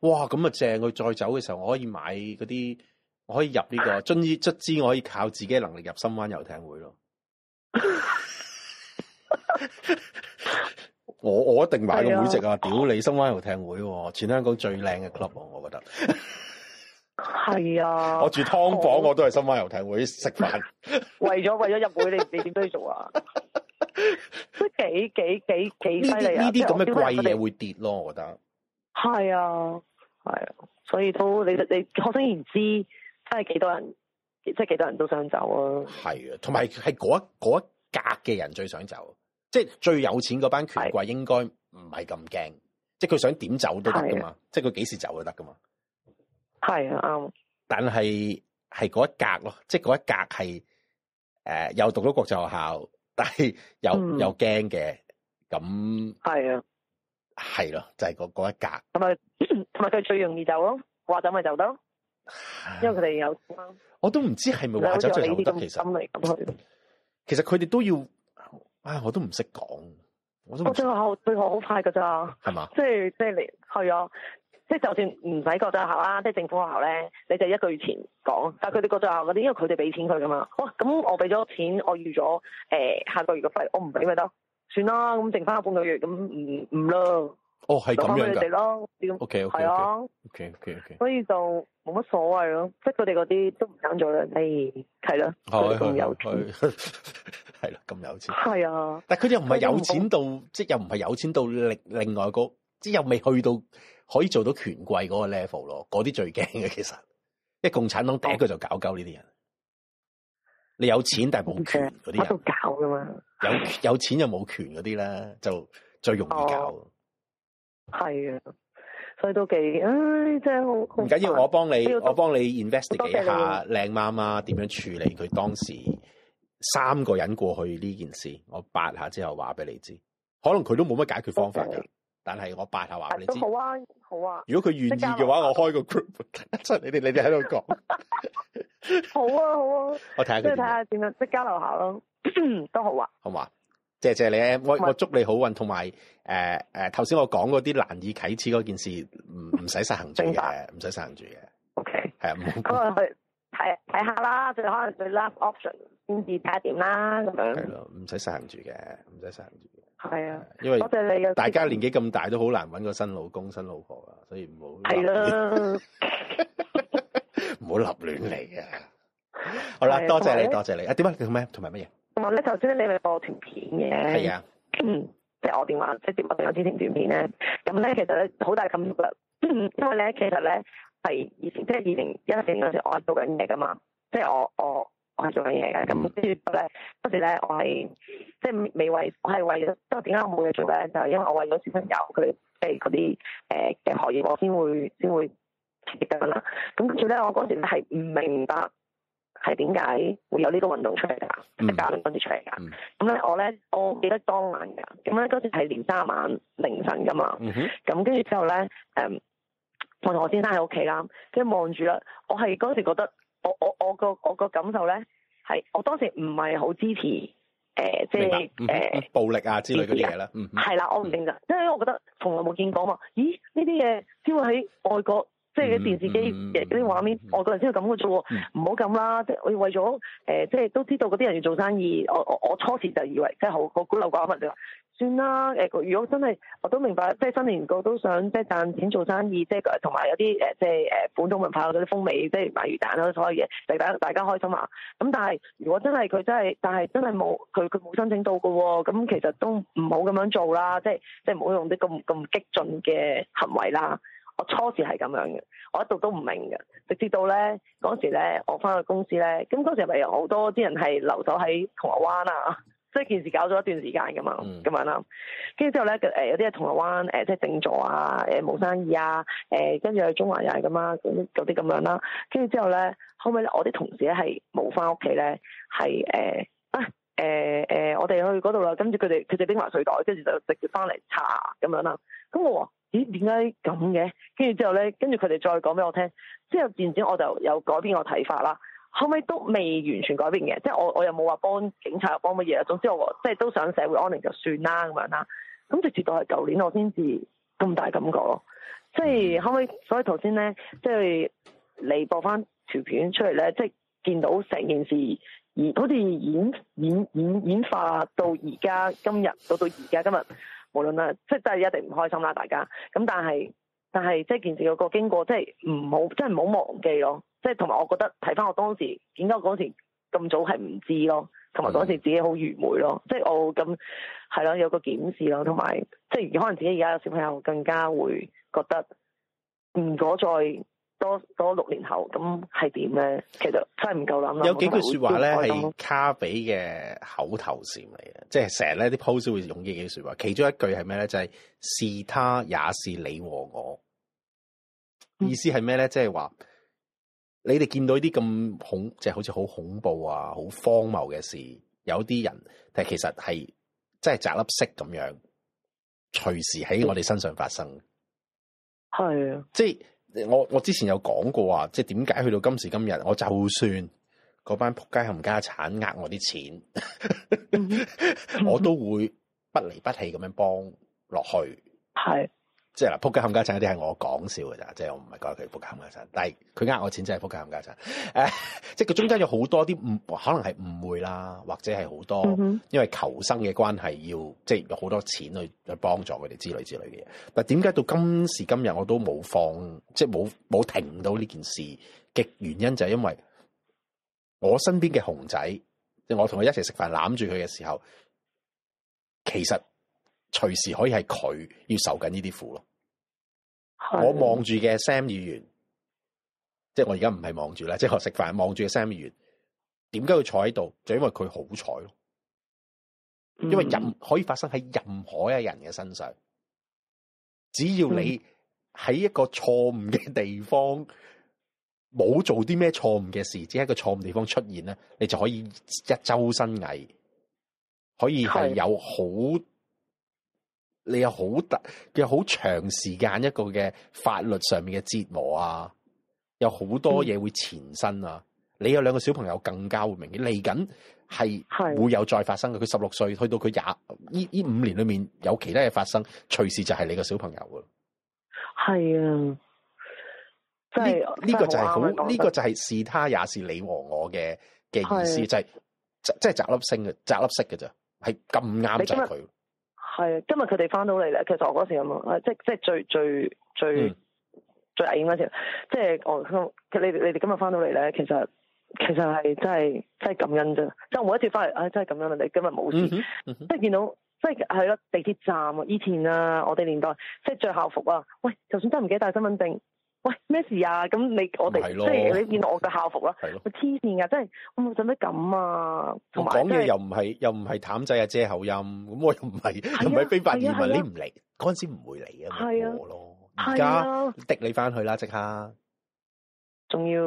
哇！咁啊正，佢再走嘅時候，我可以買嗰啲，我可以入呢、這個，終於卒之，我可以靠自己嘅能力入深灣遊艇會咯。 我我一定買個會籍啊！啊屌你，深灣遊艇會喎、啊，全香港最靚嘅 club、啊、我覺得。係 啊。我住劏房，我，我都係深灣遊艇會食飯 。為咗為咗入會，你你點都要做啊？都幾幾幾幾犀利啊！呢啲咁嘅貴嘢會跌咯，我覺得。係啊，係啊，所以都你你，你可想而知，真係幾多人，即係幾多人都想走啊。係啊，同埋係嗰一嗰一格嘅人最想走。即係最有錢嗰班權貴，應該唔係咁驚，即係佢想點走都得㗎嘛，是的 即係佢幾時走都得㗎嘛。係啊，啱。但係係嗰一格咯，即係嗰一格係誒、呃，又讀到國際學校，但係、嗯、又又驚嘅咁。係啊，係咯是的，就係、是、嗰一格。同埋同埋佢最容易走咯，話走咪就得咯，因為佢哋有。我都唔知係咪話走就走得，其實。其實佢哋都要。唉，我都唔識講，我都覺得學校對我好快噶咋，係嘛吧、就是就是？即係即係你係啊！即係就算唔使國際學校啦，即係政府學校咧，你就一個月前講，但係佢哋國際學校嗰啲，因為佢哋俾錢佢噶嘛。哇！咁我俾咗錢，我預咗誒下個月嘅費，我唔俾咪得？算啦，咁剩翻半個月，咁唔唔咯？哦，係咁樣噶。O K O K，係 O K O K O K，所以就冇乜所謂咯。即係佢哋嗰啲都唔想做嘅，係、哎，係啦。咁、哎哎哎哎、有錢，係啦， 咁有錢。係啊。但係佢哋又唔係有錢到，即係又唔係有錢到另另外一個，即係又未去到可以做到權貴嗰個 level 咯。嗰啲最驚嘅其實，即係共產黨第一個就搞鳩呢啲人。你有錢但係冇權嗰啲人。都搞噶嘛？有有錢又冇權嗰啲咧，就最容易搞。哦係啊，所以都幾唉，真係好唔緊要。我幫你，我幫你 investigate 下靚媽媽點樣處理佢當時三個人過去呢件事。我八下之後話俾你知，可能佢都冇乜解決方法噶。但係我八下話俾你知好啊，好啊。如果佢願意嘅話，我開個 group，即係你哋，你哋喺度講。好啊，好啊。我睇下，佢睇下點樣，即係交流下咯，都好啊。好嘛。謝謝你，我我祝你好運，同埋誒誒，頭先、呃、我講嗰啲難以啟齒嗰件事，唔唔使實行住嘅，唔使實行住嘅。O K，係啊，可能去睇睇下啦，最可能最 last option 先至睇下點啦，咁樣，嗯。係咯，唔使實行住嘅，唔使實行住嘅。係啊的，因為大家年紀咁大都好難搵個新老公、新老婆啊，所以唔好。係啦是的，唔 好 立亂嚟啊！好啦，多謝你，多謝你。啊，點啊？叫咩？同埋乜嘢？我咧頭先咧你咪播段片嘅，即係的我電話即係電話有啲聽段片咧。咁咧其實咧好大感覺，因為咧其實咧係以前即係二零一年嗰時我係做緊嘢噶嘛，即係我我我係做緊嘢嘅。咁跟住咧當時咧我係即係未為我係為咗，即係點解我冇嘢做咧？就係因為我為咗小朋友佢哋即係嗰啲誒嘅學業，我先會先會咁樣啦。咁跟住咧我嗰時係唔明白。係點解會有呢個運動出嚟㗎？係隔年嗰陣時出嚟㗎。咁、嗯、咧，我咧，我記得當晚㗎。咁咧，嗰陣係年三十晚凌晨㗎嘛。咁跟住之後咧，誒、嗯，我同我先生喺屋企啦，即係望住啦。我係嗰陣覺得，我我我個我個感受咧，係我當時唔係好支持誒，即係誒暴力啊之類嘅嘢啦。係啦、嗯哼，我唔明就，嗯、哼因為我覺得從來冇見過啊嘛。咦？呢啲嘢先會喺外國。即係啲電視機嗰啲畫面，我嗰陣先係咁嘅啫喎，唔好咁啦！即係我要為咗誒、呃，即係都知道嗰啲人要做生意。我我，我初時就以為即係好好古流掛問就話算啦。誒、呃，如果真係我都明白，即係新年過都想即係賺錢做生意，即係同埋有啲誒、呃、即係誒本土文化嗰啲風味，即係賣魚蛋啦，所有嘢嚟得大家開心下。咁但係如果真係佢真係，但係真係冇佢佢冇申請到嘅喎，咁其實都唔好咁樣做啦。即係即係唔好用啲咁咁激進嘅行為啦。初時係咁樣嘅，我一度都唔明嘅，直至到咧嗰時咧，我翻去公司咧，咁當時咪有好多啲人係留守喺銅鑼灣啊，即 係件事搞咗一段時間㗎嘛，咁、嗯、樣啦。跟住之後咧，誒有啲係銅鑼灣誒、呃、即係定座啊，誒、呃、冇生意啊，誒跟住去中環又係咁啊，嗰啲咁樣啦。跟住之後咧，後尾咧我啲同事咧係冇翻屋企咧，係誒啊誒誒，我哋去嗰度啦，跟住佢哋佢哋拎埋水袋，跟住就直接翻嚟查咁樣啦。咁我咦？點解咁嘅？跟住之後呢，跟住佢哋再講俾我聽，之後然之後我就有改變我睇法啦。後尾都未完全改變嘅，即係我我又冇話幫警察又幫乜嘢啊。總之我即係都想社會安寧就算啦咁樣啦。咁直至到係舊年，我先至咁大感覺咯。即係後尾，所以頭先呢，即係你播翻條片出嚟呢，即係見到成件事，而好似演演演演化到而家今日，到到而家今日。無論啦，即係真係一定唔開心啦，大家。咁但係，但係即係件事有個經過，即係唔好，即係唔好忘記咯。即係同埋，我覺得睇翻我當時點解我嗰時咁早係唔知咯，同埋嗰時自己好愚昧咯。即係我咁係咯，有個檢視咯，同埋即係可能自己而家有小朋友更加會覺得如果再。多多六年後咁係點咧？其實真係唔夠諗有幾句說話咧係卡比嘅口頭禪嚟嘅，嗯、即係成日啲 post 會用呢幾句說話。其中一句係咩咧？就係、是、是他也是你和我。嗯、意思係咩咧？即係話你哋見到啲咁恐，即、就、係、是、好似好恐怖啊、好荒謬嘅事，有啲人，但係其實係真係雜粒色咁樣，隨時喺我哋身上發生。係、嗯，即係。我我之前有講過啊，即係點解去到今時今日，我就算嗰班仆街冚家產呃我啲錢，嗯、 我都會不離不棄咁樣幫落去。係。即係嗱，扑街冚家鏟嗰啲係我講笑嘅咋，即係我唔係覺得佢扑街冚家鏟，但係佢呃我錢真係扑街冚家鏟。誒、uh，即係佢中間有好多啲誤可能係誤會啦，或者係好多、mm hmm. 因為求生嘅關係，要即係有好多錢去去幫助佢哋之類之類嘅嘢。但係點解到今時今日我都冇放，即係冇冇停到呢件事嘅原因就係因為我身邊嘅熊仔，即係我同佢一齊食飯攬住佢嘅時候，其實。隨時可以係佢要受緊呢啲苦咯。我望住嘅 Sam 議員，即係我而家唔係望住啦，即係我食飯望住嘅 Sam 議員。點解佢坐喺度？就因為佢好彩咯。因為任可以發生喺任何一人嘅身上，只要你喺一個錯誤嘅地方冇做啲咩錯誤嘅事，只係一個錯誤地方出現咧，你就可以一周身蟻，可以係有好。你有好大嘅好長時間一個嘅法律上面嘅折磨啊，有好多嘢會纏身啊。嗯，你有兩個小朋友更加會明顯嚟緊係會有再發生嘅。佢十六歲，去到佢廿呢依五年裏面有其他嘢發生，隨時就係你個小朋友啊。係啊，即係呢個就係好，呢個就係是他，也是你和我嘅嘅意思，就係即係扎粒星嘅，扎粒色嘅咋，係咁啱就係佢。係，今日佢哋翻到嚟咧。其實我嗰時咁啊，即係即係最最最、嗯、最危險嗰時。即係我佢你你哋今日翻到嚟咧，其實其實係真係真係感恩啫。即係每一次翻嚟，唉、哎，真係感恩啊！你今日冇事，即係見到，即係係咯地鐵站啊，以前啊，我哋年代即係着校服啊。喂，就算真係唔記得帶身份證。喂，咩事啊？咁你我哋，即係你見到我嘅校服啊，我黐線噶，真係我冇做咩咁啊！同埋我講嘢又唔係又唔係譚仔啊，借口音咁，我又唔係又唔係非法移民，你唔嚟嗰陣時唔會嚟啊，我咯，而家滴你翻去啦，即刻，仲要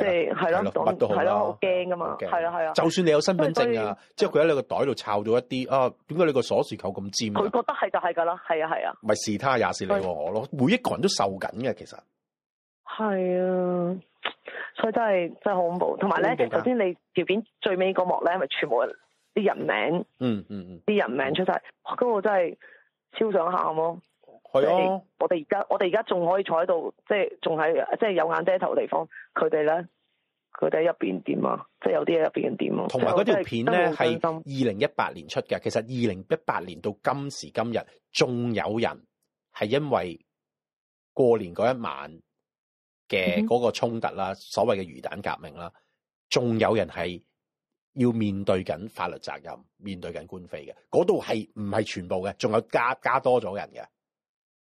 即係係咯，係咯，好驚噶嘛，係啊係啊。就算你有身份證啊，即係佢喺你個袋度抄咗一啲啊，點解你個鎖匙扣咁尖？佢覺得係就係噶啦，係啊係啊。咪是他也是你我咯，每一個人都受緊嘅，其實。係啊，所以真係真係好恐怖。同埋咧，頭先你條片最尾嗰幕咧，咪全部啲人名，嗯嗯啲人名出晒，咁、嗯哦、我真係超想喊咯、哦。係啊，我哋而家我哋而家仲可以坐喺度，即係仲喺，即係有眼低頭地方。佢哋咧，佢哋喺入邊點啊？即、就、係、是、有啲嘢入邊點啊？同埋嗰條片咧係二零一八年出嘅，其實二零一八年到今時今日，仲有人係因為過年嗰一晚。嘅嗰個衝突啦，所謂嘅魚蛋革命啦，仲有人係要面對緊法律責任，面對緊官非嘅。嗰度係唔係全部嘅？仲有加加多咗人嘅，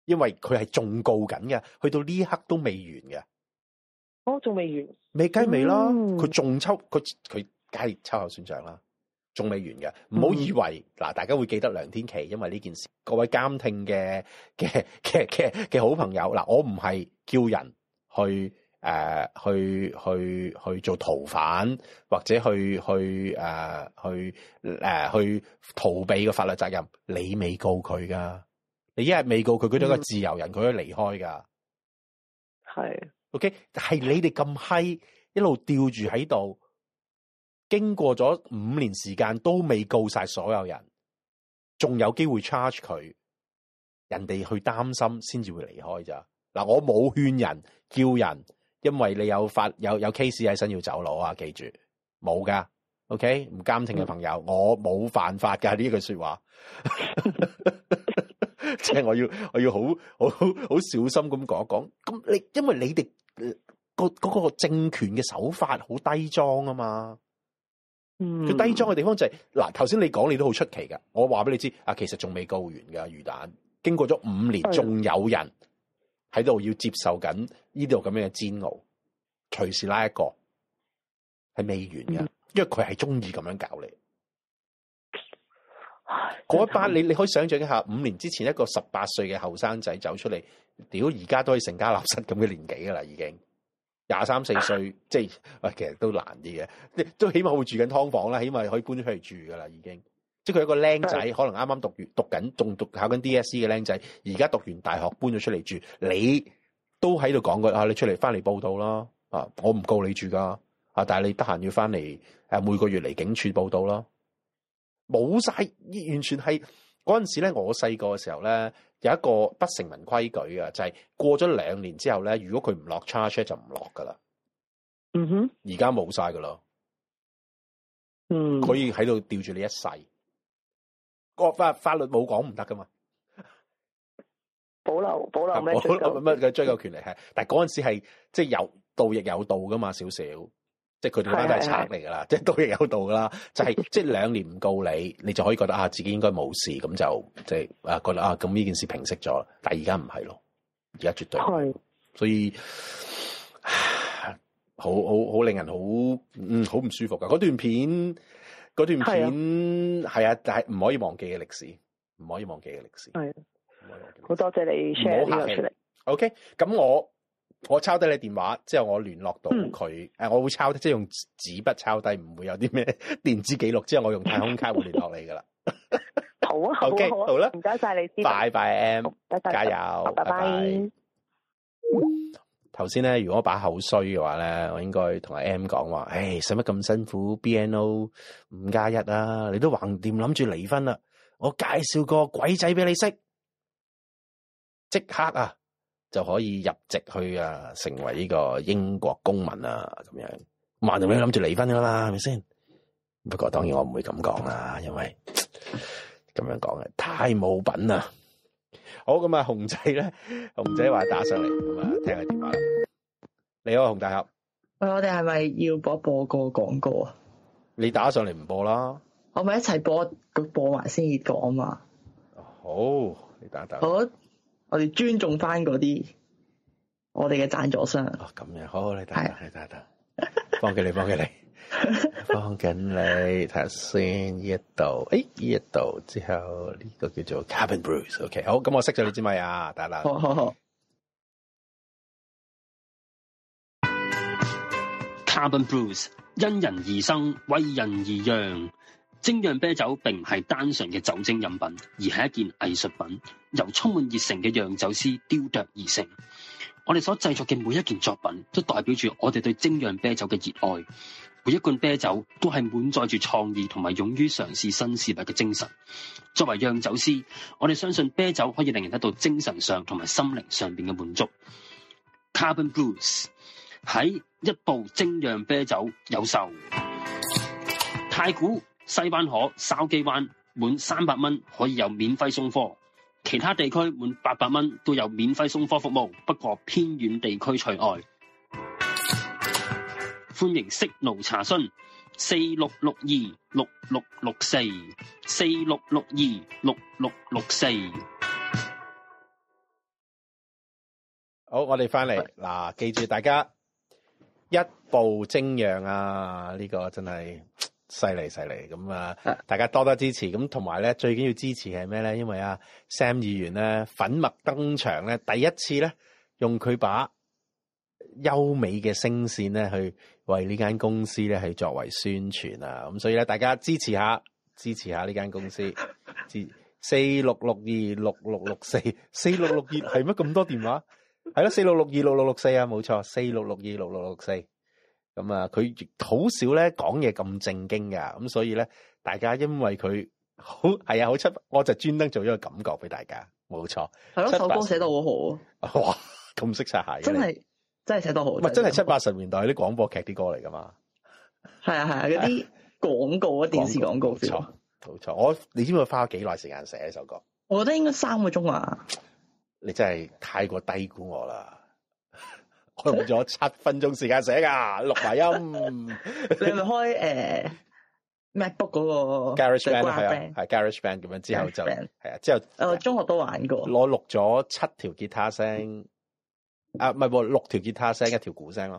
因為佢係仲告緊嘅，去到呢刻都未完嘅。哦，仲未完未雞未啦，佢仲抽佢，佢梗係秋後算賬啦，仲未完嘅。唔好以為嗱，嗯、大家會記得梁天琦，因為呢件事各位監聽嘅嘅嘅嘅嘅好朋友嗱，我唔係叫人。去誒、呃、去去去做逃犯，或者去去誒、呃、去誒、呃、去逃避個法律責任。你未告佢噶，你一日未告佢，佢都係個自由人，佢可以離開噶。係，OK，係你哋咁閪一路吊住喺度，經過咗五年時間都未告晒所有人，仲有機會 charge 佢，人哋去擔心先至會離開咋。嗱，我冇勸人叫人，因為你有法有有 case 喺身要走佬啊！記住，冇噶，OK？唔監聽嘅朋友，我冇犯法㗎，呢句說話，即係我要我要好好好小心咁講一講。咁你因為你哋嗰個政權嘅手法好低裝啊嘛，嗯，佢低裝嘅地方就係，嗱，頭先你講你都好出奇㗎。我話俾你知啊，其實仲未告完㗎魚蛋，經過咗五年仲是的 有人。喺度要接受緊呢度咁樣嘅煎熬，隨時拉一個係未完嘅，因為佢係中意咁樣搞你，憤你。嗰班你你可以想象一下，五年之前一個十八歲嘅後生仔走出嚟，屌而家都係成家立室咁嘅年紀噶啦，已經廿三四歲，啊、即係喂，其實都難啲嘅，都起碼會住緊劏房啦，起碼可以搬出去住噶啦，已經。即係佢一個僆仔，可能啱啱讀完讀緊，仲讀考緊 DSE 嘅僆仔，而家讀完大學搬咗出嚟住，你都喺度講佢啊！你出嚟翻嚟報道啦啊！我唔告你住噶啊，但係你得閒要翻嚟誒，每個月嚟警署報道啦，冇晒完全係嗰陣時咧。我細個嘅時候咧，有一個不成文規矩嘅就係、是、過咗兩年之後咧，如果佢唔落 charge 就唔落噶啦。嗯哼，而家冇晒噶咯，嗯，佢已經喺度吊住你一世。個法法律冇講唔得噶嘛，保，保留保留咩追究咩嘅追究權利係， 但係嗰陣時係即係有道亦，就是、 有道噶嘛，少少即係佢哋都係賊嚟㗎啦，即係盜亦有道㗎啦，就係即係兩年唔告你，你就可以覺得啊自己應該冇事，咁就即係啊覺得啊咁呢件事平息咗，但係而家唔係咯，而家絕對係，是所以好好好令人好嗯好唔舒服㗎嗰段片。嗰段片係啊，但係唔可以忘記嘅歷史，唔可以忘記嘅歷史。係，好多謝你 share 出嚟。OK，咁我我抄低你電話，之後我聯絡到佢。誒，我會抄即係用紙筆抄低，唔會有啲咩電子記錄。之後我用太空卡會聯絡你噶啦。好啊，好，好啦，唔該晒你，先生，拜拜，M，加油，拜拜。頭先咧，如果我把口衰嘅話咧，我應該同阿 M 講話：，唉、欸，使乜咁辛苦？BNO 五加一啊，你都橫掂諗住離婚啦。我介紹個鬼仔俾你識，即刻啊就可以入籍去啊，成為呢個英國公民啊，咁樣橫掂諗住離婚噶啦嘛，係咪先？不過當然我唔會咁講啦，因為咁樣講係太冇品啦。好，咁啊，熊仔咧，熊仔話打上嚟咁啊，聽一下電話。你好，熊大俠。喂，我哋係咪要播播個廣告啊？你打上嚟唔播啦。我咪一齊播，佢播埋先至講啊嘛。好，好，你打一打。我我哋尊重翻嗰啲我哋嘅贊助商。哦，咁樣好，你打，打，的你打一打，放佢你，放佢你。 放緊 你睇下先，呢一度，誒，呢一度之後，呢個叫做 Carbon Brews，OK，好，咁我識咗你支咪啊，得啦。 Carbon Brews 因人而生，為人而釀。精釀啤酒並唔係單純嘅酒精飲品，而係一件藝術品，由充滿熱誠嘅釀酒師雕琢而成。我哋所製作嘅每一件作品，都代表住我哋對精釀啤酒嘅熱愛。每一罐啤酒都係滿載住創意同埋勇於嘗試新事物嘅精神。作為釀酒師，我哋相信啤酒可以令人得到精神上同埋心靈上面嘅滿足。Carbon Blues 喺一部精釀啤酒有售。太古、西灣河、筲箕灣滿三百蚊可以有免費送貨，其他地區滿八百蚊都有免費送貨服務，不過偏遠地區除外。歡迎息奴查詢，四六六二六六六四四六六二六六六四。64, 好，我哋翻嚟嗱，記住大家一步精羊啊。呢、這個真係犀利犀利咁啊！大家多多支持。咁同埋咧，最緊要支持係咩咧？因為啊 Sam 議員咧粉墨登場咧，第一次咧用佢把優美嘅聲線咧去。為呢間公司咧係作為宣傳啊，咁所以咧大家支持下，支持下呢間公司，四六六二六六六四，四六六二係乜咁多電話？係咯，四六六二六六六四啊，冇錯，四六六二六六六四。咁啊，佢好少咧講嘢咁正經噶，咁所以咧，大家因為佢好係啊，好出，我就專登做一個感覺俾大家，冇錯。係咯，首歌寫得好好。哇，咁識晒鞋。真係。真係寫得好，唔係真係七八十年代啲廣播劇啲歌嚟噶嘛？係啊係啊，嗰啲廣告啊，電視廣告，冇錯，冇錯。我你知唔知我花咗幾耐時間寫呢首歌？我覺得應該三個鐘啊！你真係太過低估我啦！我用咗七分鐘時間寫噶錄埋音。你咪開誒 MacBook 嗰個 GarageBand 咯，係啊，係 GarageBand 咁樣之後就係啊，之後誒中學都玩過。我錄咗七條吉他聲啊，唔係喎，六條吉他聲，一條鼓聲咯。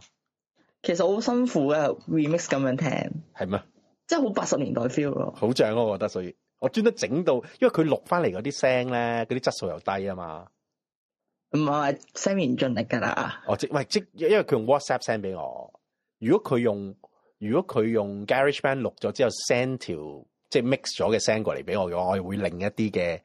其實好辛苦嘅 remix 咁樣聽，係咩嗎？即係好八十年代 feel 咯、啊，好正咯，我覺得所以我專登整到，因為佢錄翻嚟嗰啲聲咧，嗰啲質素又低啊嘛。唔係、啊，雖然盡力噶啦我即喂，即因為佢用 WhatsApp send 俾我。如果佢用如果佢用 GarageBand 錄咗之後 send 條即係 mix 咗嘅聲過嚟俾我嘅話，我就會另一啲嘅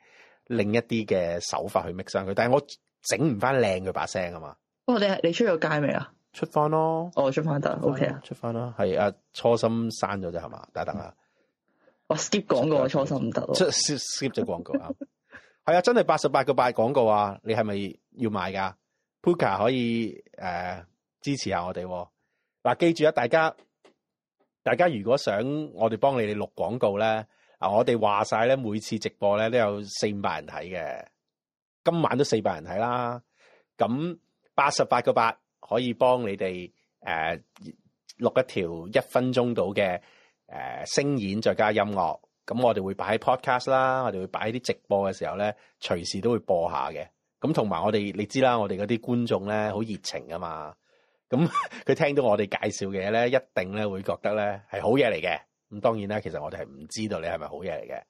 另一啲嘅手法去 mix 翻佢。但係我整唔翻靚佢把聲啊嘛。我哋係你出咗街未啊？出翻咯，哦，出翻得，OK 啊？出翻啦，係行啊，初心刪咗啫，係嘛、嗯？等等啊！我 skip 廣告，我發初心唔得咯。skip skip 咗廣告啊，係 啊，真係八十八個八廣告啊！你係咪要買噶？Poker 可以誒、呃、支持下我哋、啊，嗱、啊，記住啊，大家大家如果想我哋幫你哋錄廣告咧，嗱、啊，我哋話晒咧，每次直播咧都有四五百人睇嘅，今晚都四百人睇啦，咁。八十八個八可以幫你哋誒錄一條一分鐘到嘅誒聲演，再加音樂。咁我哋會擺喺 podcast 啦，我哋會擺啲直播嘅時候咧，隨時都會播一下嘅。咁同埋我哋你知啦，我哋嗰啲觀眾咧好熱情噶嘛。咁佢聽到我哋介紹嘅嘢咧，一定咧會覺得咧係好嘢嚟嘅。咁當然啦，其實我哋係唔知道你係咪好嘢嚟嘅，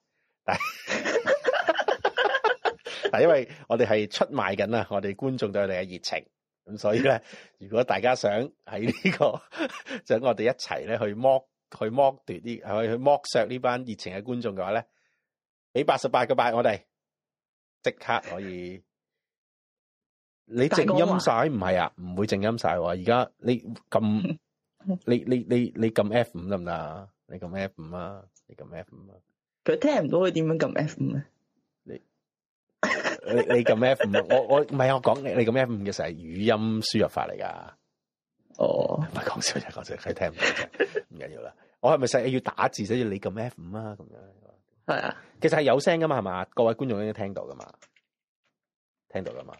但係 因為我哋係出賣緊啊，我哋觀眾對我哋嘅熱情。咁 所以咧，如果大家想喺呢個，就我哋一齊咧去剝，去剝奪啲，去去剝削呢班熱情嘅觀眾嘅話咧，俾八十八個八，我哋即刻可以。你靜音晒唔係啊？唔會靜音晒喎。而家你撳你你你你撳 F 五得唔得啊？你撳 F 五啊？你撳 F 五啊？佢聽唔到，佢點樣撳 F 五呢？你。你你撳 F 五，我我唔係我講，你你撳 F 五嘅時候係語音輸入法嚟噶。哦，唔係講笑啫，講笑，佢聽唔到，唔緊要啦。係 我係咪使要打字，所以你撳 F 五啊？咁樣係啊，其實係有聲噶嘛，係嘛？各位觀眾應該聽到噶嘛，聽到噶嘛？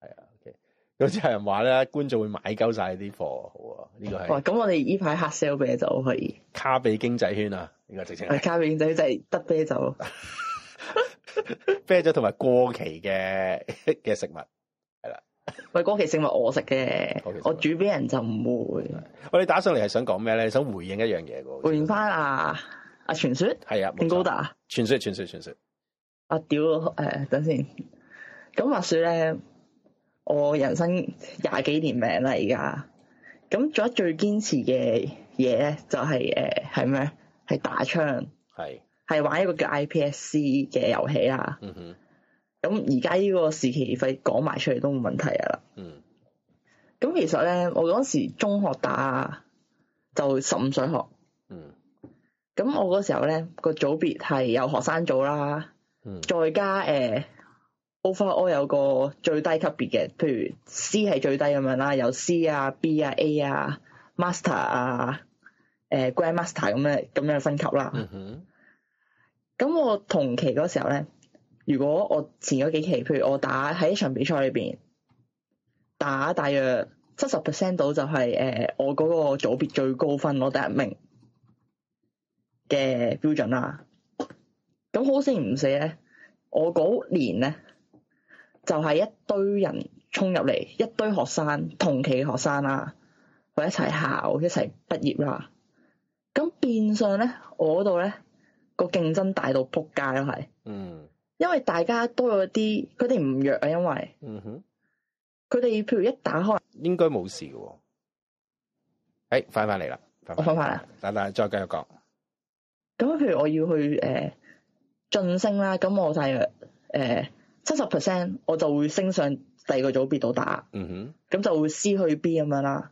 係啊，OK。有啲人話咧，觀眾會買夠晒啲貨，好啊，呢，這個係。咁我哋呢排黑 sell 啤酒可以？卡比經濟圈啊，呢，這個直情係。卡比經濟圈就係得啤酒。啤咗同埋過期嘅嘅食物，係啦。喂，過期食物我吃的食嘅，我煮俾人就唔會。喂，你打上嚟係想講咩咧？想回應一樣嘢嘅。回應翻的啊，阿傳說係啊高達傳說，傳說，傳說。傳說傳說啊屌！誒、呃，等先。咁話說咧，我人生廿幾年命啦，而家咁，做咗最堅持嘅嘢咧，就係誒，係咩？係打槍。係。係玩一個叫 I.P.S.C 嘅遊戲啦。嗯哼。咁而家呢個時期費講埋出嚟都冇問題㗎啦。嗯。咁其實咧，我嗰時中學打就十五歲學。嗯。咁我嗰時候咧，個組別係有學生組啦，嗯，再加誒、呃、Overall 有個最低級別嘅，譬如 C 係最低咁樣啦，有 C 啊，B 啊，A 啊，Master 啊，誒、呃、Grand Master 咁咧咁樣分級啦。嗯哼。咁我同期嗰時候咧，如果我前嗰幾期，譬如我打喺一場比賽裏面，打大約七十 percent 到就係誒我嗰個組別最高分攞第一名嘅標準啦。咁好死唔死咧，我嗰年咧就係、是、一堆人衝入嚟，一堆學生同期嘅學生啦，我一齊考一齊畢業啦。咁變相咧，我度咧。個競爭大到扑街咯，係，嗯，因為大家都有一啲，佢哋唔弱啊，因為，嗯哼，佢哋譬如一打開，應該冇事喎。誒、欸，翻翻嚟啦，快翻翻啦，嗱嗱，再繼續講，咁譬如我要去誒晉、呃、升啦，咁我大約誒七十 percent，我就會升上第二個組別度打，嗯哼，咁就會 C 去 B 咁樣啦，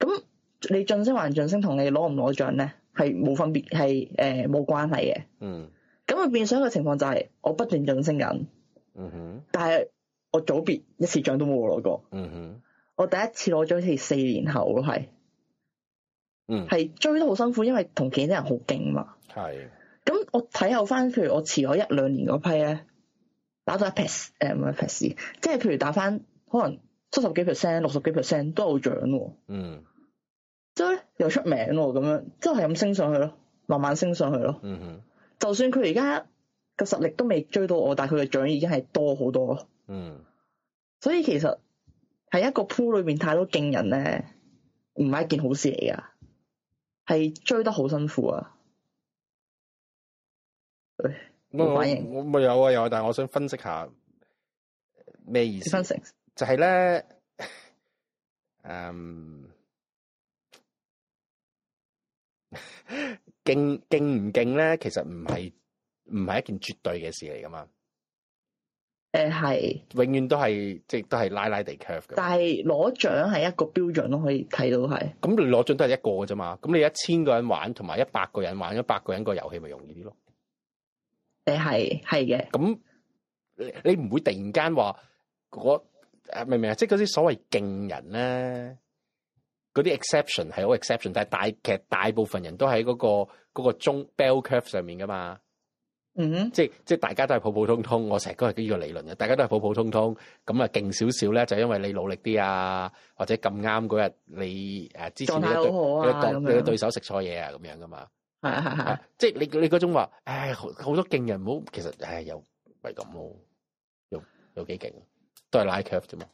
咁你晉升還是晉升同你攞唔攞獎咧？係冇分別，係誒冇關係嘅。嗯。咁佢變相嘅情況就係我不斷上升緊。嗯哼。但係我組別一次獎都冇攞過。嗯哼。我第一次攞咗好似四年後咯，係。嗯。係追得好辛苦，因為同其他人好勁啊。係的。咁我睇後翻，譬如我遲咗一兩年嗰批咧，打咗一 p e r 即係譬如打翻可能七十幾 percent、六十幾 percent 都有獎喎。嗯。即係咧，又出名咯，咁樣，即係咁升上去咯，慢慢升上去咯。嗯哼，就算佢而家個實力都未追到我，但係佢嘅獎已經係多好多咯。嗯，所以其實喺一個鋪裏面太多勁人咧，唔係一件好事嚟噶，係追得好辛苦啊。喂，冇反應，我冇有啊有啊，但係我想分析一下咩意思， 就係咧，嗯、um。勁勁唔勁咧，其實唔係唔係一件絕對嘅事嚟噶嘛。誒、嗯，係永遠都係即係都係拉拉地 curve 嘅。但係攞獎係一個標準都可以睇到係。咁你攞獎都係一個嘅啫嘛。咁你一千個人玩，同埋一百個人玩，一百個人個遊戲咪容易啲咯。誒、嗯，係係嘅。咁你唔會突然間話我誒，明唔明啊？即係嗰啲所謂勁人咧。嗰啲 exception 係好 exception，但係大其實大部分人都喺嗰、那個嗰、那個中 bell curve 上面噶嘛，嗯哼、mm hmm.，即係即係大家都係普普通通，我成日都係呢個理論嘅，大家都係普普通通，咁啊勁少少咧就因為你努力啲啊，或者咁啱嗰日你誒之前嘅對，啊、你嘅對手食錯嘢啊咁樣噶嘛，係係係，即係你你嗰種話，誒好多勁人唔好，其實誒又唔係咁咯，有有，有幾勁，都係拉 curve 啫嘛，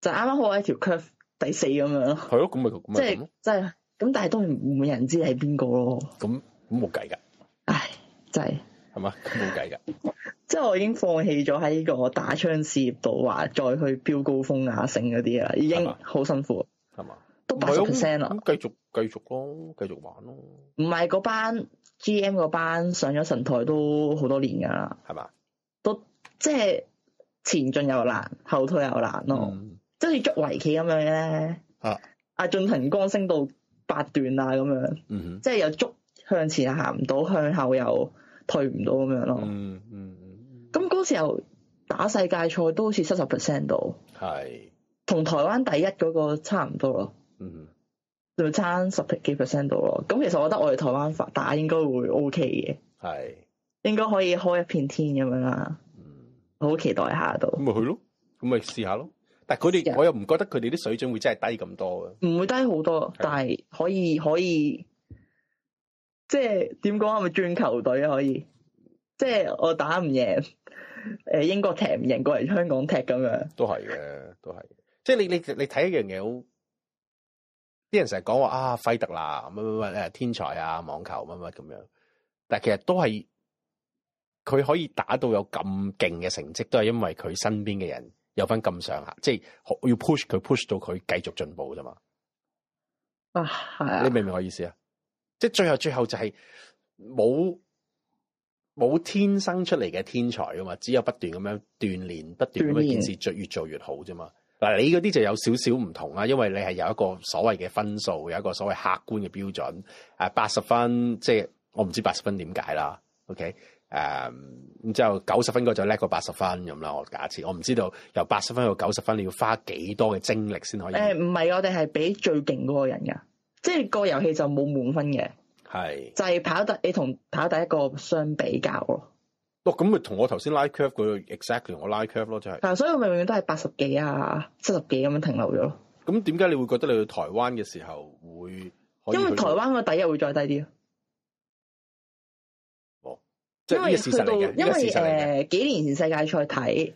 就啱啱好喺一條 curve。第四咁樣咯，係咯，咁咪咁咪咁即係咁，但係都唔會人知係邊個咯。咁咁冇計噶，唉，真係係嘛，冇計噶。即係 我已經放棄咗喺呢個打槍事業度，話再去飆高峰、雅盛嗰啲啦，已經好辛苦，係嘛嗎，都八十 percent 啦。繼、啊、續繼續咯，繼續玩咯。唔係嗰班 G M 嗰班上咗神台都好多年噶啦，係嘛嗎，都即係、就是、前進又難，後退又難咯。嗯即係捉圍棋咁樣咧，啊、阿阿俊騰光升到八段啦，咁樣，嗯、哼即係又捉向前又行唔到，向後又退唔到咁樣咯。嗯嗯嗯。咁、嗯、嗰時候打世界賽都好似七十 percent 度，係同是台灣第一嗰個差唔多咯。嗯哼，就差十幾 percent 度咯。咁其實我覺得我哋台灣打應該會 OK 嘅，係是應該可以開一片天咁樣啦。嗯，好期待下度。咁咪去咯，咁咪試下咯。但佢哋，我又唔覺得佢哋啲水準會真係低咁多嘅。唔會低好多，但係可以可以，即係點講啊？咪轉球隊可以，即係我打唔贏，誒英國踢唔贏過嚟香港踢咁樣。都係嘅，都係。即係你你你睇一樣嘢好，啲人成日講話啊，費特拿乜乜誒天才啊網球乜乜咁樣，但係其實都係佢可以打到有咁勁嘅成績，都係因為佢身邊嘅人。有返咁上下，即係要 push 佢 push 到佢繼續進步啫嘛。啊，係你明唔明我意思啊？即係最後最後就係冇冇天生出嚟嘅天才噶嘛，只有不斷咁樣鍛煉，不斷咁樣件事越做越好啫嘛。嗱，你嗰啲就有少少唔同啦，因為你係有一個所謂嘅分數，有一個所謂客觀嘅標準，誒，八十分，即係我唔知八十分點解啦，OK。誒，咁之後九十分嗰個就叻過八十分咁啦。我假設，我唔知道由八十分到九十分，你要花幾多嘅精力先可以？誒，唔係，我哋係比最勁嗰個人㗎，即係個遊戲就冇滿分嘅，係是就係跑得你同跑第一個相比較咯。哦，咁咪同我頭先拉 curve 嘅 exactly，我拉 curve 咯，就係、是。嗱、嗯，所以我咪永遠都係八十幾啊，七十幾咁樣停留咗咯。咁點解你會覺得你去台灣嘅時候會？因為台灣個底啊會再低啲。因為去到，因為誒、呃、幾年前世界賽睇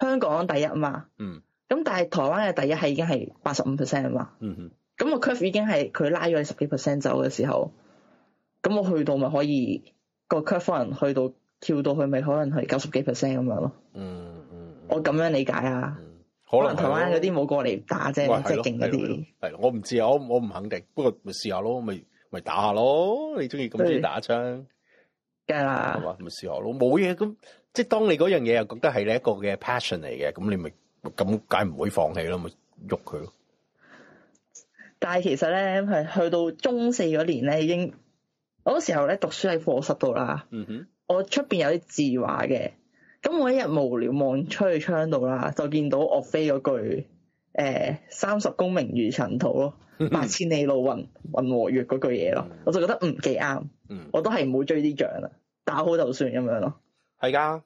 香港第一嘛，嗯，咁但係台灣嘅第一係已經係八十五 percent 嘛，嗯哼，咁個 curve 已經係佢拉咗你十幾 percent 走嘅時候，咁我去到咪可以，個 curve 可能去到跳到去咪可能係九十幾 percent 咁樣咯，嗯嗯，我咁樣理解啊，嗯、可能台灣嗰啲冇過嚟打啫，即係勁啲，係我唔知啊，我我唔肯定，不過咪試下咯，咪咪打下咯，你中意咁中意打槍。啦，係咪試下咯，冇嘢，咁，即係當你嗰樣嘢又覺得係你一個嘅 passion 嚟嘅，咁你咪咁，解唔會放棄咯，咪喐佢咯。但係其實咧，係去到中四嗰年咧，已經嗰個時候咧讀書喺課室度啦。哼，我出邊有啲字畫嘅，咁我一日無聊望出去窗度啦，就見到岳飛嗰句誒、欸、三十功名如塵土咯，八千里路雲雲和月嗰句嘢咯，我就覺得唔幾啱，我都係唔會追啲獎啦。打好就算咁樣咯，係噶的，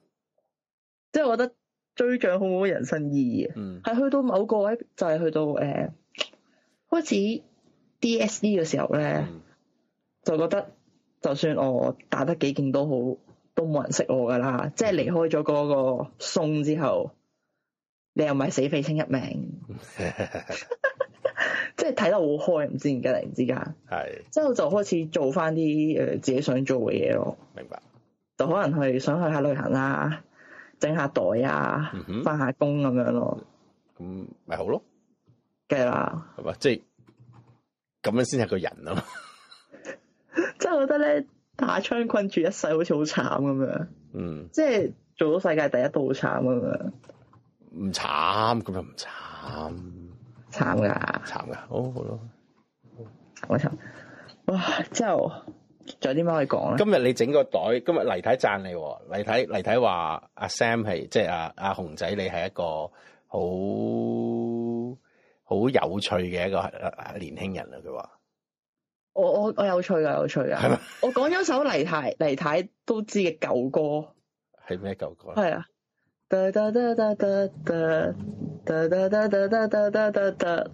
即係我覺得追漲好冇人生意義，係、嗯、去到某個位就係、是、去到誒、呃、開始 DSE 嘅時候咧，嗯、就覺得就算我打得幾勁都好，都冇人識我㗎啦。嗯、即係離開咗嗰個送之後，你又唔係死肥青一命， 即係睇得好開，唔知點解突然之間，係的之後就開始做翻啲自己想做嘅嘢咯，明白。就可能去想去下旅行啊，整下袋啊，翻下工咁樣咯。咁咪、啊、好咯。梗係啦。係嘛，即係咁樣先係個人啊嘛。即係我覺得咧，打槍困住一世好似好慘咁樣。嗯。即係做到世界第一都好慘咁樣。唔慘，咁就唔慘。慘噶。慘噶，好咯。好。好慘，哇，之後仲有啲咩可以講咧？今日你整個袋，今日黎太讚你，黎太黎太話阿 Sam 係即係阿阿熊仔，你係一個好好有趣嘅一個年輕人啦。佢話我我我有趣噶，有趣噶。係咪？我講咗首黎太黎太都知嘅舊歌，係咩舊歌？係啊，得得得得得得得得得得。得得得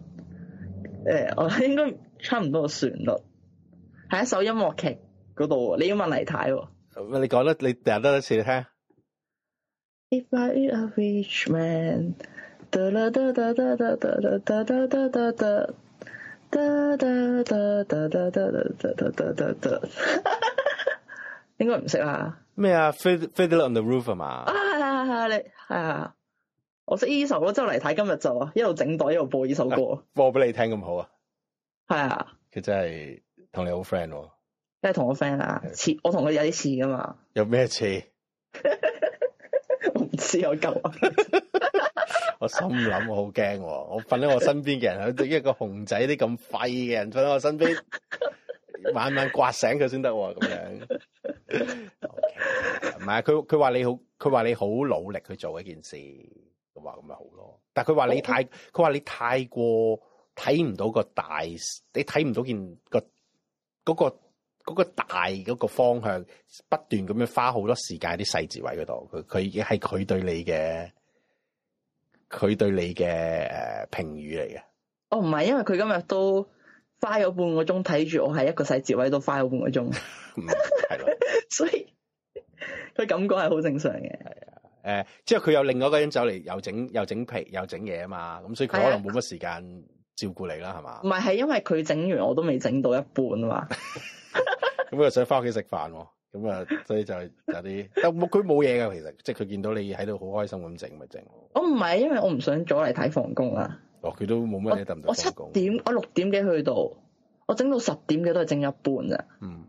誒，我應該差唔多算咯。係一首音樂劇嗰度，你要問黎太。你講得，你第日得一次你聽。If I Were a Rich Man。應該唔識啦。咩啊？Fiddler on the Roof 啊嘛。啊係係你係啊，我識呢首咯。之後黎太今日就一路整袋一路播呢首歌。播俾、啊、你聽咁好啊？係啊。佢真係。同你好 friend，即係同我 friend 啊！似的我同佢有啲似噶嘛？有咩似？ 我唔知， 我夠。我心諗，我好驚。我瞓喺我身邊嘅人，好似 一個熊仔啲咁廢嘅人瞓喺我身邊，晚晚 刮醒佢先得。咁樣，OK，唔係佢佢話你好，佢話你好努力去做一件事，話咁咪好咯。但係佢話你太，佢話、哦、你太過睇唔到個大，你睇唔到件個。嗰、嗰個嗰個大嗰個方向，不斷咁樣花好多時間喺啲細節位嗰度，佢佢已經係佢對你嘅佢對你嘅誒評語嚟嘅。哦，唔係，因為佢今日都花咗半個鐘睇住我，係一個細節位都花咗半個鐘，係咯 的， 所以佢感覺係好正常嘅。係啊，誒、呃，之後佢有另外一個人走嚟，又整又整皮又整嘢啊嘛，咁所以佢可能冇乜時間。照顧你啦，係嘛？唔係，係因為佢整完我都未整到一半嘛。咁 又 想翻屋企食飯，咁啊，所以就有啲。佢冇嘢㗎，其實，即係佢見到你喺度好開心咁整咪整。我唔係，因為我唔想阻嚟睇房工啊。哦，佢都冇乜嘢我，我我七點，我六點幾去到， 我整到十點幾都係整一半咋。嗯。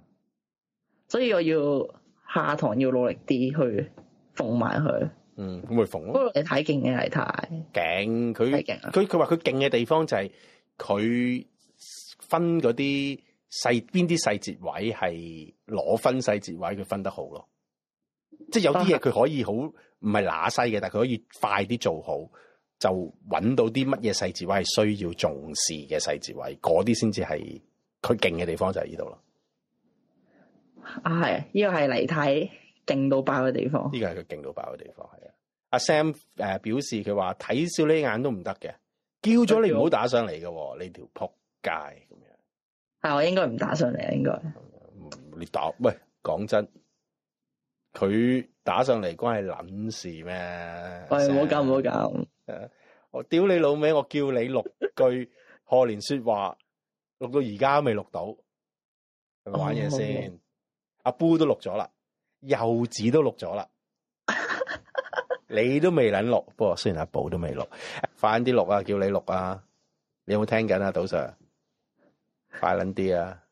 所以我要下堂要努力啲去縫埋佢。嗯，咁咪縫咯。你睇勁嘅黎太。勁佢，佢佢話佢勁嘅地方就係佢分嗰啲細邊啲細節位係攞分細節位，佢分得好咯。即係有啲嘢佢可以好唔係乸細嘅，但係佢可以快啲做好，就揾到啲乜嘢細節位係需要重視嘅細節位，嗰啲先至係佢勁嘅地方就係呢度咯。啊，係，呢個係黎太勁到爆嘅地方。呢個係佢勁到爆嘅地方係。阿 Sam 誒、呃、表示佢話睇笑呢眼都唔得嘅，叫咗你唔好打上嚟嘅，你條扑街咁樣。係我應該唔打上嚟啊，應該。嗯、你打喂，講真，佢打上嚟關係捻事咩？喂，唔好搞，唔好搞。誒，我屌你老味，我叫你錄句賀年說話， 錄到而家都未錄到， 係咪玩嘢先？阿 Okay. Bo 都錄咗啦，柚子都錄咗啦。你都未捻錄，不過雖然阿寶都未錄，快啲錄啊！叫你錄啊！你有冇聽緊啊？賭神，快捻啲啊！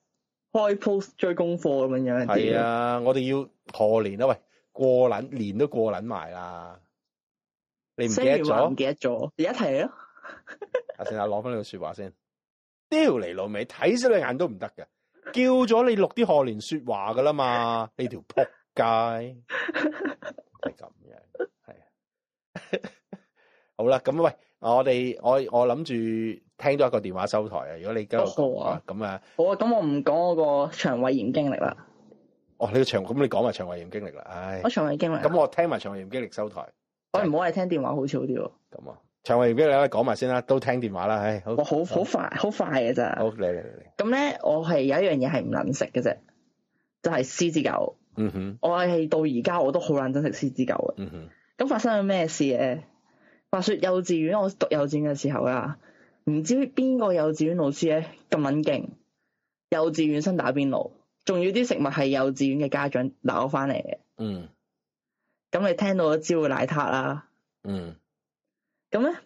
開 post 追功課咁樣樣係啊！我哋要賀年啊！喂，過捻年，年都過捻埋啦！你唔記得咗？唔記得咗？而家睇咯！阿成啊，攞翻你個說話先，屌你老味，睇死你眼都唔得㗎！叫咗你錄啲賀年說話噶啦嘛！你條撲街係咁。 好啦，咁喂，我哋我我諗住聽咗一個電話收台啊！如果你今咁啊，哦哦、我咁我唔講我個腸胃炎經歷啦。哦，你個腸咁你講埋腸胃炎經歷啦，唉、哎，我腸、哦、胃經歷，咁我聽埋腸胃炎經歷收台。我唔好係聽電話好少啲喎。咁啊，腸胃炎經歷咧講埋先啦，都聽電話啦，唉，我好好快好快嘅咋。好嚟嚟嚟嚟。咁咧、哦，來來來，我係有一樣嘢係唔能食嘅啫，就係、是、獅子狗。嗯哼，我係到而家我都好難憎食獅子狗嘅。嗯哼。咁發生咗咩事嘅？話說幼稚園，我讀幼稚園嘅時候啊，唔知邊個幼稚園老師咧咁敏勁，幼稚園生打邊爐，仲要啲食物係幼稚園嘅家長攋翻嚟嘅。嗯。咁你聽到咗招奶塔啦。嗯。咁咧，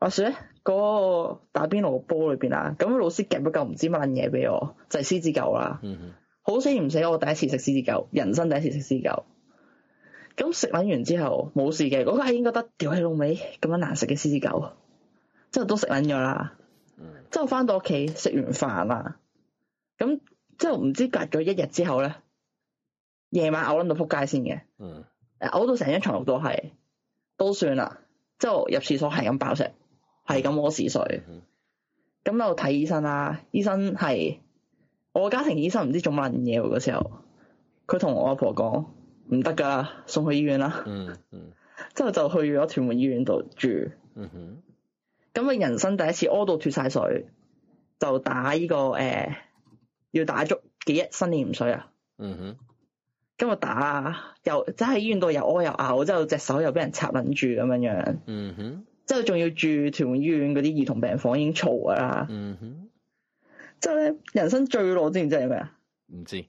話說咧，嗰、那個打邊爐煲裏邊啊，咁老師夾咗嚿唔知乜嘢俾我，就係、是、獅子狗啦。好死唔死，我第一次食獅子狗，人生第一次食獅子狗。咁食撚完之後冇事嘅，嗰家應該得掉起龍尾咁樣難食嘅獅子狗，之後都食撚咗啦。之後翻到屋企食完飯啦，咁之後唔知隔咗一日之後咧，夜晚嘔撚到扑街先嘅，嘔到成張床都係都算啦。之後入廁所係咁爆食，係咁屙屎水。咁喺度睇醫生啦，醫生係我家庭醫生唔知做乜嘢嗰時候，佢同我阿婆講。唔得噶，送去醫院啦，嗯。嗯嗯，之後就去咗屯門醫院度住。嗯哼，今日人生第一次屙到脱晒水，就打呢、這個誒、呃，要打足幾日生理鹽水啊。嗯哼，今日打又即係、就是、醫院度又屙又嘔，之後隻手又俾人插捻住咁樣樣。嗯哼，之後仲要住屯門醫院嗰啲兒童病房已經嘈噶啦。嗯哼，之後咧人生最攞知唔知係咩啊？唔知。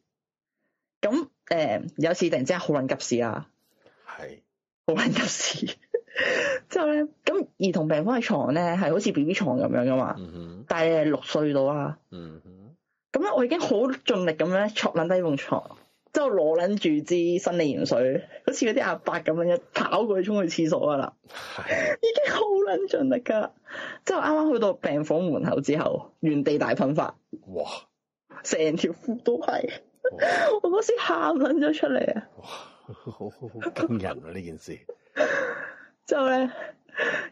咁。誒、嗯，有次突然之間好撚急事啊，係是，好撚急事。 之後咧，咁兒童病房嘅床咧係好似 B B 床咁樣噶嘛，但係六歲到啦，咁咧、嗯、哼我已經好盡力咁樣坐撚低棟床，之後攞撚住支生理鹽水，好似嗰啲阿伯咁樣跑過去衝去廁所噶啦，係是，已經好撚盡力噶， 之後啱啱去到病房門口之後，原地大噴發，哇，成條褲都係。 我嗰時喊撚咗出嚟啊！哇，好好好感人啊！呢 件事之後咧，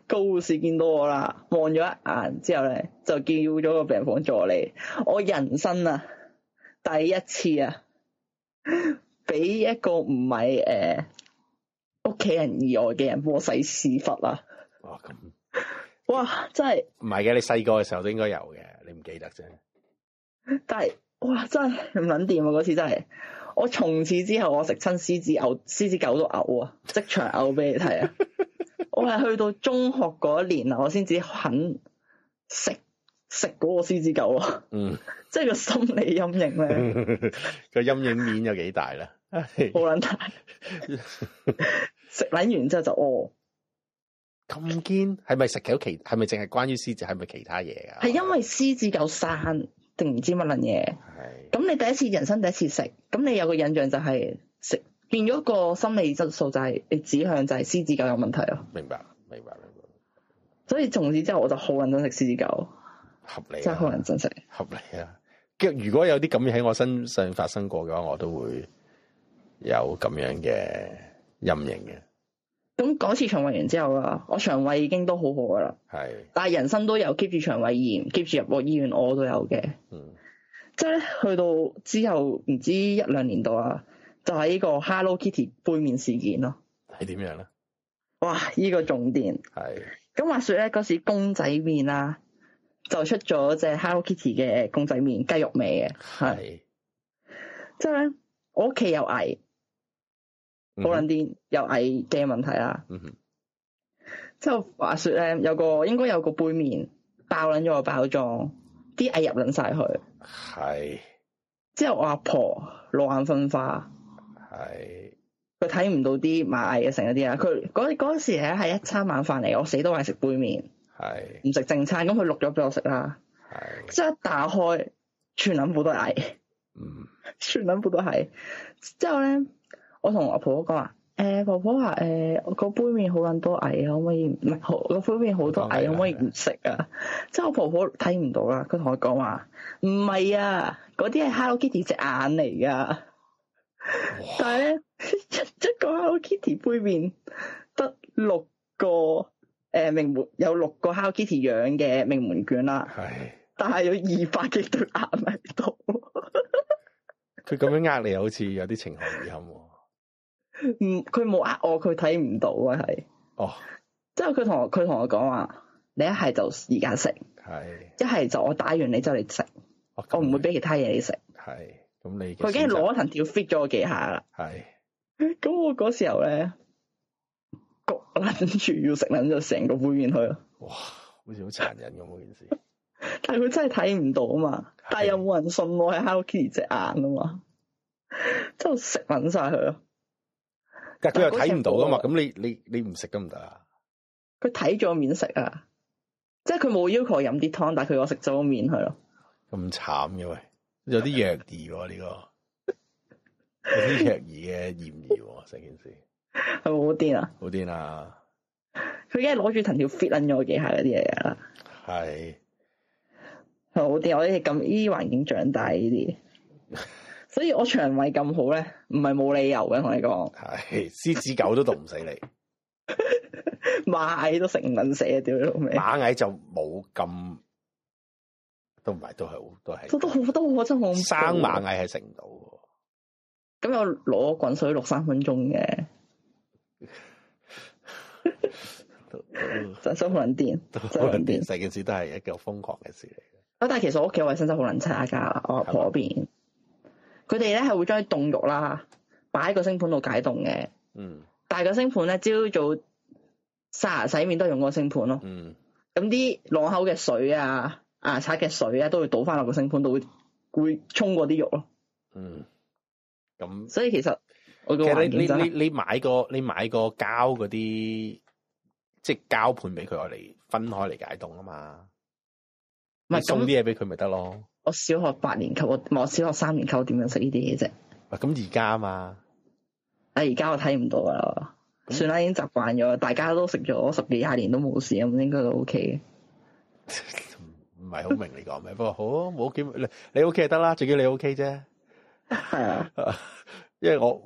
個護 士見到我啦，望咗一眼之後咧，就叫咗個病房助理。我人生啊，第一次啊，俾一個唔係誒屋企人以外嘅人我洗屎忽啦！哇咁！哇，真係唔係嘅，你細個嘅時候都應該有嘅，你唔記得啫。但係。哇！真唔撚掂啊！嗰次真係，我從此之後我食親獅子牛、獅子狗都嘔啊！即場嘔俾你睇啊！ 我係去到中學嗰一年啊，我先至肯食食嗰個獅子狗啊！嗯，即係個心理陰影咧。個 陰影面有幾大咧？好撚大！食撚 完之後就屙，咁堅。係咪食狗其，係咪淨係關於獅子？係咪其他嘢啊？係因為獅子狗散，定唔知乜撚嘢？咁你第一次人生第一次食，咁你有個印象就係食變咗個心理質素，就是，就係你指向就係獅子狗有問題咯。明白，明白，明白。所以從此之後我就好認真食獅子狗，合理，真係好認真食，合理啊！即、啊、如果有啲咁嘢喺我身上發生過嘅話，我都會有咁樣嘅陰影嘅。咁嗰次腸胃完之後啊，我腸胃已經都好好噶啦，係是，但係人生都有 keep 住腸胃炎，keep 住入過醫院，我都有嘅，嗯。即係咧，去到之後唔知一兩年度啊，就喺、是、呢個 Hello Kitty 杯麵事件咯。係點樣咧？哇！呢、這個重點。係是。咁話說咧，嗰時公仔麵啦、啊，就出咗隻 Hello Kitty 嘅公仔麵，雞肉味嘅係。是是即係咧，我屋企又矮，好楞電又矮嘅問題啦。嗯哼。即係話說咧，有個應該有個杯麵爆捻咗個包裝。啲蟻入撚晒去，係是，之後我阿婆老眼昏花，係是，佢睇唔到啲螞蟻嘅成嗰啲啊，佢嗰嗰時咧係一餐晚飯嚟，我死都話食杯麵係，唔食是正餐，咁佢淥咗俾我食啦，係是，即係一打開，全撚部都係蟻，嗯，全撚部都係，之後咧，我同我阿婆講話。誒、欸，婆婆話誒，欸、我個杯麵好撚多蟻啊，可唔可以唔係？個杯麵好多蟻，可唔可以唔食啊？即係我婆婆睇唔到啦，佢同我講話唔係啊，嗰啲係 Hello Kitty 隻眼嚟噶。哇但係咧，一個 Hello Kitty 杯麵得六個誒、呃、名門，有六個 Hello Kitty 樣嘅名門券啦。係唉，但係有二百幾對眼喺度。佢 咁樣呃你，好似有啲情何以堪？唔，佢冇呃我，佢睇唔到啊。係哦，即係佢同佢同我講話，你一係就而家食，係一係就我打完你就嚟食，Okay. 我唔會俾其他嘢你食。係咁你佢已經攞藤條 fit 咗我幾下啦。係咁的，我嗰時候咧焗捻住要食捻咗成個杯麵去咯。哇，好似好殘忍咁嗰件事。 但係佢真係睇唔到啊嘛，的但係又冇人信我係 Hello Kitty 隻眼啊嘛，之後食捻晒佢咯。但佢又睇唔到噶嘛？咁你你你唔食得唔得啊？佢睇咗麵食啊，即係佢冇要求飲啲湯，但係佢我食咗麵去咯。咁慘嘅喂，有啲虐兒呢個，有啲虐兒嘅嫌疑成、啊、 件事。係好癲啊！好癲啊！佢而家攞住藤條 fit 緊咗幾下嗰啲嘢啦。係係咪好癲？我哋咁呢啲環境長大呢啲。所以我腸胃咁好咧，唔係冇理由嘅。同你講，係、哎、獅子狗都毒唔死你，螞蟻 都食唔撚死啊！屌你老味，螞蟻就冇咁，都唔係都係都係都，都好多我真我唔生螞蟻係食唔到嘅。咁我攞滾水六三分鐘嘅，就收好撚癲，收好撚癲。成件事都係一個瘋狂嘅事嚟嘅。啊！但係其實我屋企衛生真係好撚差噶，我阿婆嗰的邊。佢哋咧係會將啲凍肉啦，擺喺個星盤度解凍嘅。嗯。但係個星盤咧，朝早刷牙洗面都用個星盤咯。嗯。咁啲浪口嘅水啊，牙刷嘅水啊，都會倒翻落個星盤度，會會沖過啲肉咯。嗯。咁。所以其實我，其實你你你你買個你買個膠嗰啲，即係膠盤俾佢我嚟分開嚟解凍啊嘛。唔係，送啲嘢俾佢咪得咯。我小學八年級，我小學三年級我，我點樣食呢啲嘢啫？咁而家啊嘛，但而家我睇唔到噶啦，那算啦，已經習慣咗，大家都食咗十幾廿年都冇事，咁應該都 O K 嘅。唔係好明你講咩？ 不過好 OK, OK、OK、啊，冇你你 O K 就得啦，最緊要你 O K 啫。係啊，因為我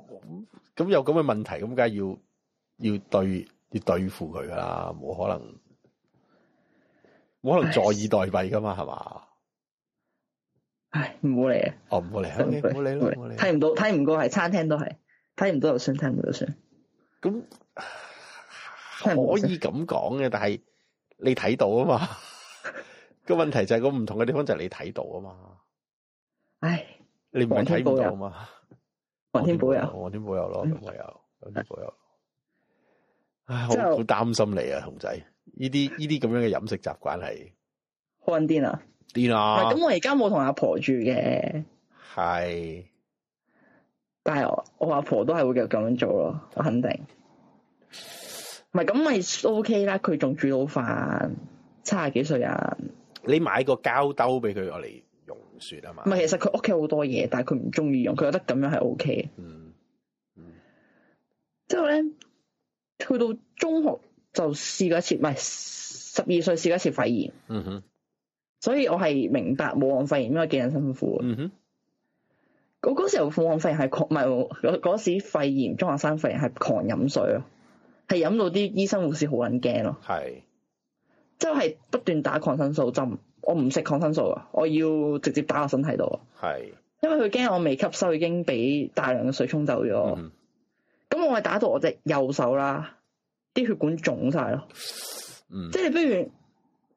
咁有咁嘅問題，咁梗係要要對要對付佢噶啦，冇可能冇可能坐以待斃噶嘛，係嘛？ 唔好嚟啊！哦，唔好嚟，唔好嚟，好嚟，睇唔到，睇唔過，係餐廳都係，睇唔到就算，聽唔到就算。咁可以咁講嘅，但係你睇到啊嘛？個問題就係個唔同嘅地方就係你睇到啊嘛。唉，你唔係睇到啊嘛。黃天保佑，黃天保佑咯，保佑，保佑。唉，好擔心你啊，熊仔！呢啲呢啲咁樣嘅飲食習慣係。看癲啊！啲啦，咁是，我而家冇同阿婆住嘅，係，但係我阿婆都係會繼續咁樣做咯，我肯定。唔係咁，咪 O K 啦，佢仲煮到飯，七十幾歲人，你買個膠兜俾佢我嚟用算啊嘛。唔係，其實佢屋企好多嘢，但係佢唔中意用，佢覺得咁樣係 O K 嘅。嗯嗯，之後咧，去到中學就試過一次，唔係十二歲試過一次肺炎。嗯哼。所以我係明白武漢肺炎應該幾人辛苦。嗯哼，我嗰時候武漢肺炎係狂，唔係嗰嗰時肺炎、中學生肺炎係狂飲水咯，係飲到啲醫生護士好撚驚咯。係是，即係不斷打抗生素針，我唔食抗生素啊，我要直接打個身體度。係是，因為佢驚我未吸收已經俾大量嘅水沖走咗。咁、嗯、哼我係打到我隻右手啦，啲血管腫晒咯，嗯、即係不如。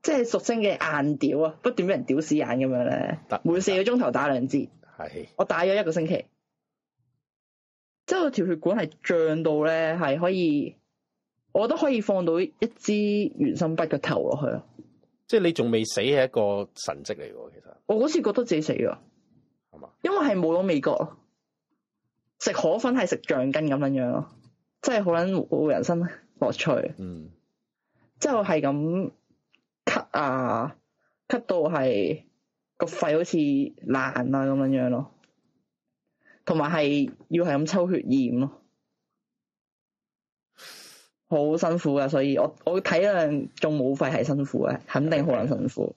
即係俗稱嘅硬屌啊，不斷俾人屌屎眼咁樣咧。行每四個鐘頭打兩支，係行我打咗一個星期，是的 之後條血管係脹到咧，係可以，我都可以放到一支原心筆嘅頭落去啊！即係你仲未死係一個神蹟嚟嘅，其實我好似覺得自己死啊，係嘛？因為係冇咗味覺咯，食河粉係食橡筋咁樣樣咯，真係好捻人生樂趣。嗯，之後係咁。啊！咳到係個肺好似爛啦咁樣樣咯，同埋係要係咁抽血驗咯，好辛苦噶。所以我我體諒中冇肺係辛苦嘅，肯定好難辛苦。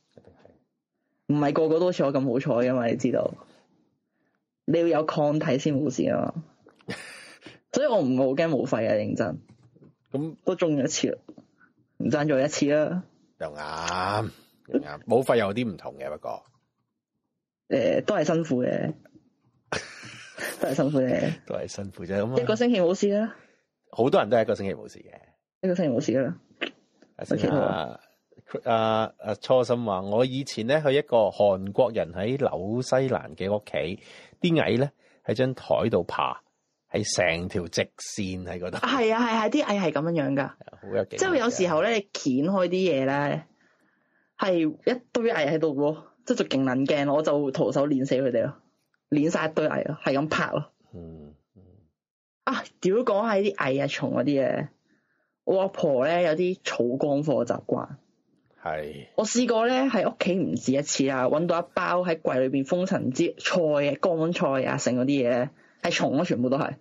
唔係個個都似我咁好彩噶嘛？你知道，你要有抗體先冇事啊嘛。 所以我唔係好驚冇肺嘅，認真。咁都中咗一次啦，唔爭再一次啦。又啱，又啱，冇法有啲唔同嘅，不過，誒，都係辛苦嘅， 都係辛苦嘅，都係辛苦啫。咁一個星期冇事啦，好多人都係一個星期冇事嘅，一個星期冇事啦。阿阿阿初心話，我以前咧去一個韓國人喺紐西蘭嘅屋企，啲蟻咧喺張台度爬。係成條直線喺嗰度，係啊，係係啲蟻係咁樣樣噶，即係有、啊、有時候咧，你鉗開啲嘢咧，係一堆蟻喺度嘅，即係就勁撚驚，我就徒手捻死佢哋咯，捻晒一堆蟻咯，係咁拍咯、嗯。嗯，啊，屌果講喺啲蟻啊蟲嗰啲嘢，我阿婆咧有啲草乾貨嘅習慣，係是，我試過咧喺屋企唔止一次啊，搵到一包喺櫃裏邊封塵之菜，菜啊，乾菜啊，剩嗰啲嘢。係蟲咯、啊，全部都係，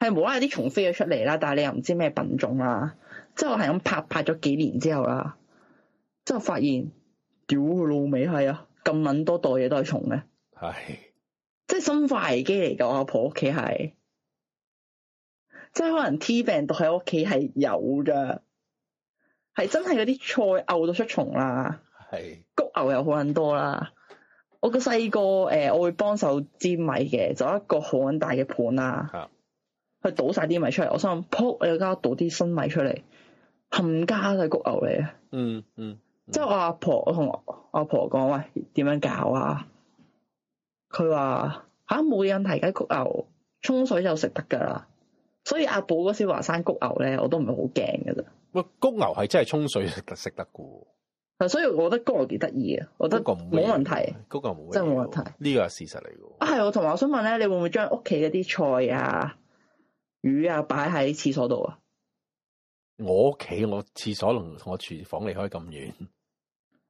係冇啦啦啲蟲飛咗出嚟啦。但係你又唔知咩品種啦。之後係咁拍拍咗幾年之後啦，之後發現屌佢老味係啊，咁撚多袋嘢都係蟲嘅。係，即係生化危機嚟㗎，阿婆屋企係，即係可能 T 病毒喺屋企係有㗎，係真係嗰啲菜嘔到出蟲啦、啊，係的，穀牛又好撚多啦。我個細個誒，我會幫手煎米嘅，就一個好奀大嘅盤啦，的去倒晒啲米出嚟，我想鋪，而家倒啲新米出嚟，冚家都係谷牛嚟啊、嗯！嗯嗯，即係我阿婆，我同阿婆講喂，點樣搞啊？佢話吓，冇人提緊谷牛沖水就食得噶啦，所以阿寶嗰時話山谷牛咧，我都唔係好驚噶咋喂，谷牛係真係沖水食得食得噶。所以我覺得嗰個幾得意啊。我覺得冇問題，嗰個冇真冇問題，呢個係事實嚟嘅。啊，係，我同埋我想問咧，你會唔會將屋企嗰啲菜啊、魚啊擺喺廁所度啊？我屋企我廁所同同我廚房離開咁遠，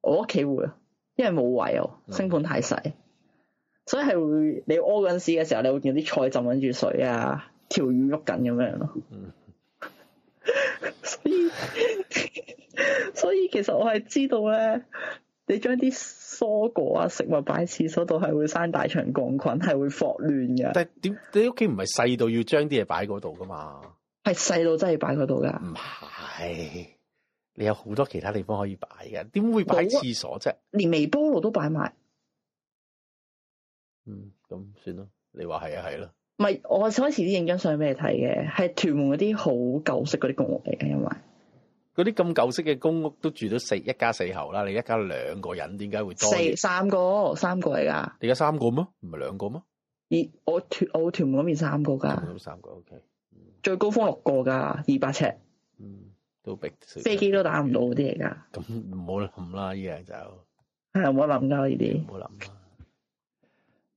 我屋企會，因為冇位哦，升盤太細，嗯、所以係會你屙緊屎嘅時候，你會見到啲菜浸緊住水啊，條魚喐緊咁樣咯。嗯。 所以。 所以其實我係知道咧，你將啲蔬果啊、食物擺喺廁所度係會生大腸桿菌，係會霍亂嘅。但係點？你屋企唔係細到要將啲嘢擺喺嗰度噶嘛？係細到真係擺嗰度噶？唔係，你有好多其他地方可以擺嘅。點會擺廁所啫，那個？連微波爐都擺埋。嗯，咁算咯。你話係啊，啊，係咯。唔係我開始啲影張相俾你睇嘅，係屯門嗰啲好舊式嗰啲公屋嚟嘅，因為。嗰啲咁舊式嘅公屋都住到四一家四口啦，你一家兩個人點解會多？四三個，三個嚟噶。而家三個咩？唔係兩個咩？而我屯我屯門嗰邊三個噶。都三個，O K。Okay、最高峰六個噶，二百尺。嗯，都逼。飛機都打唔到嗰啲嚟噶。咁唔好諗啦，依樣就。係唔好諗噶呢啲。唔好諗。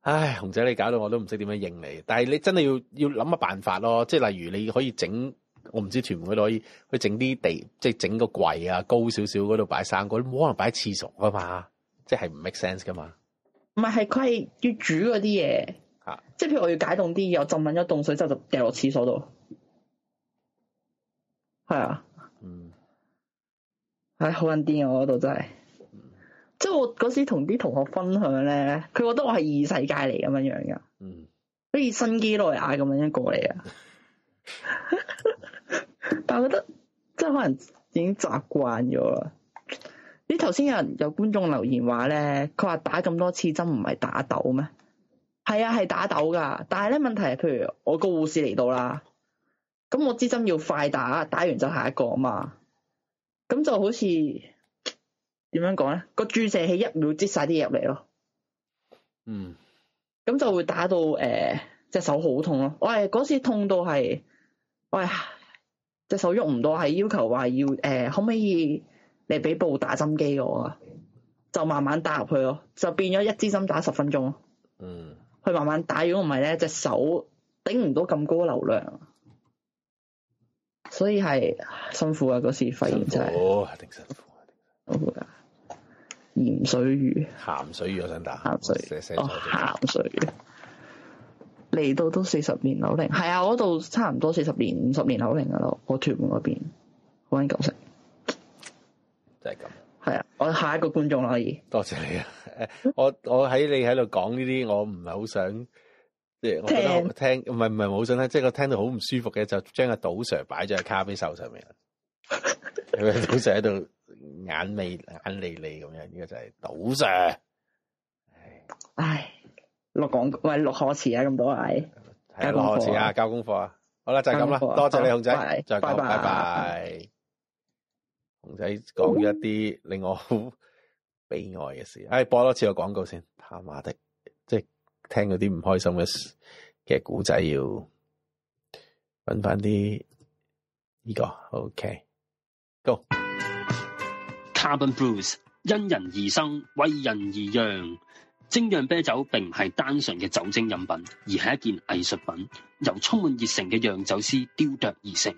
唉，熊仔你搞到我都唔識點樣應你，但係你真係要要諗個辦法咯，即係例如你可以整。我唔知屯門嗰度可以去整啲地，即係整個櫃啊，高少少嗰度擺生果，冇可能擺喺廁所啊嘛，即係唔 make sense 噶嘛。唔係，係佢係要煮嗰啲嘢，即係的譬如我要解凍啲嘢，我浸緊咗凍水之後就掉落廁所度，係啊，嗯，唉、哎，好撚癲啊，我嗰度真係，嗯、即係我嗰時同啲同學分享咧，佢覺得我係異世界嚟咁樣樣噶，嗯，好似新幾內亞咁樣樣過嚟啊。 但係我覺得，即係可能已經習慣咗啦。啲頭先有人有觀眾留言話咧，佢話打咁多次針唔係打抖咩？係啊，係打抖噶。但係咧問題係，譬如我個護士嚟到啦，咁我支針要快打，打完就下一個吖嘛。咁就好似點樣講咧？個注射器一秒擠晒啲嘢入嚟咯。嗯。咁就會打到誒，隻、呃、手好痛咯。我係嗰次痛到係，哎隻手喐唔到，係要求話要誒，可唔可以你俾部打針機我啊？就慢慢打入去咯，就變咗一支針打十分鐘咯。嗯。佢慢慢打，如果唔係咧，隻手頂唔到咁高流量，所以係辛苦啊！嗰時肺炎真係。辛苦，係一定辛苦啊。好啊。鹽水魚，鹹水魚，我想打。鹹水。寫哦，鹹水魚。嚟到都四十年樓齡，係啊，我度差唔多四十年、五十年樓齡嘅咯，我屯門嗰邊嗰間舊城，就係咁。係啊，我下一個觀眾可以。多謝你啊！誒，我我喺你喺度講呢啲，我唔係好想即係我覺得我聽唔係唔係好想聽，即係、就是、我聽到好唔舒服嘅，就將個賭 Sir 擺咗喺咖啡手上面啦。係咪 賭 Sir 喺度眼眉眼厲厲咁樣？呢個就係賭 Sir。唉。唉。落廣喂，落課時啊，咁多位，係落課時啊，交功課啊，好啦就咁，是，啦，多謝你，啊，紅仔，再講，拜拜。紅仔講咗一啲令我好悲哀嘅事，唉，嗯哎，播多次個廣告先，他媽的，即，就，係，是，聽嗰啲唔開心嘅嘅古仔要揾翻啲呢個，OK，Go，Carbon，OK, Blues，因人而生，為人而讓。精釀啤酒並唔係單純嘅酒精飲品，而係一件藝術品，由充滿熱誠嘅釀酒師雕琢而成。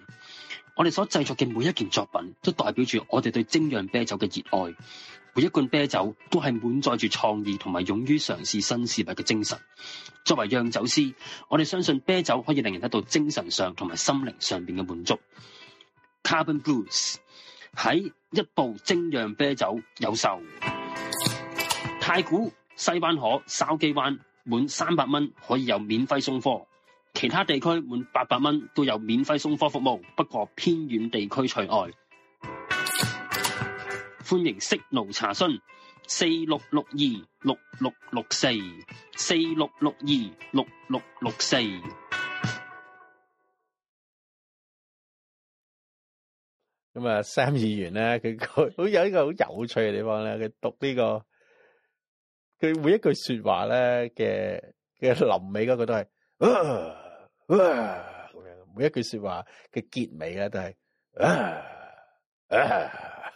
我哋所製作嘅每一件作品，都代表住我哋對精釀啤酒嘅熱愛。每一罐啤酒都係滿載住創意同埋勇於嘗試新事物嘅精神。作為釀酒師，我哋相信啤酒可以令人得到精神上同埋心靈上面嘅滿足。Carbon Blues 喺一部精釀啤酒有售，太古。西灣河筲箕灣滿三百蚊可以有免費送貨，其他地區滿八百蚊都有免費送貨服務，不過偏遠地區除外。歡迎識路查詢四六六二六六六四四六六二六六六四。咁啊，Sam 議員咧，佢佢都有一個好有趣嘅地方咧，佢讀呢、這個。佢每一句說話咧嘅嘅臨尾個都係，啊、啊、咁樣、每一句說話嘅結尾咧都係，啊啊、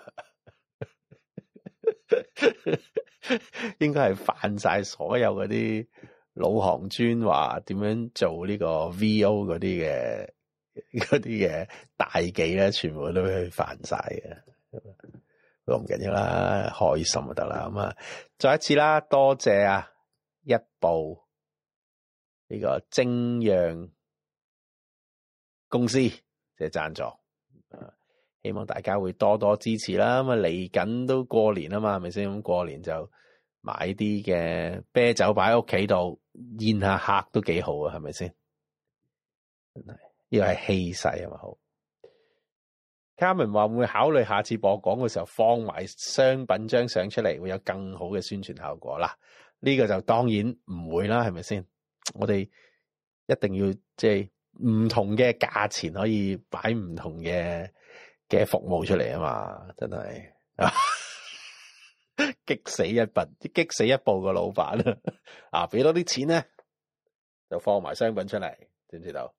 應該係犯晒所有啲老行尊話點樣做呢個 V.O. 嗰啲嘅啲嘅大忌咧，全部都去犯晒嘅。都唔緊要啦，開心就得啦。咁啊，再一次啦，多謝啊，一部呢個精釀公司嘅贊助。希望大家會多多支持啦。咁啊，嚟緊都過年啊嘛，係咪先？咁過年就買啲嘅啤酒擺喺屋企度宴下客都幾好啊，係咪先？呢個係氣勢啊嘛，好。卡文話會考慮下次播講嘅時候放埋商品張相出嚟，會有更好嘅宣傳效果啦。呢個就當然唔會啦，係咪先？我哋一定要即係唔同嘅價錢可以擺唔同嘅嘅服務出嚟啊嘛，真係 激死一筆，激死一部嘅老闆啊！啊，俾多啲錢咧，就放埋商品出嚟，知唔知道？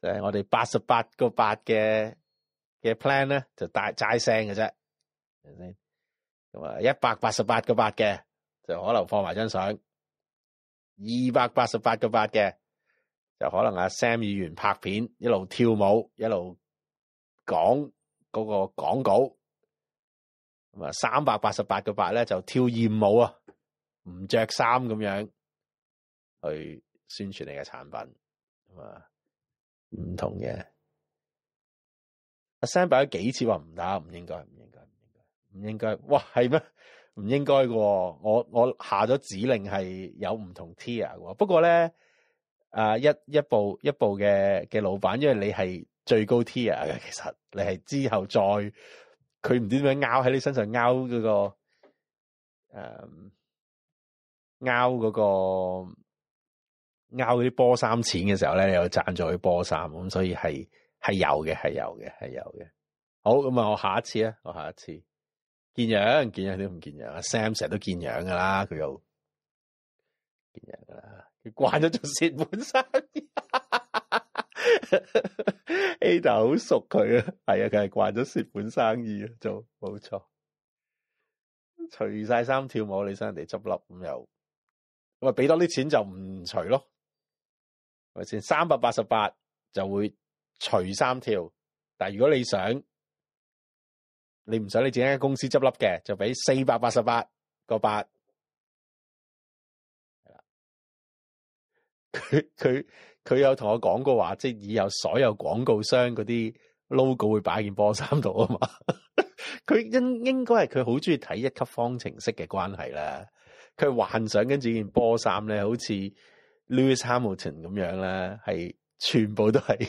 誒，我哋八十八個八嘅。嘅 plan 咧就大齋聲嘅啫，咁啊一百八十八個八嘅就可能放埋張相，二百八十八個八嘅就可能阿 Sam 議員拍片一路跳舞一路講嗰個廣告，咁啊三百八十八個八咧就跳艷舞啊，唔着衫咁樣去宣傳你嘅產品，咁啊唔同嘅。我 send 俾佢幾次話唔打，唔應該，唔應該，唔應該，唔應該，哇，係咩？唔應該喎！我我下咗指令係有唔同 tier 㗎喎。不過呢，啊、一一步一步嘅嘅老闆，因為你係最高 tier 㗎。其實你係之後再佢唔知點樣拗喺你身上拗嗰個誒拗嗰個拗嗰啲波衫錢嘅時候呢，你又贊助佢波衫咁，所以係。係有嘅，係有嘅，係有嘅。好，咁啊，我下一次咧，我下一次見樣，見樣都唔見樣。Sam 成日都見樣噶啦，佢又見樣噶啦，佢慣咗做蝕本生意。 Ada 好熟佢啊，係啊，佢係慣咗蝕本生意啊，做冇錯。除晒衫跳舞，你想人哋執笠咁又咁啊？俾多啲錢就唔除咯，咪先？三百八十八就會。除三條，但係如果你想你唔想你自己間公司執笠嘅，就俾四百八十八個八。佢佢佢有同我講過話，即係以後所有廣告商嗰啲 logo 會擺件波衫度啊嘛。佢 應應該係佢好中意睇一級方程式嘅關係啦。佢幻想跟住件波衫咧，好似 Lewis Hamilton 咁樣咧，係全部都係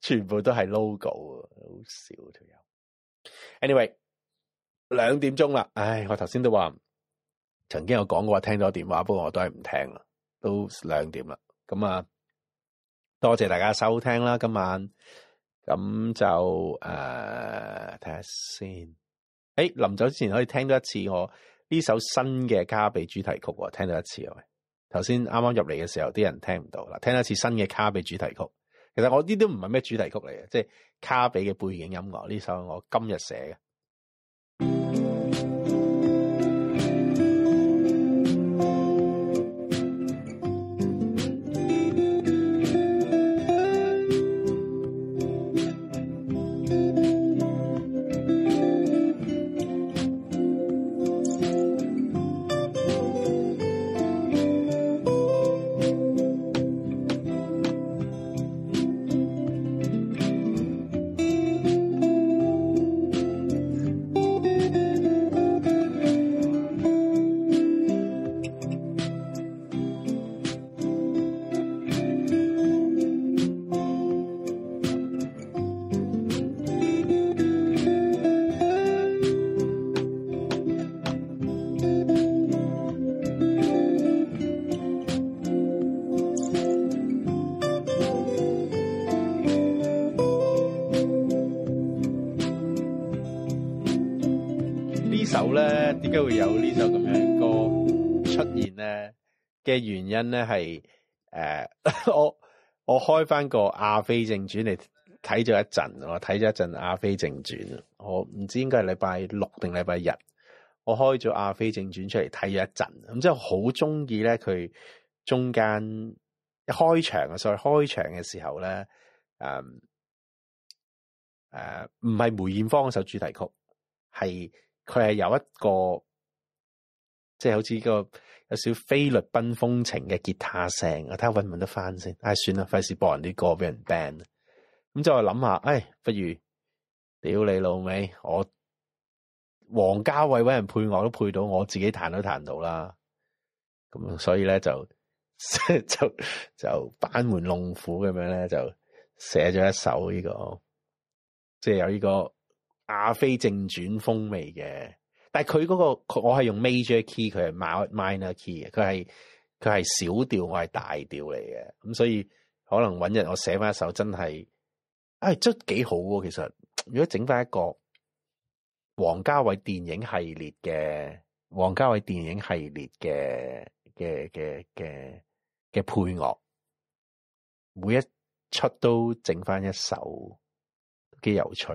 全部都係 logo，好少條友。Anyway，兩點鐘啦，唉，我頭先都話，曾經有講過，聽咗電話，不過我都係唔聽啦，都兩點啦。咁啊，多謝大家收聽啦，今晚咁就誒睇下先。誒，臨走之前可以聽到一次我呢首新嘅卡比主題曲，聽到一次。頭先啱啱入嚟嘅時候，啲人聽唔到啦，聽一次新嘅卡比主題曲。其實我呢啲都唔係咩主題曲嚟嘅，即係卡比嘅背景音樂。呢首我今日寫嘅。咧係誒，我我開翻個《阿飛正傳》嚟睇咗一陣，我睇咗一陣《阿飛正傳》。我唔知應該係禮拜六定禮拜日，我開咗《阿飛正傳》出嚟睇咗一陣。咁即係好中意咧，佢中間開場啊，所謂開場嘅時候咧，誒、呃、誒，唔、呃、係梅艷芳嗰首主題曲，係佢係有一個即係、就是、好似、個。有少少菲律賓風情嘅吉他聲，我睇下搵唔搵得翻先。唉，算啦，費事播人啲歌俾人 ban。咁就諗下，唉，不如屌你老味。我王家衛搵人配樂都配到，我自己彈都彈到啦。咁所以咧就就就班門弄斧咁樣咧就寫咗一首呢個，即係有呢個亞非正傳風味嘅。但係佢嗰個，我係用 major key，佢係 minor key 嘅，佢係佢係小調，我係大調嚟嘅，咁所以可能揾日我寫翻一首真係，哎，真幾好喎！其實如果整翻一個王家衛電影系列嘅，王家衛電影系列嘅嘅嘅嘅嘅配樂，每一出都整翻一首，幾有趣，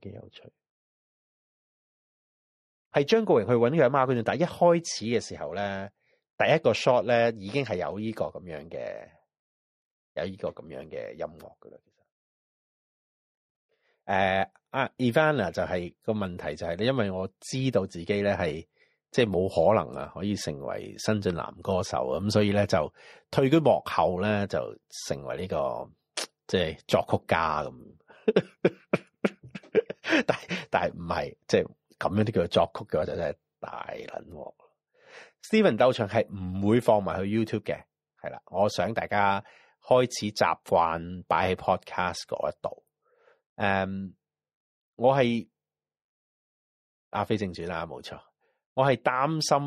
幾有趣。係張國榮去搵佢阿媽嗰陣，但係一開始嘅時候咧，第一個 shot 咧已經係有呢個咁樣嘅，有呢個咁樣嘅音樂噶啦。誒、uh, 就是，阿 Evelina 就係個問題就係咧，因為我知道自己咧係即係冇可能啊，可以成為新晉男歌手咁，所以咧就退居幕後咧就成為呢、這個即係、就是、作曲家咁。 但係但係唔係即係。就是咁樣啲叫做作曲嘅話，就真係大撚 Steven 鬥場係唔會放埋去 YouTube 嘅，係啦。我想大家開始習慣擺喺 Podcast 嗰一度。Um, 我係阿飛正傳啦，冇錯。我係擔心，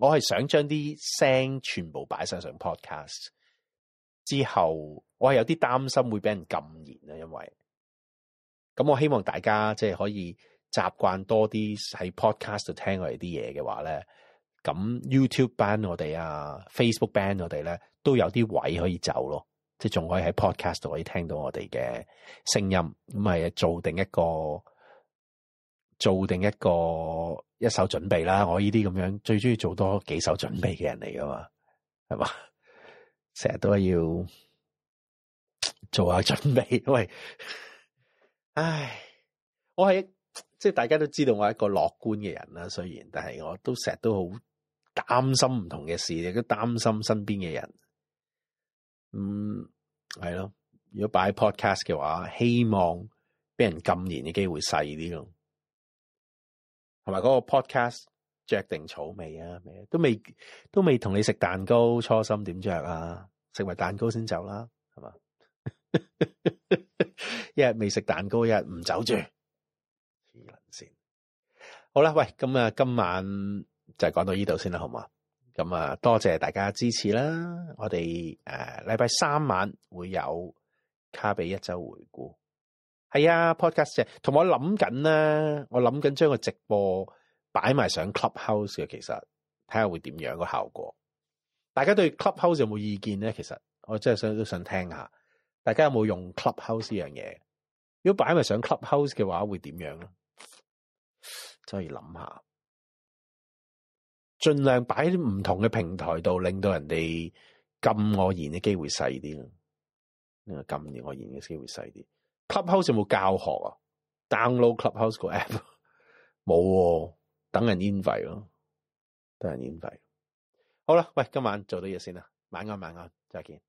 我係想將啲聲全部擺晒上 Podcast 之後，我係有啲擔心會俾人禁言啊，因為。咁我希望大家即係、就是、可以習慣多啲喺 podcast 度聽我哋啲嘢嘅話咧，咁 YouTube ban 我哋啊，Facebook ban 我哋咧，都有啲位可以走咯，即係仲可以喺 podcast 度可以聽到我哋嘅聲音咁，係做定一個做定一個一手準備啦。我呢啲咁樣最中意做多幾手準備嘅人嚟噶嘛，係嘛？成日都係要做下準備，因為。唉，我係即係大家都知道我係一個樂觀嘅人啦，雖然，但係我都成日都好擔心唔同嘅事，亦都擔心身邊嘅人。嗯，係咯，如果擺 podcast 嘅話，希望俾人禁言嘅機會細啲咯。同埋嗰個 podcast 着定草味啊，咩，都未都未同你食蛋糕，初心點着啊？食埋蛋糕先走啦，係嘛？ 一日未食蛋糕，一日唔走住。好啦，喂，咁啊，今晚就講到呢度先啦，好嘛？咁啊，多謝大家支持啦。我哋誒禮拜三晚會有卡比一周回顧，係啊，Podcast 同我諗緊啦，我諗緊將個直播擺埋上 Clubhouse 嘅，其實睇下會點樣個效果。大家對 Clubhouse 有冇意見咧？其實我真係想都想聽下。大家有冇用 Clubhouse 呢樣嘢？如果擺咪上 Clubhouse 嘅話，會點樣咧？再諗下，盡量擺喺唔同嘅平台度，令到人哋禁我言嘅機會細啲啦。禁我言嘅機會細啲。Clubhouse 有冇教學 Club house 啊？download Clubhouse 個 app 冇，等人 invite 咯，等人 invite。好啦，喂，今晚做到嘢先啦，晚安，晚安，再見。